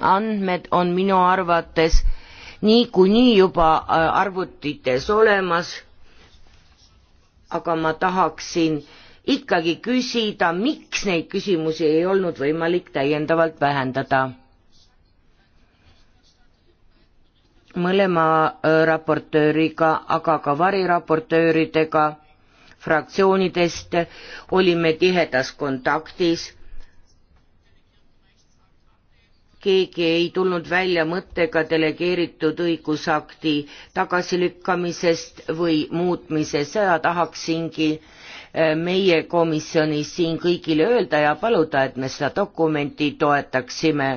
andmed on minu arvates niikuinii juba arvutites olemas aga ma tahaksin ikkagi küsida, miks neid küsimusi ei olnud võimalik täiendavalt vähendada. mõlema raportööriga, aga ka variraportööridega fraktsioonidest olime tihedas kontaktis keegi ei tulnud välja mõttega delegeeritud õigusakti tagasilükkamisest või muutmisest, seda tahaksingi eh, meie komisjonis siin kõigile öelda ja paluda, et me seda dokumenti toetaksime.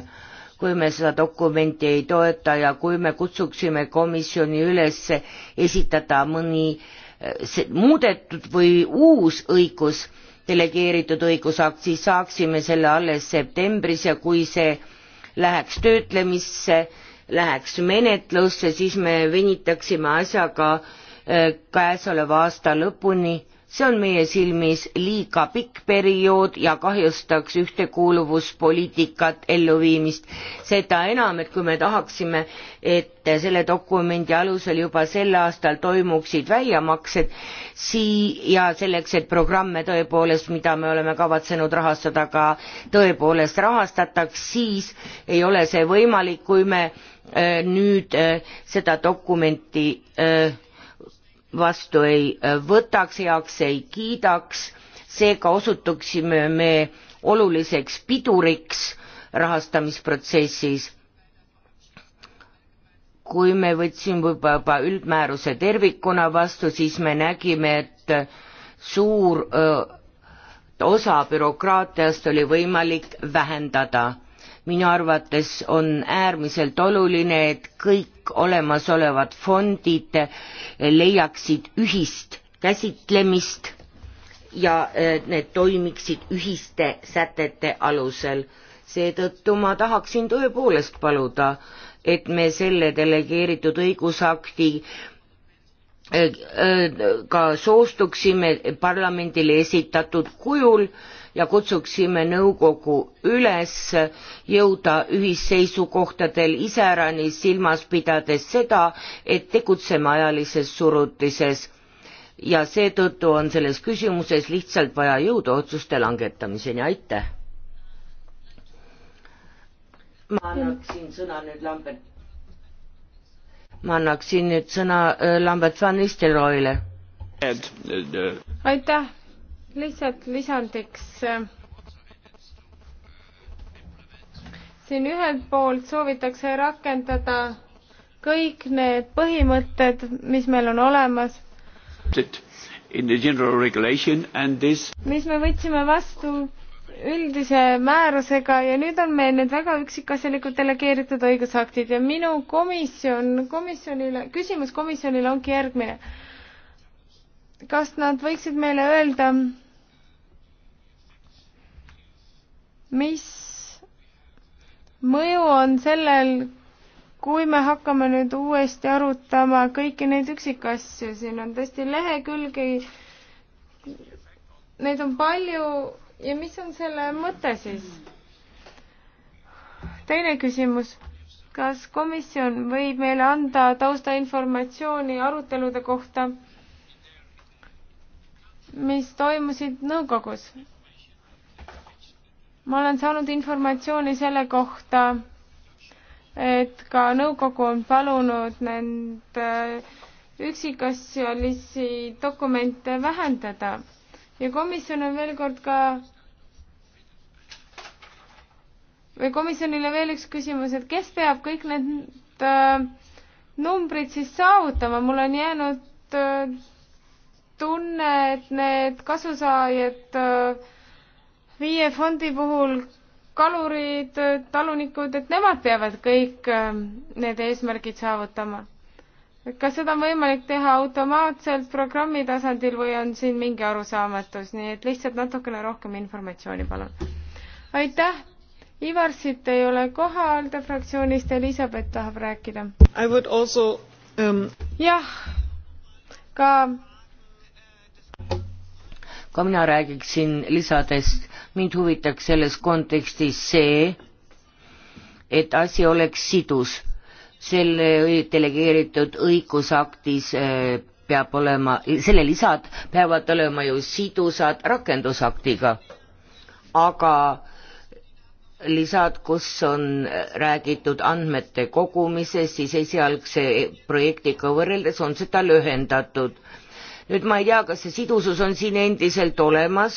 kui me seda dokumenti ei toeta ja kui me kutsuksime komisjoni üles esitada mõni eh, muudetud või uus õigus, delegeeritud õigusakt, siis saaksime selle alles septembris ja kui see läheks töötlemisse, läheks menetlusse, siis me venitaksime asjaga äh, käesoleva aasta lõpuni see on meie silmis liiga pikk periood ja kahjustaks ühtekuuluvuspoliitikat elluviimist seda enam et kui me tahaksime et selle dokumendi alusel juba sel aastal toimuksid väljamaksed sii- ja selleks et programme tõepoolest mida me oleme kavatsenud rahastada ka tõepoolest rahastataks siis ei ole see võimalik kui me äh, nüüd äh, seda dokumenti äh, vastu ei äh, võtaks, heaks ei kiidaks, seega osutuksime me oluliseks piduriks rahastamisprotsessis. kui me võtsime juba üldmääruse tervikuna vastu, siis me nägime, et suur öö, äh, osa bürokraatiast oli võimalik vähendada minu arvates on äärmiselt oluline, et kõik olemasolevad fondid leiaksid ühist käsitlemist ja need toimiksid ühiste sätete alusel. seetõttu ma tahaksin tõepoolest paluda, et me selle delegeeritud õigusakti äh, äh, ka soostuksime parlamendile esitatud kujul äh, ja kutsuksime nõukogu üles jõuda ühisseisukohtadel iseäranis silmas pidades seda, et tegutseme ajalises surutises ja seetõttu on selles küsimuses lihtsalt vaja jõuda otsuste langetamiseni, aitäh. ma annaksin sõna nüüd Lambert, ma annaksin nüüd sõna äh, Lambert van Nistelrooile. aitäh lihtsalt lisandiks siin ühelt poolt soovitakse rakendada kõik need põhimõtted, mis meil on olemas, mis me võtsime vastu üldise määrusega ja nüüd on meil need väga üksikasjalikud delegeeritud õigusaktid ja minu komisjon, komisjonile, küsimus komisjonile ongi järgmine kas nad võiksid meile öelda, mis mõju on sellel, kui me hakkame nüüd uuesti arutama kõiki neid üksikasju, siin on tõesti lehekülgi, neid on palju ja mis on selle mõte siis? teine küsimus, kas komisjon võib meile anda taustainformatsiooni arutelude kohta? mis toimusid nõukogus. ma olen saanud informatsiooni selle kohta, et ka nõukogu on palunud nende äh, üksikasjalisi dokumente vähendada ja komisjon on veel kord ka või komisjonile veel üks küsimus, et kes peab kõik need äh, numbrid siis saavutama, mul on jäänud äh, tunne, et need kasusaajad äh, viie fondi puhul kalurid, äh, talunikud, et nemad peavad kõik äh, need eesmärgid saavutama. kas seda on võimalik teha automaatselt programmi tasandil või on siin mingi arusaamatus, nii et lihtsalt natukene rohkem informatsiooni, palun. aitäh, Ivar siit ei ole kohal, ta fraktsioonist Elizabeth tahab rääkida. I would also um... jah, ka ka mina räägiksin lisadest, mind huvitaks selles kontekstis see, et asi oleks sidus. selle delegeeritud õigusaktis äh, peab olema, selle lisad peavad olema ju sidusad rakendusaktiga. aga lisad, kus on räägitud andmete kogumisest, siis esialgse projektiga võrreldes on seda lühendatud nüüd ma ei tea, kas see sidusus on siin endiselt olemas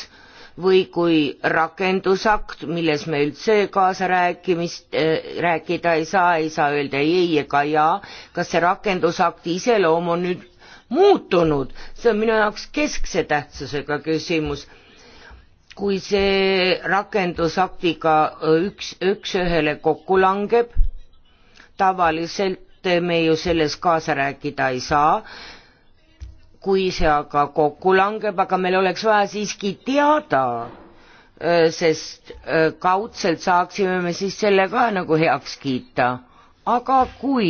või kui rakendusakt, milles me üldse kaasa rääkimist äh,, rääkida ei saa, ei saa öelda ei, ei ega jaa, kas see rakendusakti iseloom on nüüd muutunud, see on minu jaoks keskse tähtsusega küsimus kui see rakendusaktiga üks, üks-ühele kokku langeb, tavaliselt me ju selles kaasa rääkida ei saa, kui see aga kokku langeb, aga meil oleks vaja siiski teada, äh, sest äh, kaudselt saaksime me siis selle ka nagu heaks kiita. aga kui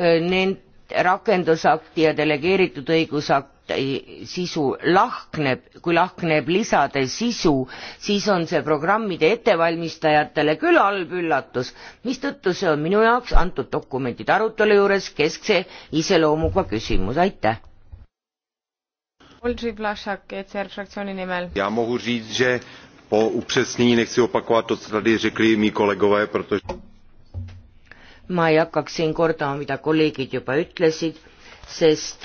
äh, need rakendusakti ja delegeeritud õigusakti sisu lahkneb, kui lahkneb lisade sisu, siis on see programmide ettevalmistajatele küll halb üllatus, mistõttu see on minu jaoks antud dokumentide arutelu juures keskse iseloomuga küsimus, aitäh! Oldřich Vlašak, ECR frakcioni nimel. Já mohu říct, že po upřesnění nechci opakovat to, co tady řekli mý kolegové, protože ma ei hakkaks siin kordama, mida kolleegid juba ütlesid, sest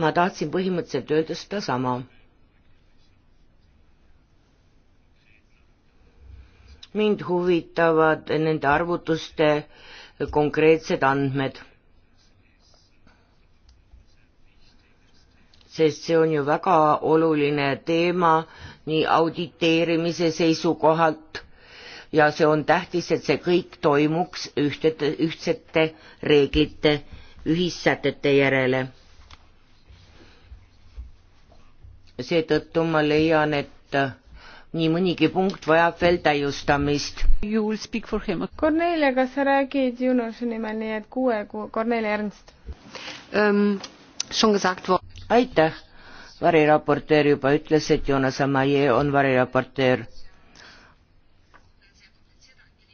ma tahtsin põhimõtteliselt öelda sedasama. mind huvitavad nende arvutuste konkreetsed andmed sest see on ju väga oluline teema nii auditeerimise seisukohalt ja see on tähtis, et see kõik toimuks ühtete, ühtsete reeglite, ühissätete järele. seetõttu ma leian, et nii mõnigi punkt vajab veel täiustamist. Kornelia, kas sa räägid Junose nimel, nii et kuue kuu, Kornelia Ernst um,? aitäh, variraportöör juba ütles, et Jonas Amaje on variraportöör.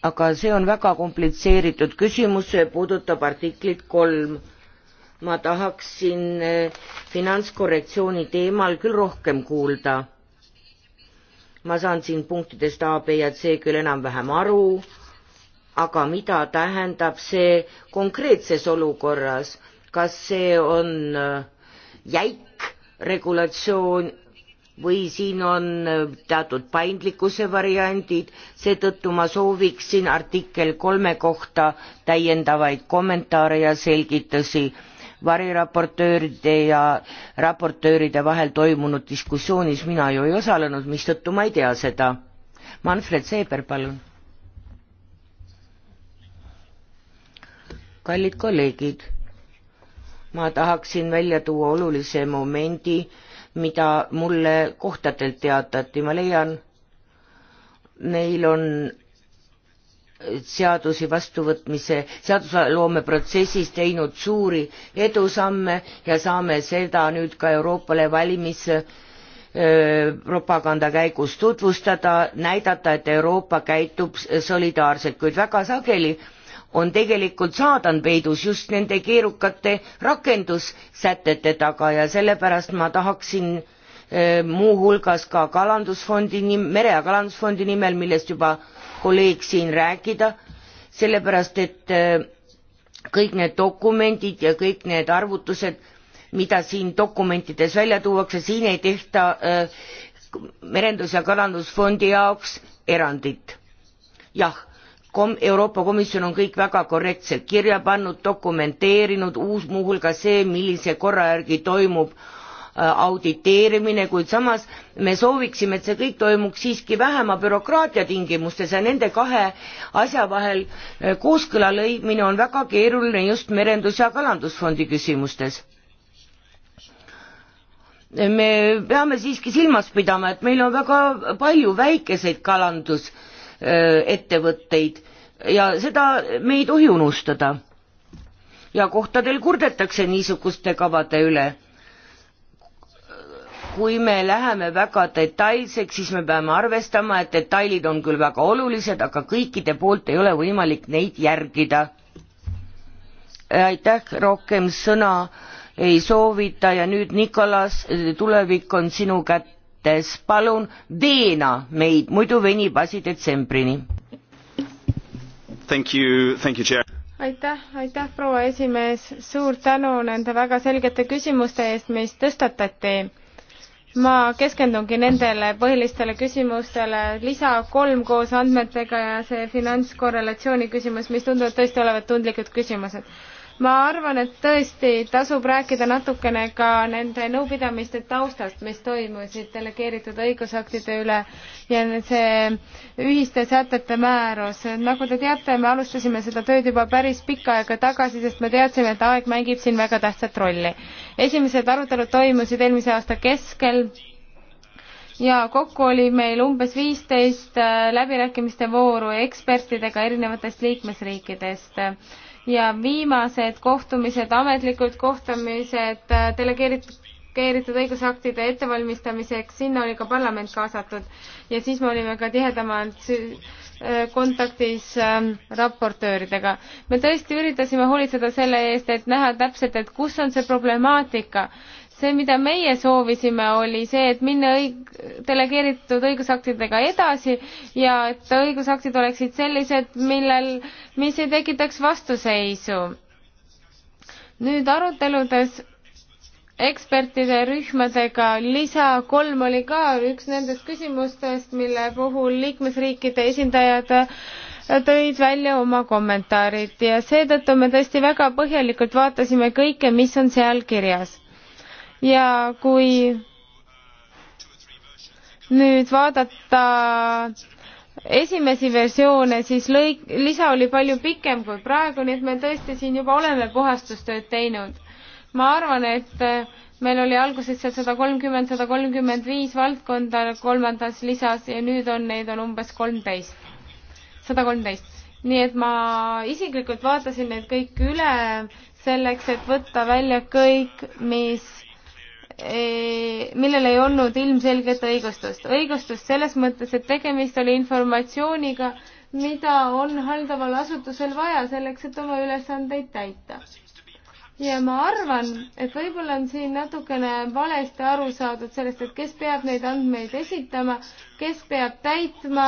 aga see on väga komplitseeritud küsimus, see puudutab artiklit kolm. ma tahaksin eh, finantskorrektsiooni teemal küll rohkem kuulda. ma saan siin punktidest A, B ja C küll enam-vähem aru, aga mida tähendab see konkreetses olukorras, kas see on äh, jäik regulatsioon või siin on äh, teatud paindlikkuse variandid, seetõttu ma sooviksin artikkel kolme kohta täiendavaid kommentaare ja selgitusi variraportööride ja raportööride vahel toimunud diskussioonis mina ju ei osalenud, mistõttu ma ei tea seda. Manfred Seeber, palun. kallid kolleegid ma tahaksin välja tuua olulise momendi, mida mulle kohtadelt teatati, ma leian, neil on seadusi vastuvõtmise, seadusloome protsessis teinud suuri edusamme ja saame seda nüüd ka Euroopale valimis propaganda käigus tutvustada, näidata, et Euroopa käitub solidaarselt, kuid väga sageli äh, on tegelikult saadan peidus just nende keerukate rakendussätete taga ja sellepärast ma tahaksin eh, muuhulgas ka kalandusfondi nim- mere ja kalandusfondi nimel millest juba kolleeg siin rääkida sellepärast et eh, kõik need dokumendid ja kõik need arvutused mida siin dokumentides välja tuuakse siin ei tehta eh, merendus ja kalandusfondi jaoks erandit jah kom-, Euroopa Komisjon on kõik väga korrektselt kirja pannud, dokumenteerinud, uus muuhulgas see, millise korra järgi toimub äh, auditeerimine, kuid samas me sooviksime, et see kõik toimuks siiski vähema bürokraatia tingimustes ja nende kahe asja vahel äh, kooskõla lõimine on väga keeruline just merendus- ja kalandusfondi küsimustes me peame siiski silmas pidama, et meil on väga palju väikeseid kalandus- ettevõtteid ja seda me ei tohi unustada. ja kohtadel kurdetakse niisuguste kavade üle. kui me läheme väga detailseks, siis me peame arvestama, et detailid on küll väga olulised, aga kõikide poolt ei ole võimalik neid järgida. aitäh, rohkem sõna ei soovita ja nüüd Nikolas, tulevik on sinu kätte mõttes palun veena meid, muidu venib asi detsembrini. Thank you, thank you, Chair aitäh, aitäh, proua esimees, suur tänu nende väga selgete küsimuste eest, mis tõstatati. ma keskendungi nendele põhilistele küsimustele, lisa kolm koos andmetega ja see finantskorrelatsiooni küsimus, mis tunduvad tõesti olevat tundlikud küsimused ma arvan, et tõesti tasub rääkida natukene ka nende nõupidamiste taustast, mis toimusid delegeeritud õigusaktide üle ja see ühiste sätete määrus. nagu te teate, me alustasime seda tööd juba päris pikka aega tagasi, sest me teadsime, et aeg mängib siin väga tähtsat rolli. esimesed arutelud toimusid eelmise aasta keskel ja kokku oli meil umbes viisteist läbirääkimiste vooru ekspertidega erinevatest liikmesriikidest ja viimased kohtumised, ametlikud kohtumised äh, delegeeritud õigusaktide ettevalmistamiseks, sinna oli ka parlament kaasatud ja siis me olime ka tihedamalt äh, kontaktis ähm, raportööridega. me tõesti üritasime hoolitseda selle eest, et näha täpselt, et kus on see problemaatika see, mida meie soovisime, oli see, et minna õig-, delegeeritud õigusaktidega edasi ja et õigusaktid oleksid sellised, millel, mis ei tekitaks vastuseisu. nüüd aruteludes ekspertide rühmadega, lisa kolm oli ka üks nendest küsimustest, mille puhul liikmesriikide esindajad tõid välja oma kommentaarid ja seetõttu me tõesti väga põhjalikult vaatasime kõike, mis on seal kirjas ja kui nüüd vaadata esimesi versioone, siis lõik, lisa oli palju pikem kui praegu, nii et me tõesti siin juba oleme puhastustööd teinud. ma arvan, et äh, meil oli alguses seal sada kolmkümmend, sada kolmkümmend viis valdkonda kolmandas lisas ja nüüd on neid on umbes kolmteist, sada kolmteist. nii et ma isiklikult vaatasin need kõik üle selleks, et võtta välja kõik, mis millel ei olnud ilmselget õigustust. õigustust selles mõttes, et tegemist oli informatsiooniga, mida on haldaval asutusel vaja selleks, et oma ülesandeid täita. ja ma arvan, et võib-olla on siin natukene valesti aru saadud sellest, et kes peab neid andmeid esitama, kes peab täitma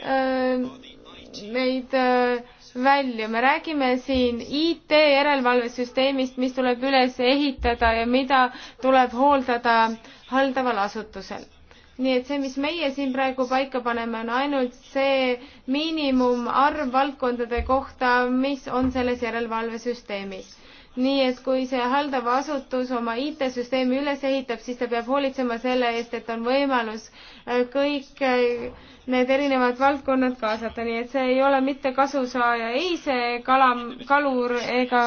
öö, äh, neid öö, äh, välju, me räägime siin IT järelevalvesüsteemist, mis tuleb üles ehitada ja mida tuleb hooldada haldaval asutusel. nii et see, mis meie siin praegu paika paneme, on ainult see miinimumarv valdkondade kohta, mis on selles järelevalvesüsteemis nii et kui see haldav asutus oma IT-süsteemi üles ehitab, siis ta peab hoolitsema selle eest, et on võimalus äh, kõik äh, need erinevad valdkonnad kaasata, nii et see ei ole mitte kasusaaja ei see kala, kalur ega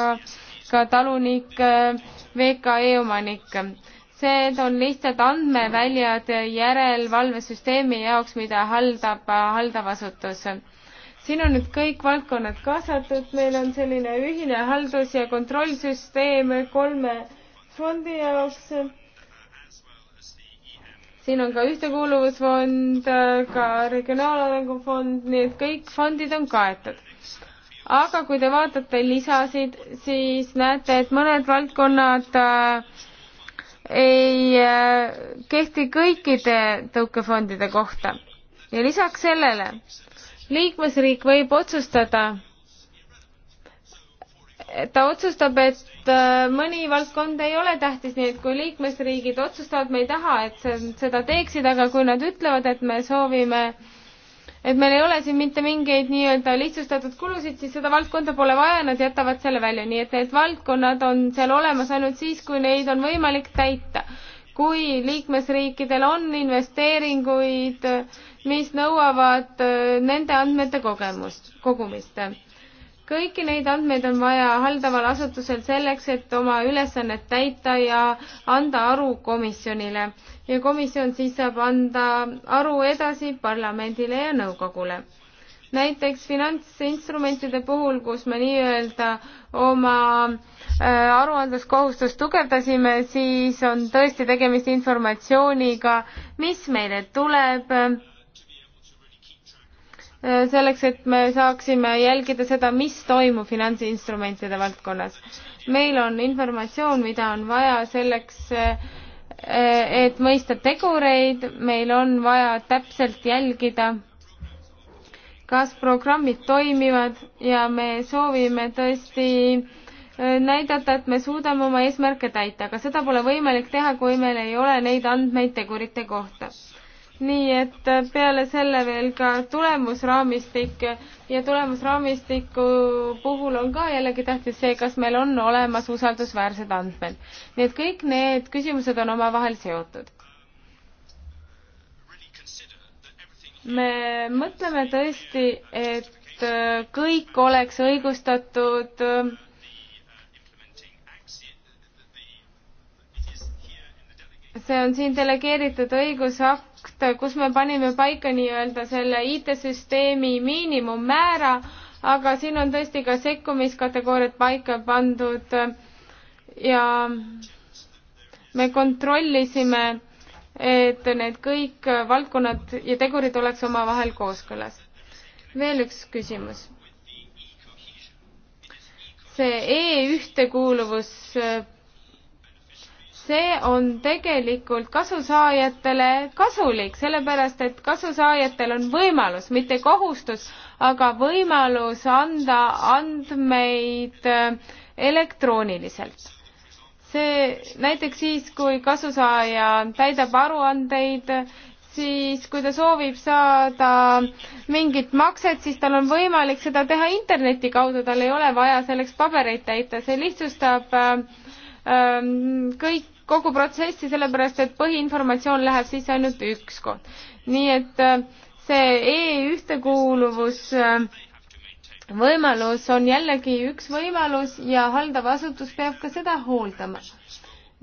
ka talunik, äh, VKE omanik. Need on lihtsalt andmeväljad järelevalvesüsteemi jaoks, mida haldab haldav asutus siin on nüüd kõik valdkonnad kaasatud, meil on selline ühine haldus- ja kontrollsüsteem kolme fondi jaoks. siin on ka ühtekuuluvusfond, ka regionaalarengu fond, nii et kõik fondid on kaetud. aga kui te vaatate lisasid, siis näete, et mõned valdkonnad äh, ei äh, kehti kõikide tõukefondide kohta ja lisaks sellele liikmesriik võib otsustada, ta otsustab, et äh, mõni valdkond ei ole tähtis, nii et kui liikmesriigid otsustavad, me ei taha, et seda teeksid, aga kui nad ütlevad, et me soovime et meil ei ole siin mitte mingeid nii-öelda lihtsustatud kulusid, siis seda valdkonda pole vaja, nad jätavad selle välja, nii et need valdkonnad on seal olemas ainult siis, kui neid on võimalik täita kui liikmesriikidel on investeeringuid, mis nõuavad äh, nende andmete kogemust, kogumist. kõiki neid andmeid on vaja haldaval asutusel selleks, et oma ülesannet täita ja anda aru komisjonile ja komisjon siis saab anda aru edasi parlamendile ja nõukogule näiteks finantsinstrumentide puhul, kus me nii-öelda oma äh, aruandluskohustust tugevdasime, siis on tõesti tegemist informatsiooniga, mis meile tuleb äh, selleks, et me saaksime jälgida seda, mis toimub finantsinstrumentide valdkonnas. meil on informatsioon, mida on vaja selleks, äh, et mõista tegureid, meil on vaja täpselt jälgida kas programmid toimivad ja me soovime tõesti äh, näidata, et me suudame oma eesmärke täita, aga seda pole võimalik teha, kui meil ei ole neid andmeid tegurite kohta. nii et äh, peale selle veel ka tulemusraamistik ja tulemusraamistiku puhul on ka jällegi tähtis see, kas meil on olemas usaldusväärsed andmed. nii et kõik need küsimused on omavahel seotud me mõtleme tõesti, et äh, kõik oleks õigustatud äh, see on siin delegeeritud õigusakt, kus me panime paika nii-öelda selle IT-süsteemi miinimummäära, aga siin on tõesti ka sekkumiskategooriad paika pandud ja me kontrollisime et need kõik valdkonnad ja tegurid oleks omavahel kooskõlas. veel üks küsimus. see e-ühtekuuluvus, see on tegelikult kasusaajatele kasulik, sellepärast et kasusaajatel on võimalus, mitte kohustus, aga võimalus anda andmeid äh, elektrooniliselt see näiteks siis, kui kasusaaja täidab aruandeid, siis kui ta soovib saada mingit makset, siis tal on võimalik seda teha interneti kaudu, tal ei ole vaja selleks pabereid täita, see lihtsustab ähm, kõik, kogu protsessi, sellepärast et põhiinformatsioon läheb siis ainult üks kord. nii et äh, see e-ühtekuuluvus äh, võimalus on jällegi üks võimalus ja haldav asutus peab ka seda hooldama.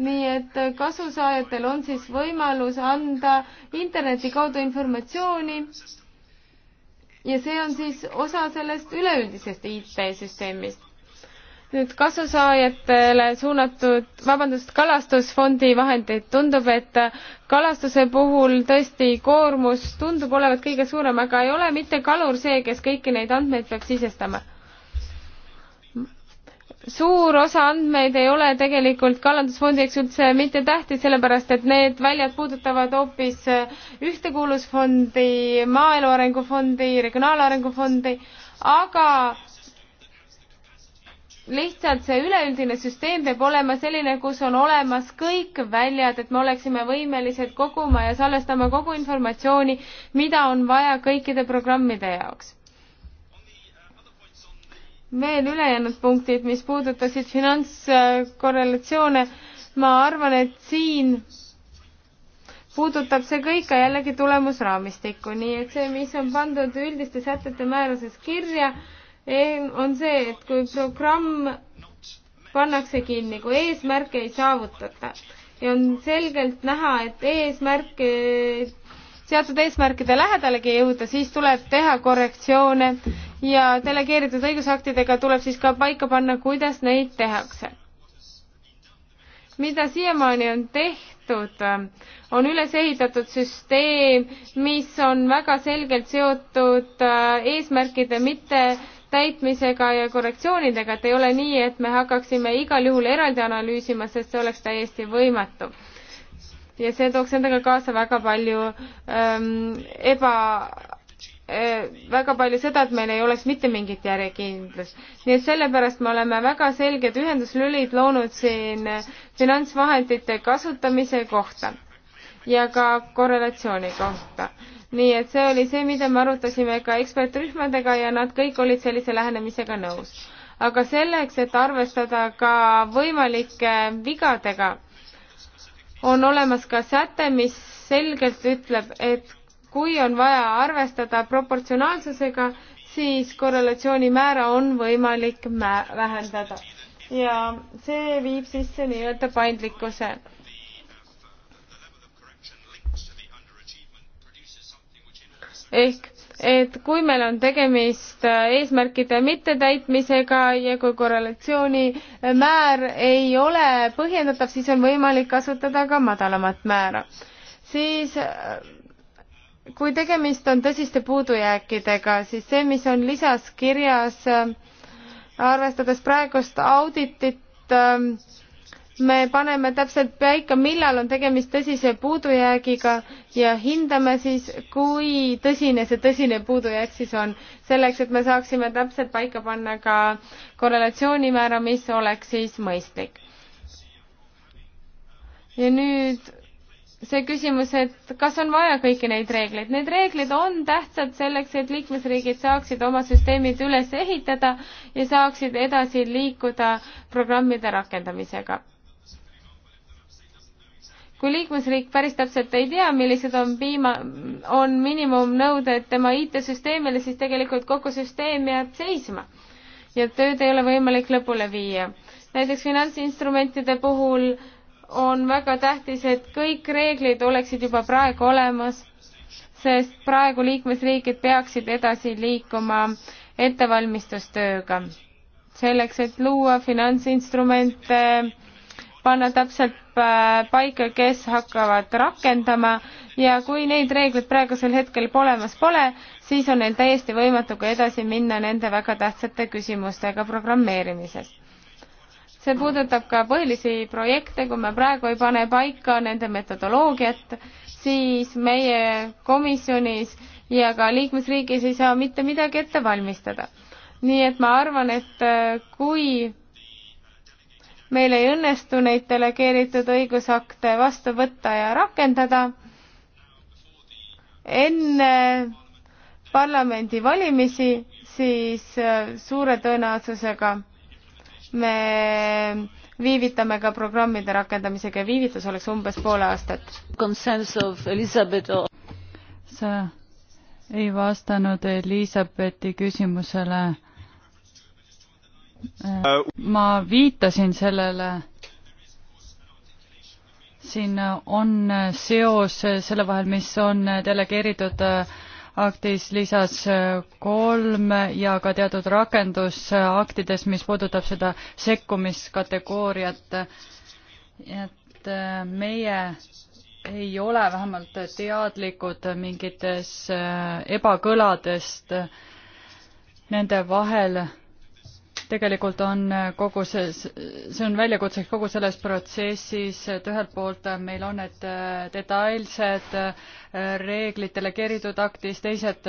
nii et kasusaajatel on siis võimalus anda interneti kaudu informatsiooni ja see on siis osa sellest üleüldisest IT-süsteemist nüüd kasusaajatele suunatud, vabandust, kalastusfondi vahendeid, tundub, et kalastuse puhul tõesti koormus tundub olevat kõige suurem, aga ei ole mitte kalur see, kes kõiki neid andmeid peab sisestama. suur osa andmeid ei ole tegelikult kalandusfondi jaoks üldse mitte tähtis, sellepärast et need väljad puudutavad hoopis ühtekuuluvusfondi, maaelu arengu fondi, regionaalarengu fondi, aga lihtsalt see üleüldine süsteem peab olema selline, kus on olemas kõik väljad, et me oleksime võimelised koguma ja salvestama kogu informatsiooni, mida on vaja kõikide programmide jaoks. veel ülejäänud punktid, mis puudutasid finantskorrelatsioone, ma arvan, et siin puudutab see kõik ka jällegi tulemusraamistikku, nii et see, mis on pandud üldiste sätete määruses kirja, on see, et kui programm pannakse kinni, kui eesmärke ei saavutata ja on selgelt näha, et eesmärke, seatud eesmärkide lähedalegi ei jõuda, siis tuleb teha korrektsioone ja delegeeritud õigusaktidega tuleb siis ka paika panna, kuidas neid tehakse. mida siiamaani on tehtud, on üles ehitatud süsteem, mis on väga selgelt seotud äh, eesmärkide mitte täitmisega ja korrektsioonidega, et ei ole nii, et me hakkaksime igal juhul eraldi analüüsima, sest see oleks täiesti võimatu. ja see tooks endaga kaasa väga palju ähm, eba äh, väga palju seda, et meil ei oleks mitte mingit järjekindlust. nii et sellepärast me oleme väga selged ühenduslülid loonud siin finantsvahendite kasutamise kohta ja ka korrelatsiooni kohta nii et see oli see, mida me arutasime ka ekspertrühmadega ja nad kõik olid sellise lähenemisega nõus. aga selleks, et arvestada ka võimalike vigadega, on olemas ka säte, mis selgelt ütleb, et kui on vaja arvestada proportsionaalsusega, siis korrelatsiooni määra on võimalik mä vähendada ja see viib sisse nii-öelda paindlikkuse ehk et kui meil on tegemist äh, eesmärkide mittetäitmisega ja kui korrelatsiooni äh, määr ei ole põhjendatav, siis on võimalik kasutada ka madalamat määra. siis äh, kui tegemist on tõsiste puudujääkidega, siis see, mis on lisas kirjas, arvestades praegust auditit, me paneme täpselt paika, millal on tegemist tõsise puudujäägiga ja hindame siis, kui tõsine see tõsine puudujääk siis on, selleks et me saaksime täpselt paika panna ka korrelatsioonimäära, mis oleks siis mõistlik. ja nüüd see küsimus, et kas on vaja kõiki neid reegleid. Need reeglid on tähtsad selleks, et liikmesriigid saaksid oma süsteemid üles ehitada ja saaksid edasi liikuda programmide rakendamisega kui liikmesriik päris täpselt ei tea, millised on piima, on miinimumnõuded tema IT-süsteemile, siis tegelikult kogu süsteem jääb seisma ja tööd ei ole võimalik lõpule viia. näiteks finantsinstrumentide puhul on väga tähtis, et kõik reeglid oleksid juba praegu olemas, sest praegu liikmesriigid peaksid edasi liikuma ettevalmistustööga selleks, et luua finantsinstrumente äh, panna täpselt äh, paika, kes hakkavad rakendama ja kui neid reegleid praegusel hetkel olemas pole, siis on neil täiesti võimatu ka edasi minna nende väga tähtsate küsimustega programmeerimises. see puudutab ka põhilisi projekte, kui me praegu ei pane paika nende metodoloogiat, siis meie komisjonis ja ka liikmesriigis ei saa mitte midagi ette valmistada. nii et ma arvan, et äh, kui meil ei õnnestu neid delegeeritud õigusakte vastu võtta ja rakendada enne parlamendivalimisi, siis äh, suure tõenäosusega me viivitame ka programmide rakendamisega ja viivitus oleks umbes pool aastat. sa ei vastanud Elizabethi küsimusele ma viitasin sellele, siin on seos selle vahel, mis on delegeeritud aktis lisas kolm ja ka teatud rakendusaktides, mis puudutab seda sekkumiskategooriat. et meie ei ole vähemalt teadlikud mingites ebakõladest nende vahel tegelikult on äh, kogu see, see on väljakutseks kogu selles protsessis, et ühelt poolt äh, meil on need äh, detailsed reeglid delegeeritud aktis, teised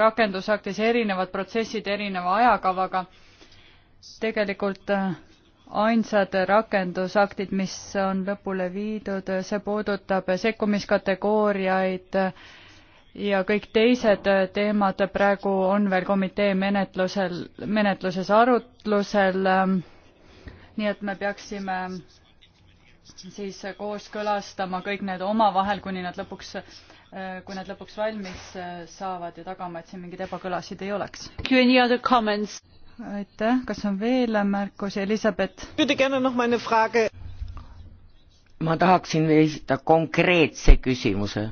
rakendusaktis, erinevad protsessid erineva ajakavaga. tegelikult ainsad rakendusaktid, mis on lõpule viidud, see puudutab sekkumiskategooriaid, ja kõik teised äh, teemad praegu on veel komitee menetlusel, menetluses arutlusel. Ähm, nii et me peaksime siis kooskõlastama kõik need omavahel, kuni nad lõpuks, äh, kui nad lõpuks valmis äh, saavad ja tagama, et siin mingeid ebakõlasid ei oleks. aitäh, kas on veel märkusi, Elizabeth? ma tahaksin esitada konkreetse küsimuse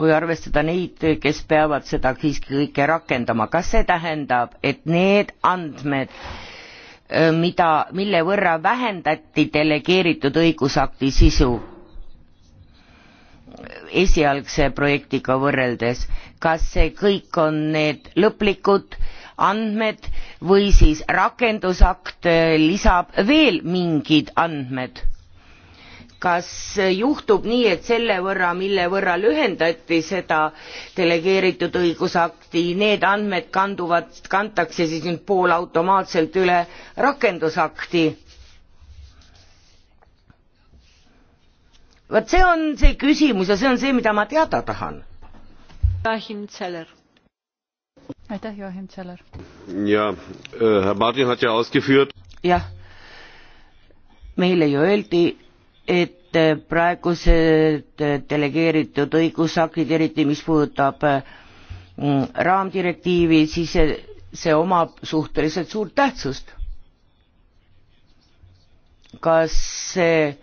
või arvestada neid, kes peavad seda siiski kõike rakendama. kas see tähendab, et need andmed, mida, mille võrra vähendati delegeeritud õigusakti sisu esialgse projektiga võrreldes, kas see kõik on need lõplikud andmed või siis rakendusakt lisab veel mingid andmed? kas juhtub nii, et selle võrra, mille võrra lühendati seda delegeeritud õigusakti, need andmed kanduvad, kantakse siis nüüd poolautomaatselt üle rakendusakti? vot see on see küsimus ja see on see, mida ma teada tahan. Joachim Zeller. aitäh, Joachim Zeller. ja äh,, Martin hat ja ausgeführt. jah, meile ju öeldi et eh, praegused eh, delegeeritud õigusaktid, eriti mis puudutab eh, mm, raamdirektiivi, siis see, see omab suhteliselt suurt tähtsust. kas see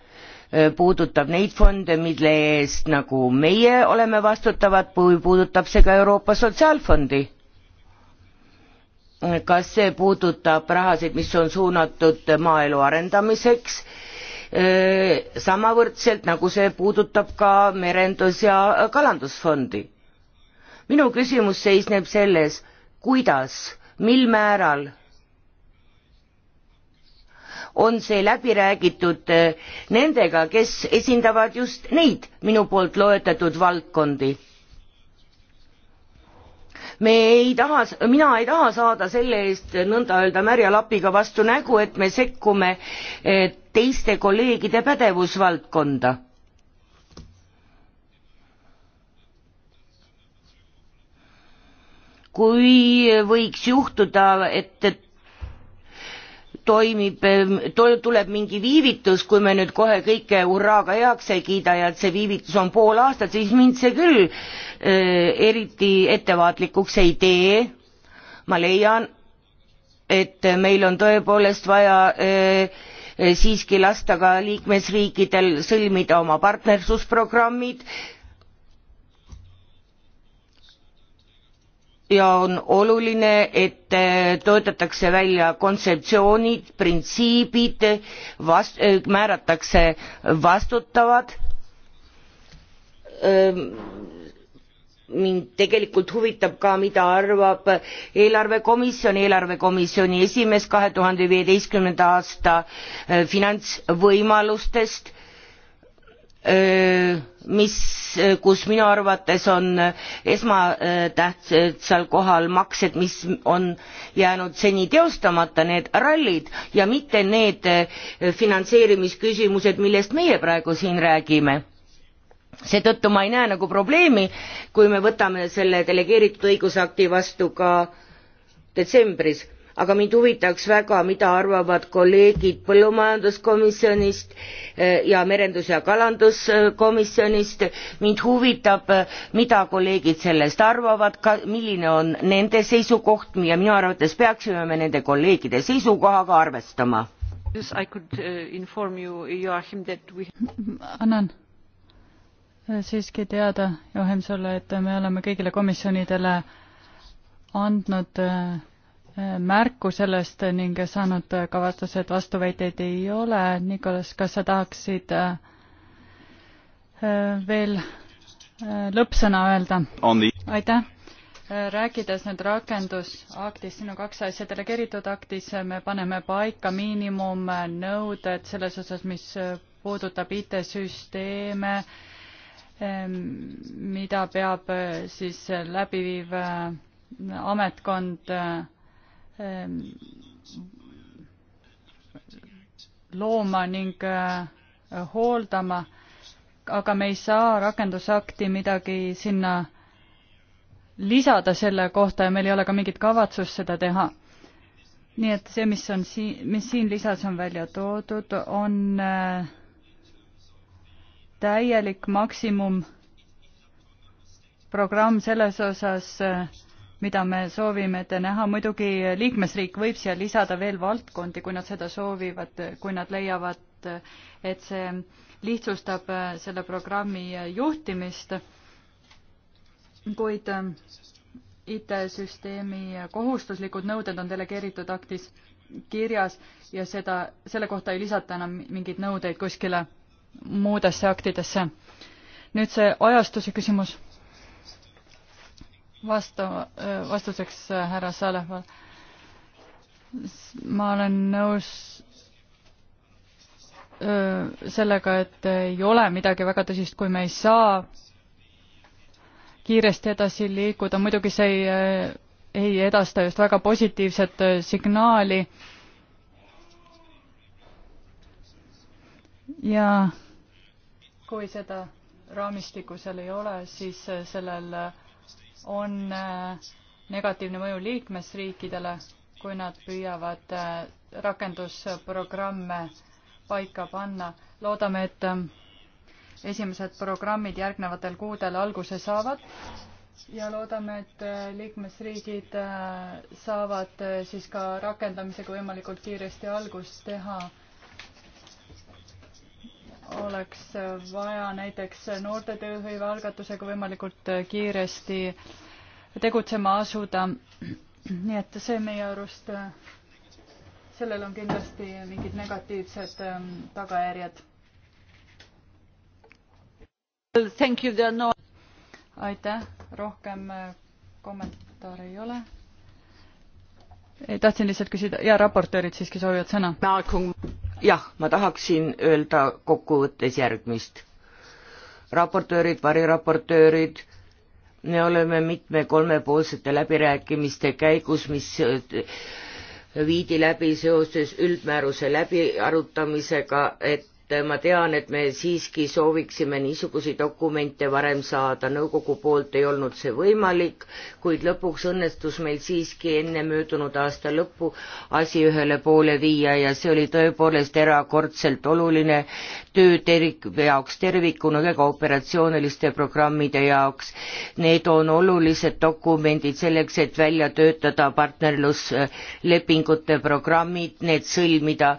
puudutab neid fonde, mille eest nagu meie oleme vastutavad või puudutab see ka Euroopa Sotsiaalfondi? kas see puudutab rahasid, mis on suunatud maaelu arendamiseks samavõrdselt, nagu see puudutab ka merendus- ja kalandusfondi. minu küsimus seisneb selles, kuidas, mil määral on see läbi räägitud nendega, kes esindavad just neid minu poolt loetletud valdkondi me ei taha, mina ei taha saada selle eest nõnda öelda märja lapiga vastu nägu, et me sekkume eh, teiste kolleegide pädevusvaldkonda. kui võiks juhtuda, et, et toimib, ehm, tuleb mingi viivitus, kui me nüüd kohe kõike hurraaga heaks ei kiida ja et see viivitus on pool aastat, siis mind see küll ehm, eriti ettevaatlikuks ei tee. ma leian, et meil on tõepoolest vaja ehm, siiski lasta ka liikmesriikidel sõlmida oma partnerlusprogrammid ja on oluline, et äh, töötatakse välja kontseptsioonid, printsiibid, vast-, äh, määratakse vastutavad ähm, mind tegelikult huvitab ka, mida arvab eelarvekomisjon, eelarvekomisjoni esimees kahe tuhande viieteistkümnenda aasta äh, finantsvõimalustest mis, kus minu arvates on esmatähtsal kohal maksed, mis on jäänud seni teostamata, need rallid ja mitte need finantseerimisküsimused, millest meie praegu siin räägime seetõttu ma ei näe nagu probleemi, kui me võtame selle delegeeritud õigusakti vastu ka detsembris aga mind huvitaks väga, mida arvavad kolleegid põllumajanduskomisjonist eh, ja merendus- ja kalanduskomisjonist. mind huvitab, eh, mida kolleegid sellest arvavad, ka milline on nende seisukoht ja minu arvates peaksime me nende kolleegide seisukohaga arvestama. Eh, annan siiski teada, Johem, sulle, et me oleme kõigile komisjonidele andnud märku sellest ning saanud ka vastuse, et vastuväiteid ei ole. Nikolas, kas sa tahaksid äh, veel äh, lõppsõna öelda? aitäh! Äh, rääkides nüüd rakendusaktist, siin on kaks asja, delegeeritud aktis me paneme paika miinimumnõuded selles osas, mis puudutab IT-süsteeme, ähm, mida peab siis läbiviiv ametkond Ähm, looma ning äh, hooldama, aga me ei saa rakendusakti midagi sinna lisada selle kohta ja meil ei ole ka mingit kavatsust seda teha. nii et see, mis on siin, mis siin lisas on välja toodud, on äh, täielik maksimum programm selles osas äh, mida me soovime ette näha, muidugi liikmesriik võib siia lisada veel valdkondi, kui nad seda soovivad, kui nad leiavad, et see lihtsustab äh, selle programmi äh, juhtimist, kuid äh, IT-süsteemi kohustuslikud nõuded on delegeeritud aktis kirjas ja seda, selle kohta ei lisata enam mingeid nõudeid kuskile muudesse aktidesse. nüüd see ajastuse küsimus vastu, vastuseks äh, härra Salehval. ma olen nõus äh, sellega, et ei ole midagi väga tõsist, kui me ei saa kiiresti edasi liikuda, muidugi see ei, äh, ei edasta just väga positiivset signaali. ja kui seda raamistikku seal ei ole, siis sellel äh, on äh, negatiivne mõju liikmesriikidele, kui nad püüavad äh, rakendusprogramme paika panna. loodame, et äh, esimesed programmid järgnevatel kuudel alguse saavad ja loodame, et liikmesriigid saavad siis ka rakendamisega võimalikult kiiresti algust teha oleks vaja näiteks noorte tööhõive algatusega võimalikult kiiresti tegutsema asuda. nii et see meie arust, sellel on kindlasti mingid negatiivsed ähm, tagajärjed. aitäh, rohkem äh, kommentaare ei ole. tahtsin lihtsalt küsida ja raportöörid siiski soovivad sõna jah, ma tahaksin öelda kokkuvõttes järgmist. raportöörid, variraportöörid, me oleme mitme kolmepoolsete läbirääkimiste käigus, mis äh, viidi läbi seoses üldmääruse läbiarutamisega, et Äh, ma tean, et me siiski sooviksime niisuguseid dokumente varem saada, nõukogu poolt ei olnud see võimalik, kuid lõpuks õnnestus meil siiski enne möödunud aasta lõppu asi ühele poole viia ja see oli tõepoolest erakordselt oluline töö tervik-, jaoks tervikuna ja ka operatsiooniliste programmide jaoks. Need on olulised dokumendid selleks, et välja töötada partnerluslepingute programmid, need sõlmida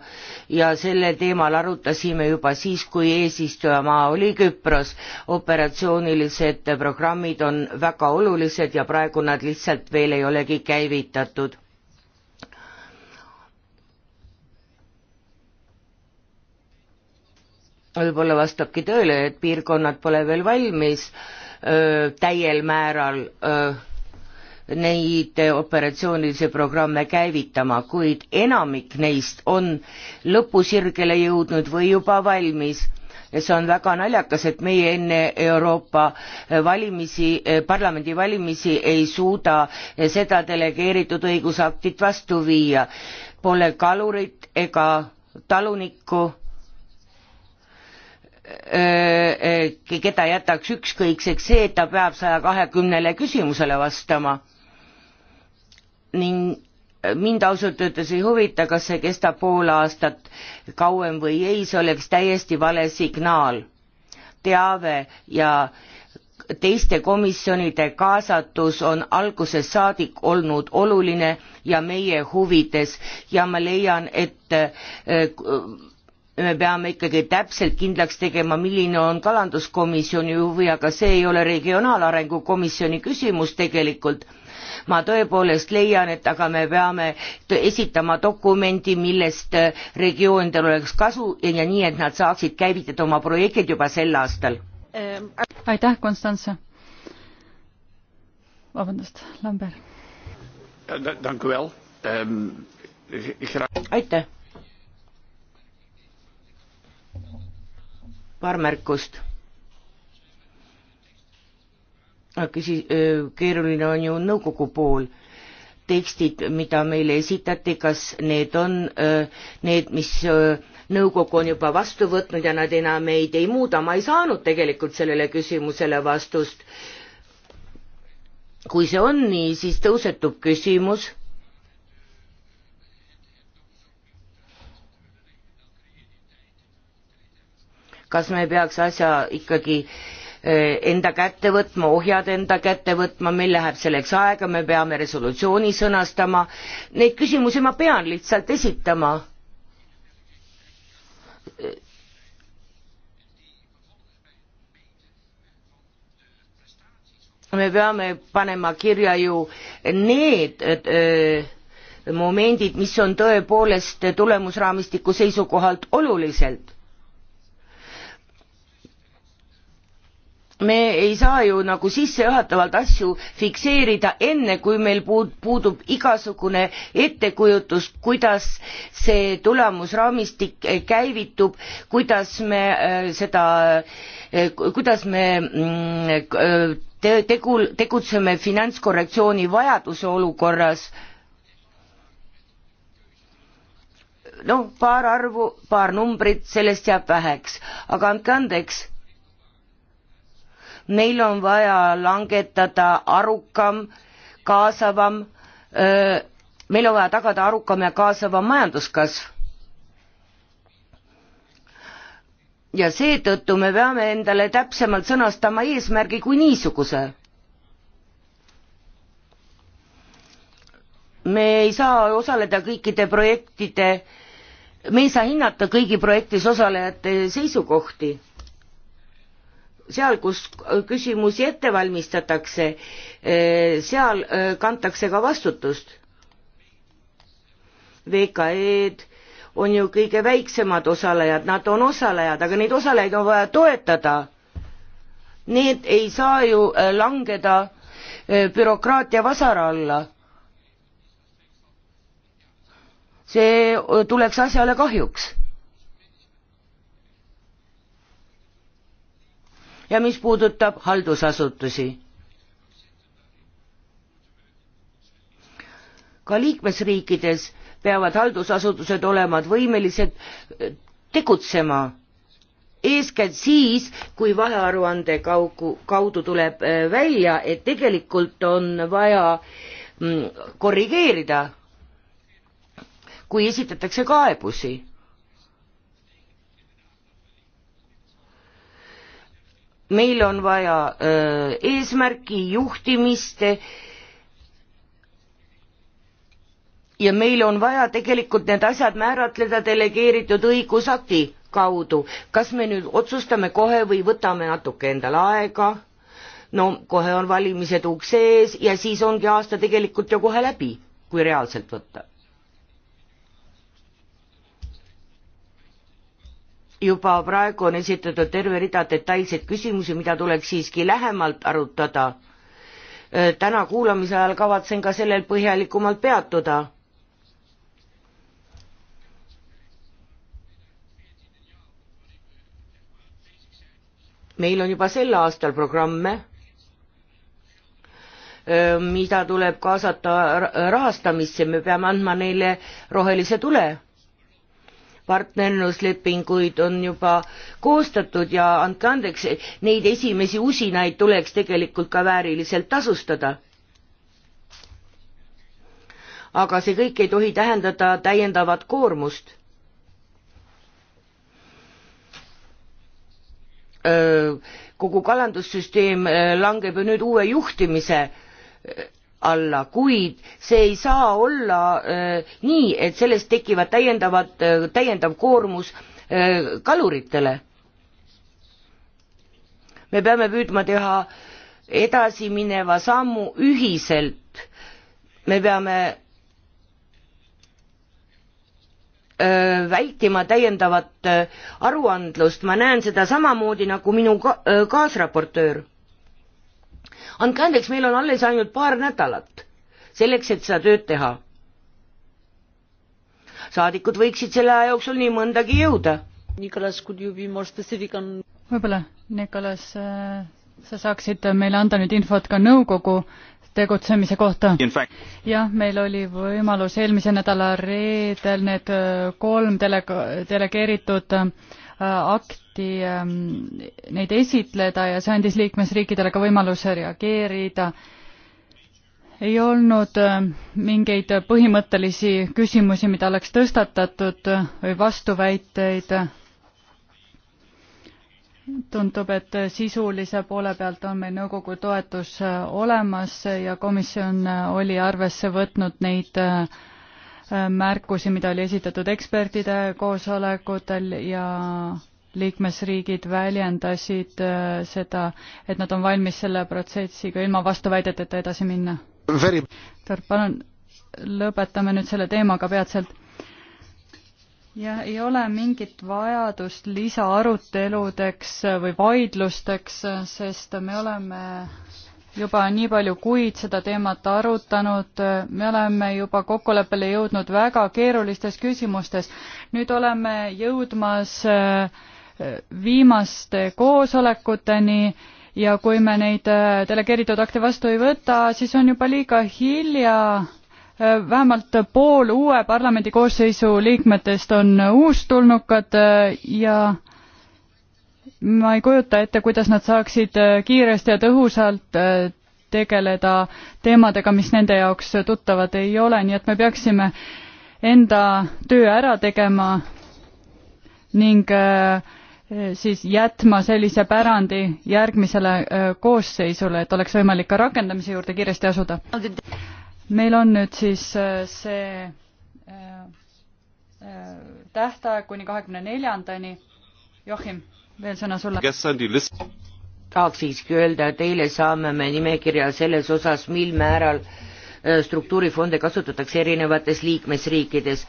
ja sellel teemal arutasime tegime juba siis, kui eesistujamaa oli Küpros. operatsioonilised programmid on väga olulised ja praegu nad lihtsalt veel ei olegi käivitatud võib-olla vastabki tõele, et piirkonnad pole veel valmis öö, täiel määral öö, neid operatsioonilisi programme käivitama, kuid enamik neist on lõpusirgele jõudnud või juba valmis ja see on väga naljakas, et meie enne Euroopa valimisi, parlamendivalimisi ei suuda seda delegeeritud õigusaktit vastu viia. Pole kalurit ega talunikku, keda jätaks ükskõikseks see, et ta peab saja kahekümnele küsimusele vastama ning mind ausalt öeldes ei huvita, kas see kestab pool aastat kauem või ei, see oleks täiesti vale signaal. teave ja teiste komisjonide kaasatus on algusest saadik olnud oluline ja meie huvides ja ma leian, et äh, me peame ikkagi täpselt kindlaks tegema, milline on kalanduskomisjoni huvi, aga see ei ole regionaalarengu komisjoni küsimus tegelikult ma tõepoolest leian, et aga me peame esitama dokumendi, millest äh, regioonidel oleks kasu ja nii, et nad saaksid käivitada oma projektid juba sel aastal. aitäh, Konstantse. vabandust, Lambert. Ehm, aitäh. paar märkust aga äh, siis äh, keeruline on ju nõukogu pool. tekstid, mida meile esitati, kas need on äh, need, mis nõukogu on juba vastu võtnud ja nad enam meid ei muuda, ma ei saanud tegelikult sellele küsimusele vastust. kui see on nii, siis tõusetub küsimus kas me peaks asja ikkagi Eh, enda kätte võtma, ohjad enda kätte võtma, meil läheb selleks aega, me peame resolutsiooni sõnastama. Neid küsimusi ma pean lihtsalt esitama. me peame panema kirja ju need öö, eh, momendid, mis on tõepoolest tulemusraamistiku seisukohalt olulised me ei saa ju nagu sissejuhatavalt asju fikseerida enne, kui meil puud-, puudub igasugune ettekujutus, kuidas see tulemusraamistik eh, käivitub, kuidas me eh, seda, eh, kuidas me mm, te-, tegu-, tegutseme finantskorrektsiooni vajaduse olukorras noh, paar arvu, paar numbrit, sellest jääb väheks, aga andke andeks, meil on vaja langetada arukam, kaasavam, meil on vaja tagada arukam ja kaasavam majanduskasv. ja seetõttu me peame endale täpsemalt sõnastama eesmärgi kui niisuguse me ei saa osaleda kõikide projektide, me ei saa hinnata kõigi projektis osalejate seisukohti seal, kus küsimusi ette valmistatakse, eh, seal eh, kantakse ka vastutust. VKE-d on ju kõige väiksemad osalejad, nad on osalejad, aga neid osalejaid on vaja toetada. Need ei saa ju eh, langeda bürokraatia vasara alla. see tuleks asjale kahjuks ja mis puudutab haldusasutusi. ka liikmesriikides peavad haldusasutused olema võimelised eh, tegutsema eeskätt siis, kui vahearuande kaugu, kaudu tuleb eh, välja, et tegelikult on vaja mm, korrigeerida, kui esitatakse kaebusi meil on vaja öö, äh, eesmärki, juhtimist ja meil on vaja tegelikult need asjad määratleda delegeeritud õigusakti kaudu. kas me nüüd otsustame kohe või võtame natuke endale aega? no kohe on valimised ukse ees ja siis ongi aasta tegelikult ju kohe läbi, kui reaalselt võtta juba praegu on esitatud terve rida detailseid küsimusi, mida tuleks siiski lähemalt arutada. täna kuulamise ajal kavatsen ka sellel põhjalikumalt peatuda. meil on juba sel aastal programme, mida tuleb kaasata rahastamisse, me peame andma neile rohelise tule partnerluslepinguid on juba koostatud ja andke andeks, neid esimesi usinaid tuleks tegelikult ka vääriliselt tasustada. aga see kõik ei tohi tähendada täiendavat koormust. kogu kalandussüsteem äh, langeb ju nüüd uue juhtimise alla, kuid see ei saa olla öö, äh, nii, et sellest tekivad täiendavad, äh, täiendav koormus öö, äh, kaluritele. me peame püüdma teha edasimineva sammu ühiselt. me peame öö, vältima täiendavat öö, aruandlust, ma näen seda samamoodi nagu minu ka, öö, kaasraportöör andke andeks, meil on alles ainult paar nädalat selleks, et seda tööd teha. saadikud võiksid selle aja jooksul nii mõndagi jõuda. Nicolas, could you be more specific on? võib-olla, Nicolas, äh, sa saaksid meile anda nüüd infot ka nõukogu tegutsemise kohta. jah, meil oli võimalus eelmise nädala reedel need äh, kolm delega-, delegeeritud äh, Äh, akti ähm, neid esitleda ja see andis liikmesriikidele ka võimaluse reageerida. ei olnud äh, mingeid põhimõttelisi küsimusi, mida oleks tõstatatud või vastuväiteid. tundub, et sisulise poole pealt on meil nõukogu toetus äh, olemas ja komisjon oli arvesse võtnud neid märkusi, mida oli esitatud ekspertide koosolekutel ja liikmesriigid väljendasid äh, seda, et nad on valmis selle protsessiga ilma vastuväideteta edasi minna. Tarp, palun lõpetame nüüd selle teemaga peatselt. ja ei ole mingit vajadust lisaaruteludeks või vaidlusteks, sest me oleme juba nii palju kuid seda teemat arutanud, me oleme juba kokkuleppele jõudnud väga keerulistes küsimustes. nüüd oleme jõudmas äh, viimaste koosolekuteni ja kui me neid äh, delegeeritud akte vastu ei võta, siis on juba liiga hilja. Äh, vähemalt pool uue parlamendi koosseisu liikmetest on uustulnukad ja ma ei kujuta ette, kuidas nad saaksid äh, kiiresti ja tõhusalt äh, tegeleda teemadega, mis nende jaoks tuttavad ei ole, nii et me peaksime enda töö ära tegema ning äh, siis jätma sellise pärandi järgmisele koosseisule, et oleks võimalik ka rakendamise juurde kiiresti asuda. meil on nüüd siis see tähtaeg kuni kahekümne neljandani. Joachim veel sõna sulle. tahaks siiski öelda, et eile saame me nimekirja selles osas, mil määral äh, struktuurifonde kasutatakse erinevates liikmesriikides.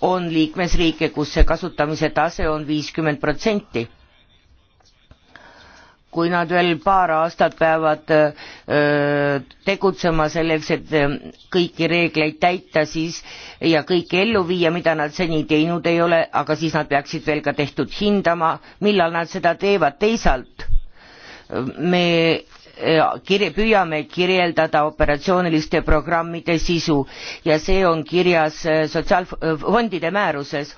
on liikmesriike, kus see kasutamise tase on viiskümmend protsenti kui nad veel paar aastat peavad öö, äh, tegutsema selleks, et äh, kõiki reegleid täita, siis ja kõike ellu viia, mida nad seni teinud ei ole, aga siis nad peaksid veel ka tehtud hindama, millal nad seda teevad. teisalt me äh, kirje, püüame kirjeldada operatsiooniliste programmide sisu ja see on kirjas sotsiaalfondide määruses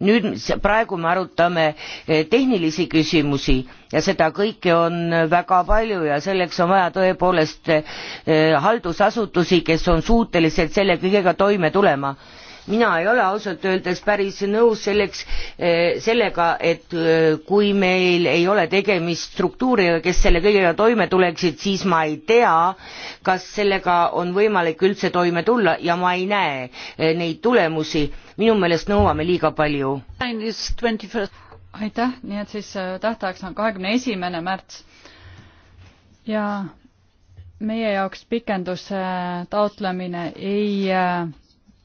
nüüd praegu me arutame eh, tehnilisi küsimusi ja seda kõike on väga palju ja selleks on vaja tõepoolest eh, haldusasutusi kes on suutelised selle kõigega toime tulema mina ei ole ausalt öeldes päris nõus selleks, eh, sellega, et eh, kui meil ei ole tegemist struktuuriga, kes selle kõigega toime tuleksid, siis ma ei tea, kas sellega on võimalik üldse toime tulla ja ma ei näe eh, neid tulemusi. minu meelest nõuame liiga palju. aitäh, nii et siis tähtajaks on kahekümne esimene märts ja meie jaoks pikenduse taotlemine ei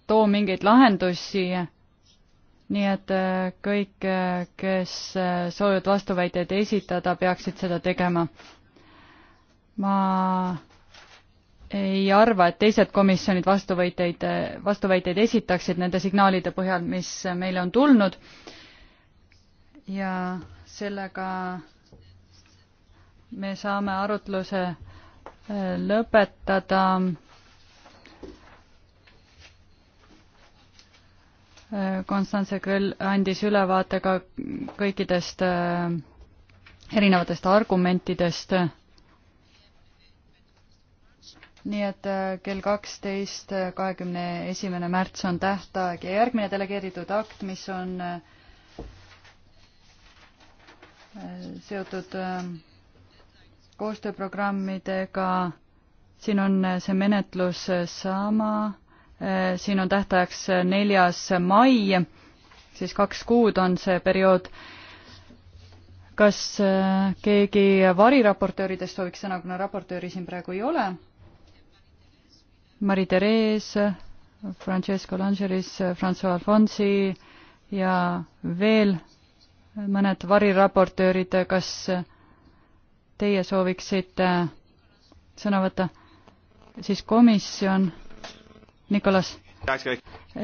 too mingeid lahendusi. nii et äh, kõik, äh, kes äh, soovivad vastuväiteid esitada, peaksid seda tegema. ma ei arva, et teised komisjonid vastuvõiteid, vastuväiteid esitaksid nende signaalide põhjal, mis meile on tulnud. ja sellega me saame arutluse lõpetada. Konstantse Kõll andis ülevaate ka kõikidest äh, erinevatest argumentidest. nii et äh, kell kaksteist, äh, kahekümne esimene märts on tähtaeg ja järgmine delegeeritud akt, mis on seotud koostööprogrammidega, siin on see menetlus sama Äh, siin on tähtajaks äh, neljas mai, siis kaks kuud on see periood. kas äh, keegi variraportööridest sooviks sõna, kuna raportööri siin praegu ei ole? Marie-Therese, Francesco Langeris, Francois Alfonsi ja veel mõned variraportöörid, kas teie sooviksite sõna võtta? siis komisjon Nikolas.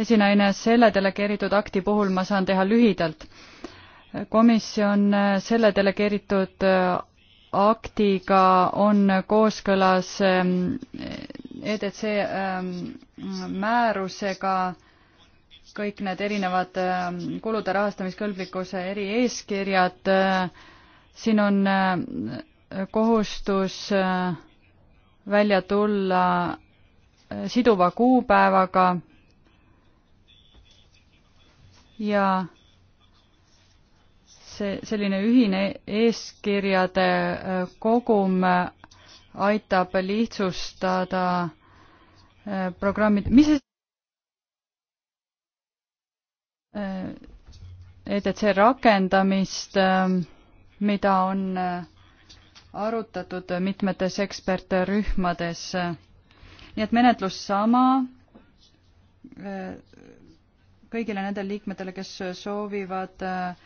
esinaine, selle delegeeritud akti puhul ma saan teha lühidalt. komisjon äh, selle delegeeritud äh, aktiga on kooskõlas ähm, EDC ähm, määrusega kõik need erinevad ähm, kulude rahastamiskõlblikkuse erieeskirjad. Äh, siin on kohustus välja tulla siduva kuupäevaga ja see selline ühine eeskirjade äh, kogum äh, aitab lihtsustada äh, programmid, mis see ETC rakendamist, mida on arutatud mitmetes ekspertrühmades nii et menetlus sama äh, kõigile nendele liikmetele, kes soovivad äh,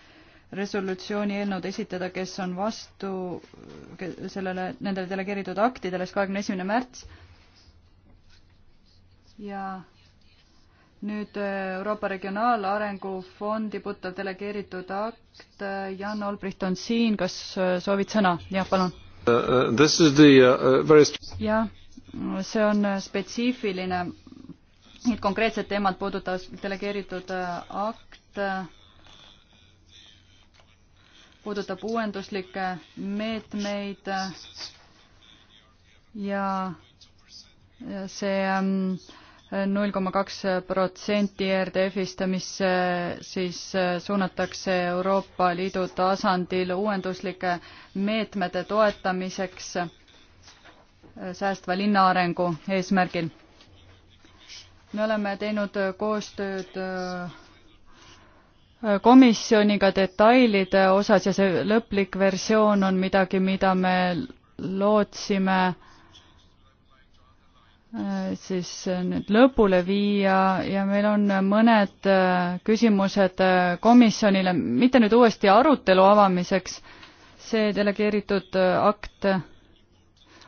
resolutsiooni eelnõud esitada, kes on vastu äh, sellele, nendele delegeeritud aktidele, siis kahekümne esimene märts. ja nüüd Euroopa Regionaalarengu Fondi puutuv delegeeritud akt, Jan Olbricht on siin, kas soovid sõna? jah, palun. Uh, uh, uh, jah see on spetsiifiline, need konkreetsed teemad puudutavad delegeeritud äh, akt, äh, puudutab uuenduslikke meetmeid äh, ja see null koma kaks protsenti RDF-ist, mis siis suunatakse Euroopa Liidu tasandil uuenduslike meetmete toetamiseks säästva linnaarengu eesmärgil. me oleme teinud koostööd äh, komisjoniga detailide osas ja see lõplik versioon on midagi, mida me lootsime äh, siis nüüd lõpule viia ja meil on mõned äh, küsimused komisjonile, mitte nüüd uuesti arutelu avamiseks, see delegeeritud akt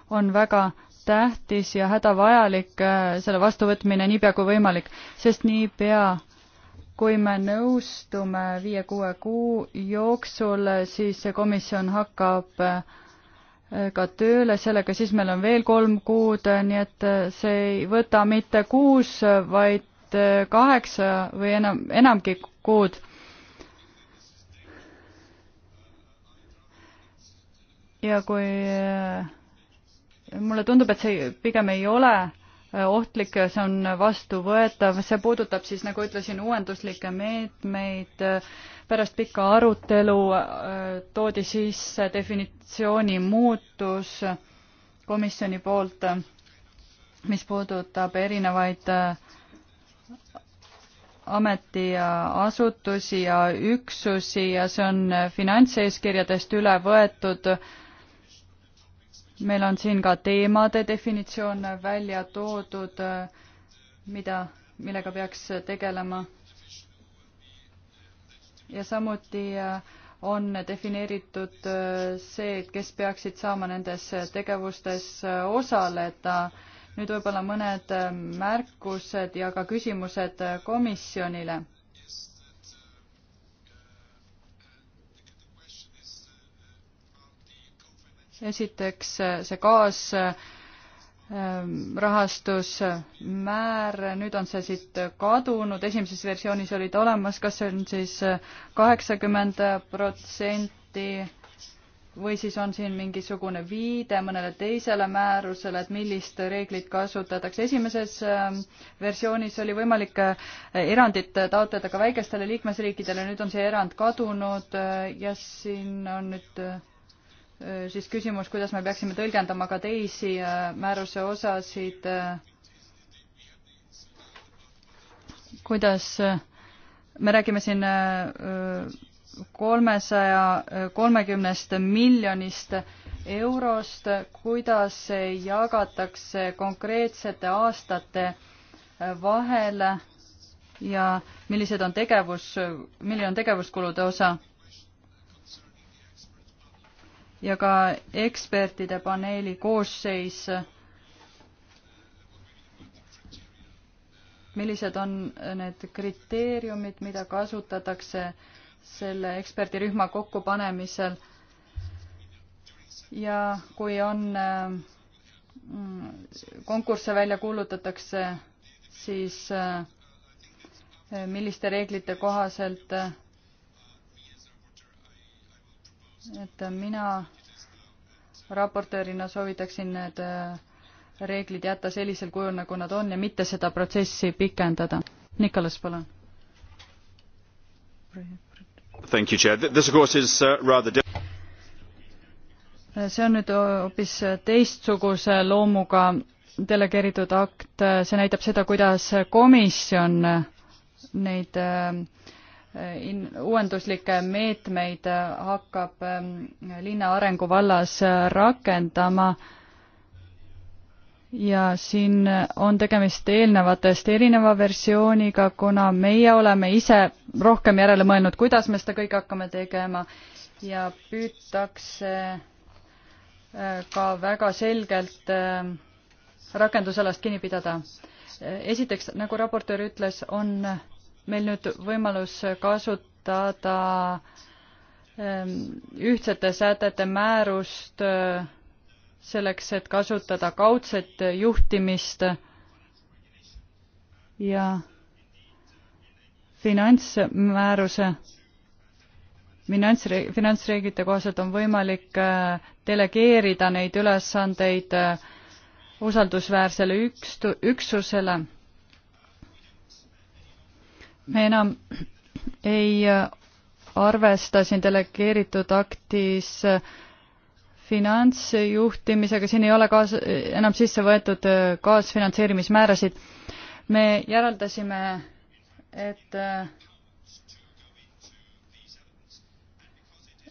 on väga tähtis ja hädavajalik äh, selle vastuvõtmine niipea kui võimalik, sest niipea kui me nõustume viie-kuue kuu jooksul, siis see komisjon hakkab äh, ka tööle sellega, siis meil on veel kolm kuud, nii et äh, see ei võta mitte kuus, vaid kaheksa või enam, enamgi kuud. ja kui mulle tundub, et see pigem ei ole äh, ohtlik, see on vastuvõetav, see puudutab siis, nagu ütlesin, uuenduslikke meetmeid. pärast pikka arutelu äh, toodi sisse definitsiooni muutus komisjoni poolt, mis puudutab erinevaid äh, ametiasutusi ja üksusi ja see on finantseeskirjadest üle võetud äh, meil on siin ka teemade definitsioon välja toodud, mida, millega peaks tegelema. ja samuti on defineeritud see, et kes peaksid saama nendes tegevustes osaleda. nüüd võib-olla mõned märkused ja ka küsimused komisjonile esiteks see kaasrahastusmäär, ähm, nüüd on see siit kadunud, esimeses versioonis oli ta olemas, kas see on siis äh, kaheksakümmend protsenti või siis on siin mingisugune viide mõnele teisele määrusele, et millist reeglit kasutatakse. esimeses ähm, versioonis oli võimalik äh, erandit taotleda ka väikestele liikmesriikidele, nüüd on see erand kadunud äh, ja siin on nüüd Äh, siis küsimus, kuidas me peaksime tõlgendama ka teisi äh, määruse osasid. Äh, kuidas, me räägime siin kolmesaja kolmekümnest miljonist eurost, kuidas see jagatakse konkreetsete aastate vahel ja millised on tegevus, milline on tegevuskulude osa ja ka ekspertide paneeli koosseis. millised on need kriteeriumid, mida kasutatakse selle eksperdirühma kokkupanemisel? ja kui on mm, konkursse välja kuulutatakse, siis milliste reeglite kohaselt et mina raportöörina soovitaksin need äh, reeglid jätta sellisel kujul, nagu nad on ja mitte seda protsessi pikendada. Nikolas, palun. Thank you, Chair. This of course is uh, rather see on nüüd uh, hoopis uh, teistsuguse loomuga delegeeritud akt, see näitab seda, kuidas komisjon neid äh, Äh, in-, uuenduslikke meetmeid äh, hakkab ähm, linna arengu vallas äh, rakendama ja siin on tegemist eelnevatest erineva versiooniga, kuna meie oleme ise rohkem järele mõelnud, kuidas me seda kõike hakkame tegema ja püütakse ka väga selgelt rakendusalast kinni pidada. esiteks, nagu raportöör ütles, on meil nüüd võimalus kasutada ähm, ühtsete sätete määrust äh, selleks, et kasutada kaudset juhtimist ja finantsmääruse finantsre-, finantsreeglite kohaselt on võimalik äh, delegeerida neid ülesandeid äh, usaldusväärsele ükstu-, üksusele me enam ei arvesta siin delegeeritud aktis finantsjuhtimisega, siin ei ole kaas-, enam sisse võetud kaasfinantseerimismäärasid. me järeldasime, et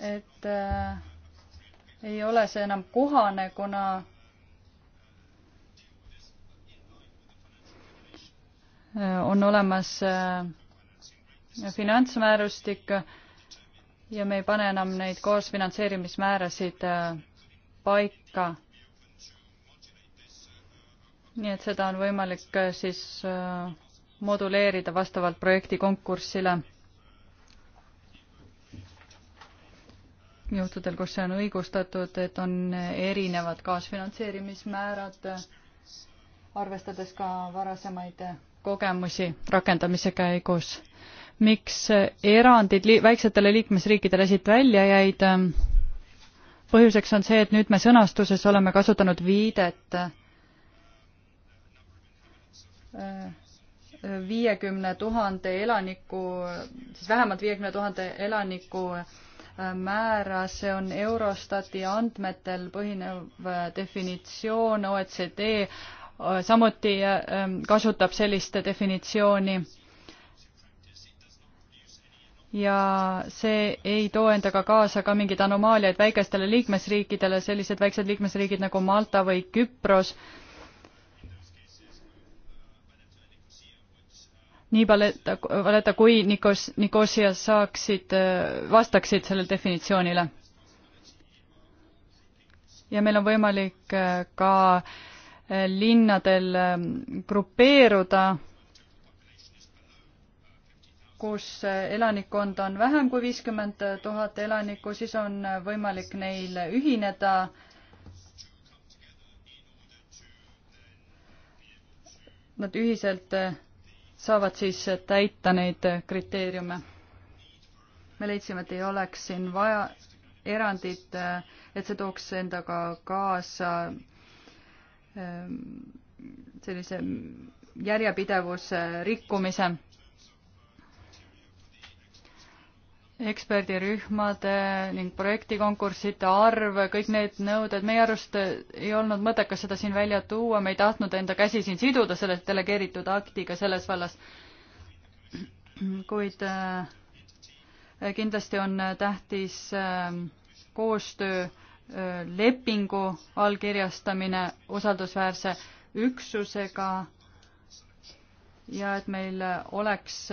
et äh, ei ole see enam kohane, kuna on olemas äh, finantsmäärustik ja me ei pane enam neid koosfinantseerimismäärasid äh, paika. nii et seda on võimalik äh, siis äh, moduleerida vastavalt projekti konkursile. juhtudel, kus see on õigustatud, et on erinevad kaasfinantseerimismäärad, arvestades ka varasemaid kogemusi rakendamise käigus miks erandid li väiksetele liikmesriikidele siit välja jäid. põhjuseks on see, et nüüd me sõnastuses oleme kasutanud viidet äh, viiekümne tuhande elaniku, siis vähemalt viiekümne tuhande elaniku äh, määra, see on Eurostati andmetel põhinev äh, definitsioon, OECD samuti kasutab sellist definitsiooni ja see ei too endaga kaasa ka mingeid anomaaliaid väikestele liikmesriikidele, sellised väiksed liikmesriigid nagu Malta või Küpros. nii Valeta, Valeta kui Nikos, Nikosia saaksid, vastaksid sellele definitsioonile. ja meil on võimalik ka linnadel grupeeruda kus elanikkond on vähem kui viiskümmend tuhat elanikku, siis on võimalik neil ühineda. Nad ühiselt saavad siis täita neid kriteeriume. me leidsime, et ei oleks siin vaja erandit, et see tooks endaga kaasa ehm, sellise järjepidevuse rikkumise eksperdirühmade ning projektikonkursside arv, kõik need nõuded, meie arust ei olnud mõttekas seda siin välja tuua, me ei tahtnud enda käsi siin siduda selle delegeeritud aktiga selles vallas. kuid äh, kindlasti on tähtis äh, koostöö äh, lepingu allkirjastamine usaldusväärse üksusega ja et meil oleks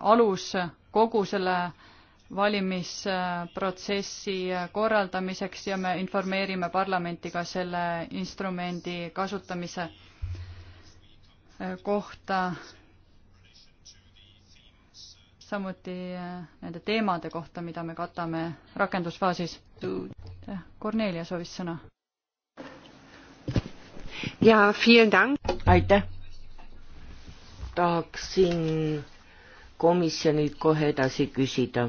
alus kogu selle valimisprotsessi korraldamiseks ja me informeerime parlamenti ka selle instrumendi kasutamise kohta, samuti äh, nende teemade kohta, mida me katame rakendusfaasis. Kornelia soovis sõna. jaa, aitäh. tahaksin komisjonilt kohe edasi küsida.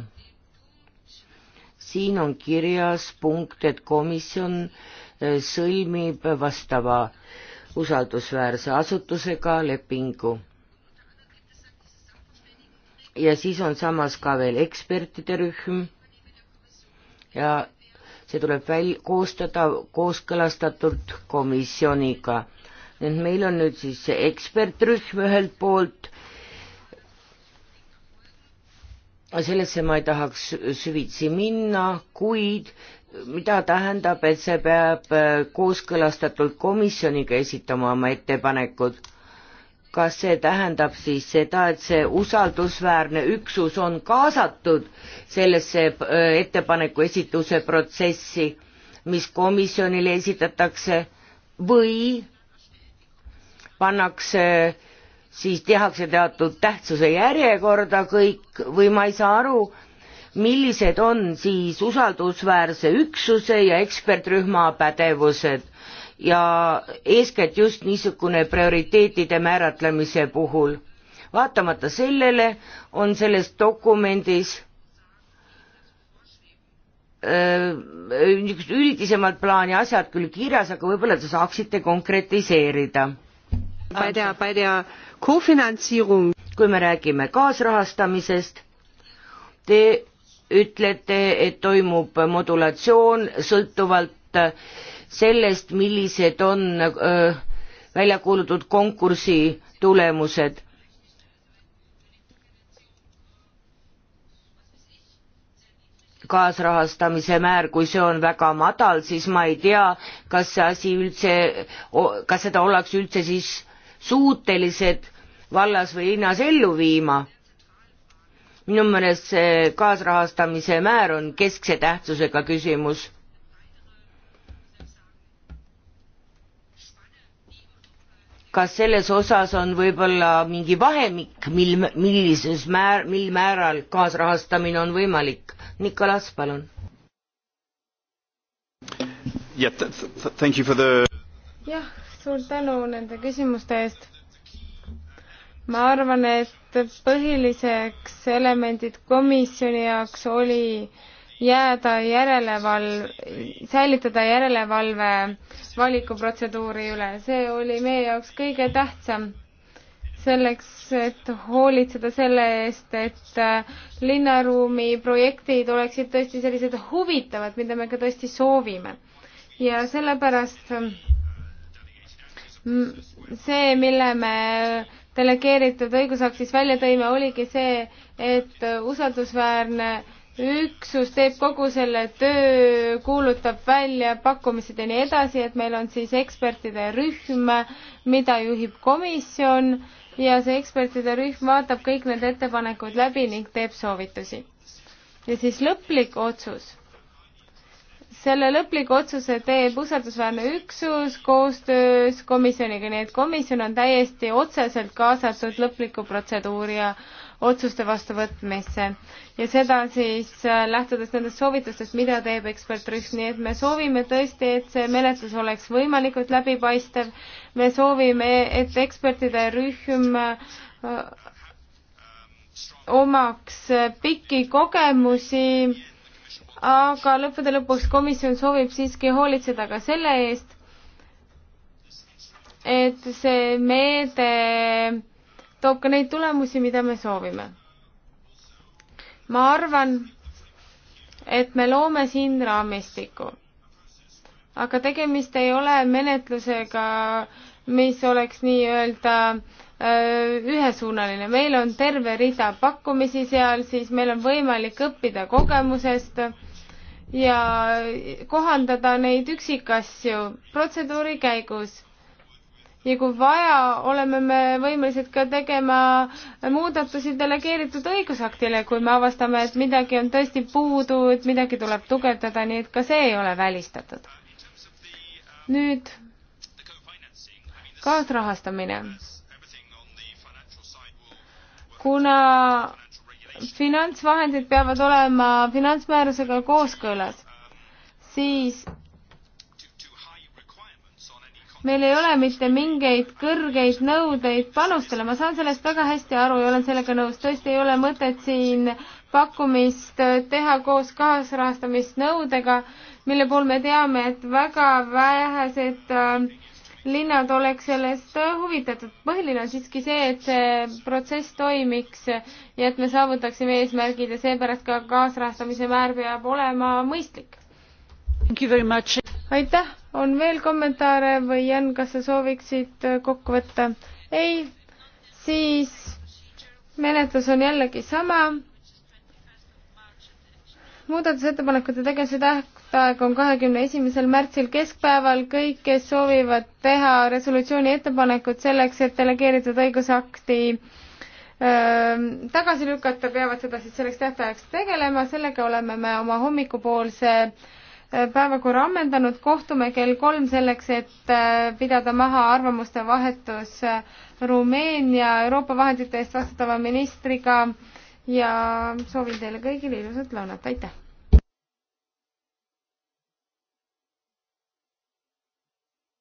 siin on kirjas punkt, et komisjon eh, sõlmib vastava usaldusväärse asutusega lepingu. ja siis on samas ka veel ekspertide rühm ja see tuleb väl-, koostada kooskõlastatult komisjoniga. et meil on nüüd siis see ekspertrühm ühelt poolt sellesse ma ei tahaks süvitsi minna, kuid mida tähendab, et see peab äh, kooskõlastatult komisjoniga esitama oma ettepanekud? kas see tähendab siis seda, et see usaldusväärne üksus on kaasatud sellesse äh, ettepaneku esituse protsessi, mis komisjonile esitatakse või pannakse siis tehakse teatud tähtsuse järjekorda kõik või ma ei saa aru, millised on siis usaldusväärse üksuse ja ekspertrühma pädevused ja eeskätt just niisugune prioriteetide määratlemise puhul. vaatamata sellele on selles dokumendis niisugust üldisemat plaani asjad küll kirjas, aga võib-olla te saaksite konkretiseerida. Bei der, bei der kui me räägime kaasrahastamisest, te ütlete, et toimub modulatsioon sõltuvalt sellest, millised on öö, välja kuulutatud konkursi tulemused. kaasrahastamise määr, kui see on väga madal, siis ma ei tea, kas see asi üldse, kas seda ollakse üldse siis suutelised vallas või linnas ellu viima. minu meelest see kaasrahastamise määr on keskse tähtsusega küsimus. kas selles osas on võib-olla mingi vahemik, mil, millises määr, mil määral kaasrahastamine on võimalik? Nikolas, palun jah, suur tänu nende küsimuste eest ma arvan, et põhiliseks elemendid komisjoni jaoks oli jääda järelevalv, säilitada järelevalve valikuprotseduuri üle, see oli meie jaoks kõige tähtsam. selleks, et hoolitseda selle eest, et äh, linnaruumi projektid oleksid tõesti sellised huvitavad, mida me ka tõesti soovime. ja sellepärast mm, see, mille me delegeeritud õigusaktis välja tõime, oligi see, et usaldusväärne üksus teeb kogu selle töö, kuulutab välja pakkumised ja nii edasi, et meil on siis ekspertide rühm, mida juhib komisjon ja see ekspertide rühm vaatab kõik need ettepanekud läbi ning teeb soovitusi. ja siis lõplik otsus selle lõpliku otsuse teeb usaldusväärne üksus koostöös komisjoniga, nii et komisjon on täiesti otseselt kaasatud lõpliku protseduuri ja otsuste vastuvõtmisse ja seda siis äh, lähtudes nendest soovitustest, mida teeb ekspertrühm, nii et me soovime tõesti, et see menetlus oleks võimalikult läbipaistev. me soovime, et ekspertide rühm äh, omaks äh, pikki kogemusi aga lõppude lõpuks komisjon soovib siiski hoolitseda ka selle eest, et see meede toob ka neid tulemusi, mida me soovime. ma arvan, et me loome siin raamistiku, aga tegemist ei ole menetlusega, mis oleks nii-öelda äh, ühesuunaline, meil on terve rida pakkumisi seal, siis meil on võimalik õppida kogemusest ja kohandada neid üksikasju protseduuri käigus ja kui vaja, oleme me võimelised ka tegema muudatusi delegeeritud õigusaktile, kui me avastame, et midagi on tõesti puudu, et midagi tuleb tugevdada, nii et ka see ei ole välistatud. nüüd kaasrahastamine. kuna finantsvahendid peavad olema finantsmäärusega kooskõlas, siis meil ei ole mitte mingeid kõrgeid nõudeid panustele, ma saan sellest väga hästi aru ja olen sellega nõus, tõesti ei ole mõtet siin pakkumist teha koos kaasrahastamisnõudega, mille puhul me teame, et väga vähesed äh, linnad oleks sellest huvitatud. põhiline on siiski see, et see protsess toimiks ja et me saavutaksime eesmärgid ja seepärast ka kaasrahastamise määr peab olema mõistlik. aitäh, on veel kommentaare või Jan, kas sa sooviksid kokku võtta? ei, siis menetlus on jällegi sama muudatusettepanekute tegemise tähtaeg on kahekümne esimesel märtsil keskpäeval. kõik, kes soovivad teha resolutsiooni ettepanekut selleks, et delegeeritud õigusakti öö, ähm, tagasi lükata, peavad seda siis selleks tähtajaks tegelema. sellega oleme me oma hommikupoolse äh, päevakorra ammendanud. kohtume kell kolm selleks, et äh, pidada maha arvamuste vahetus äh, Rumeenia Euroopa vahendite eest vastutava ministriga ja soovin teile kõigile ilusat lõunat, aitäh!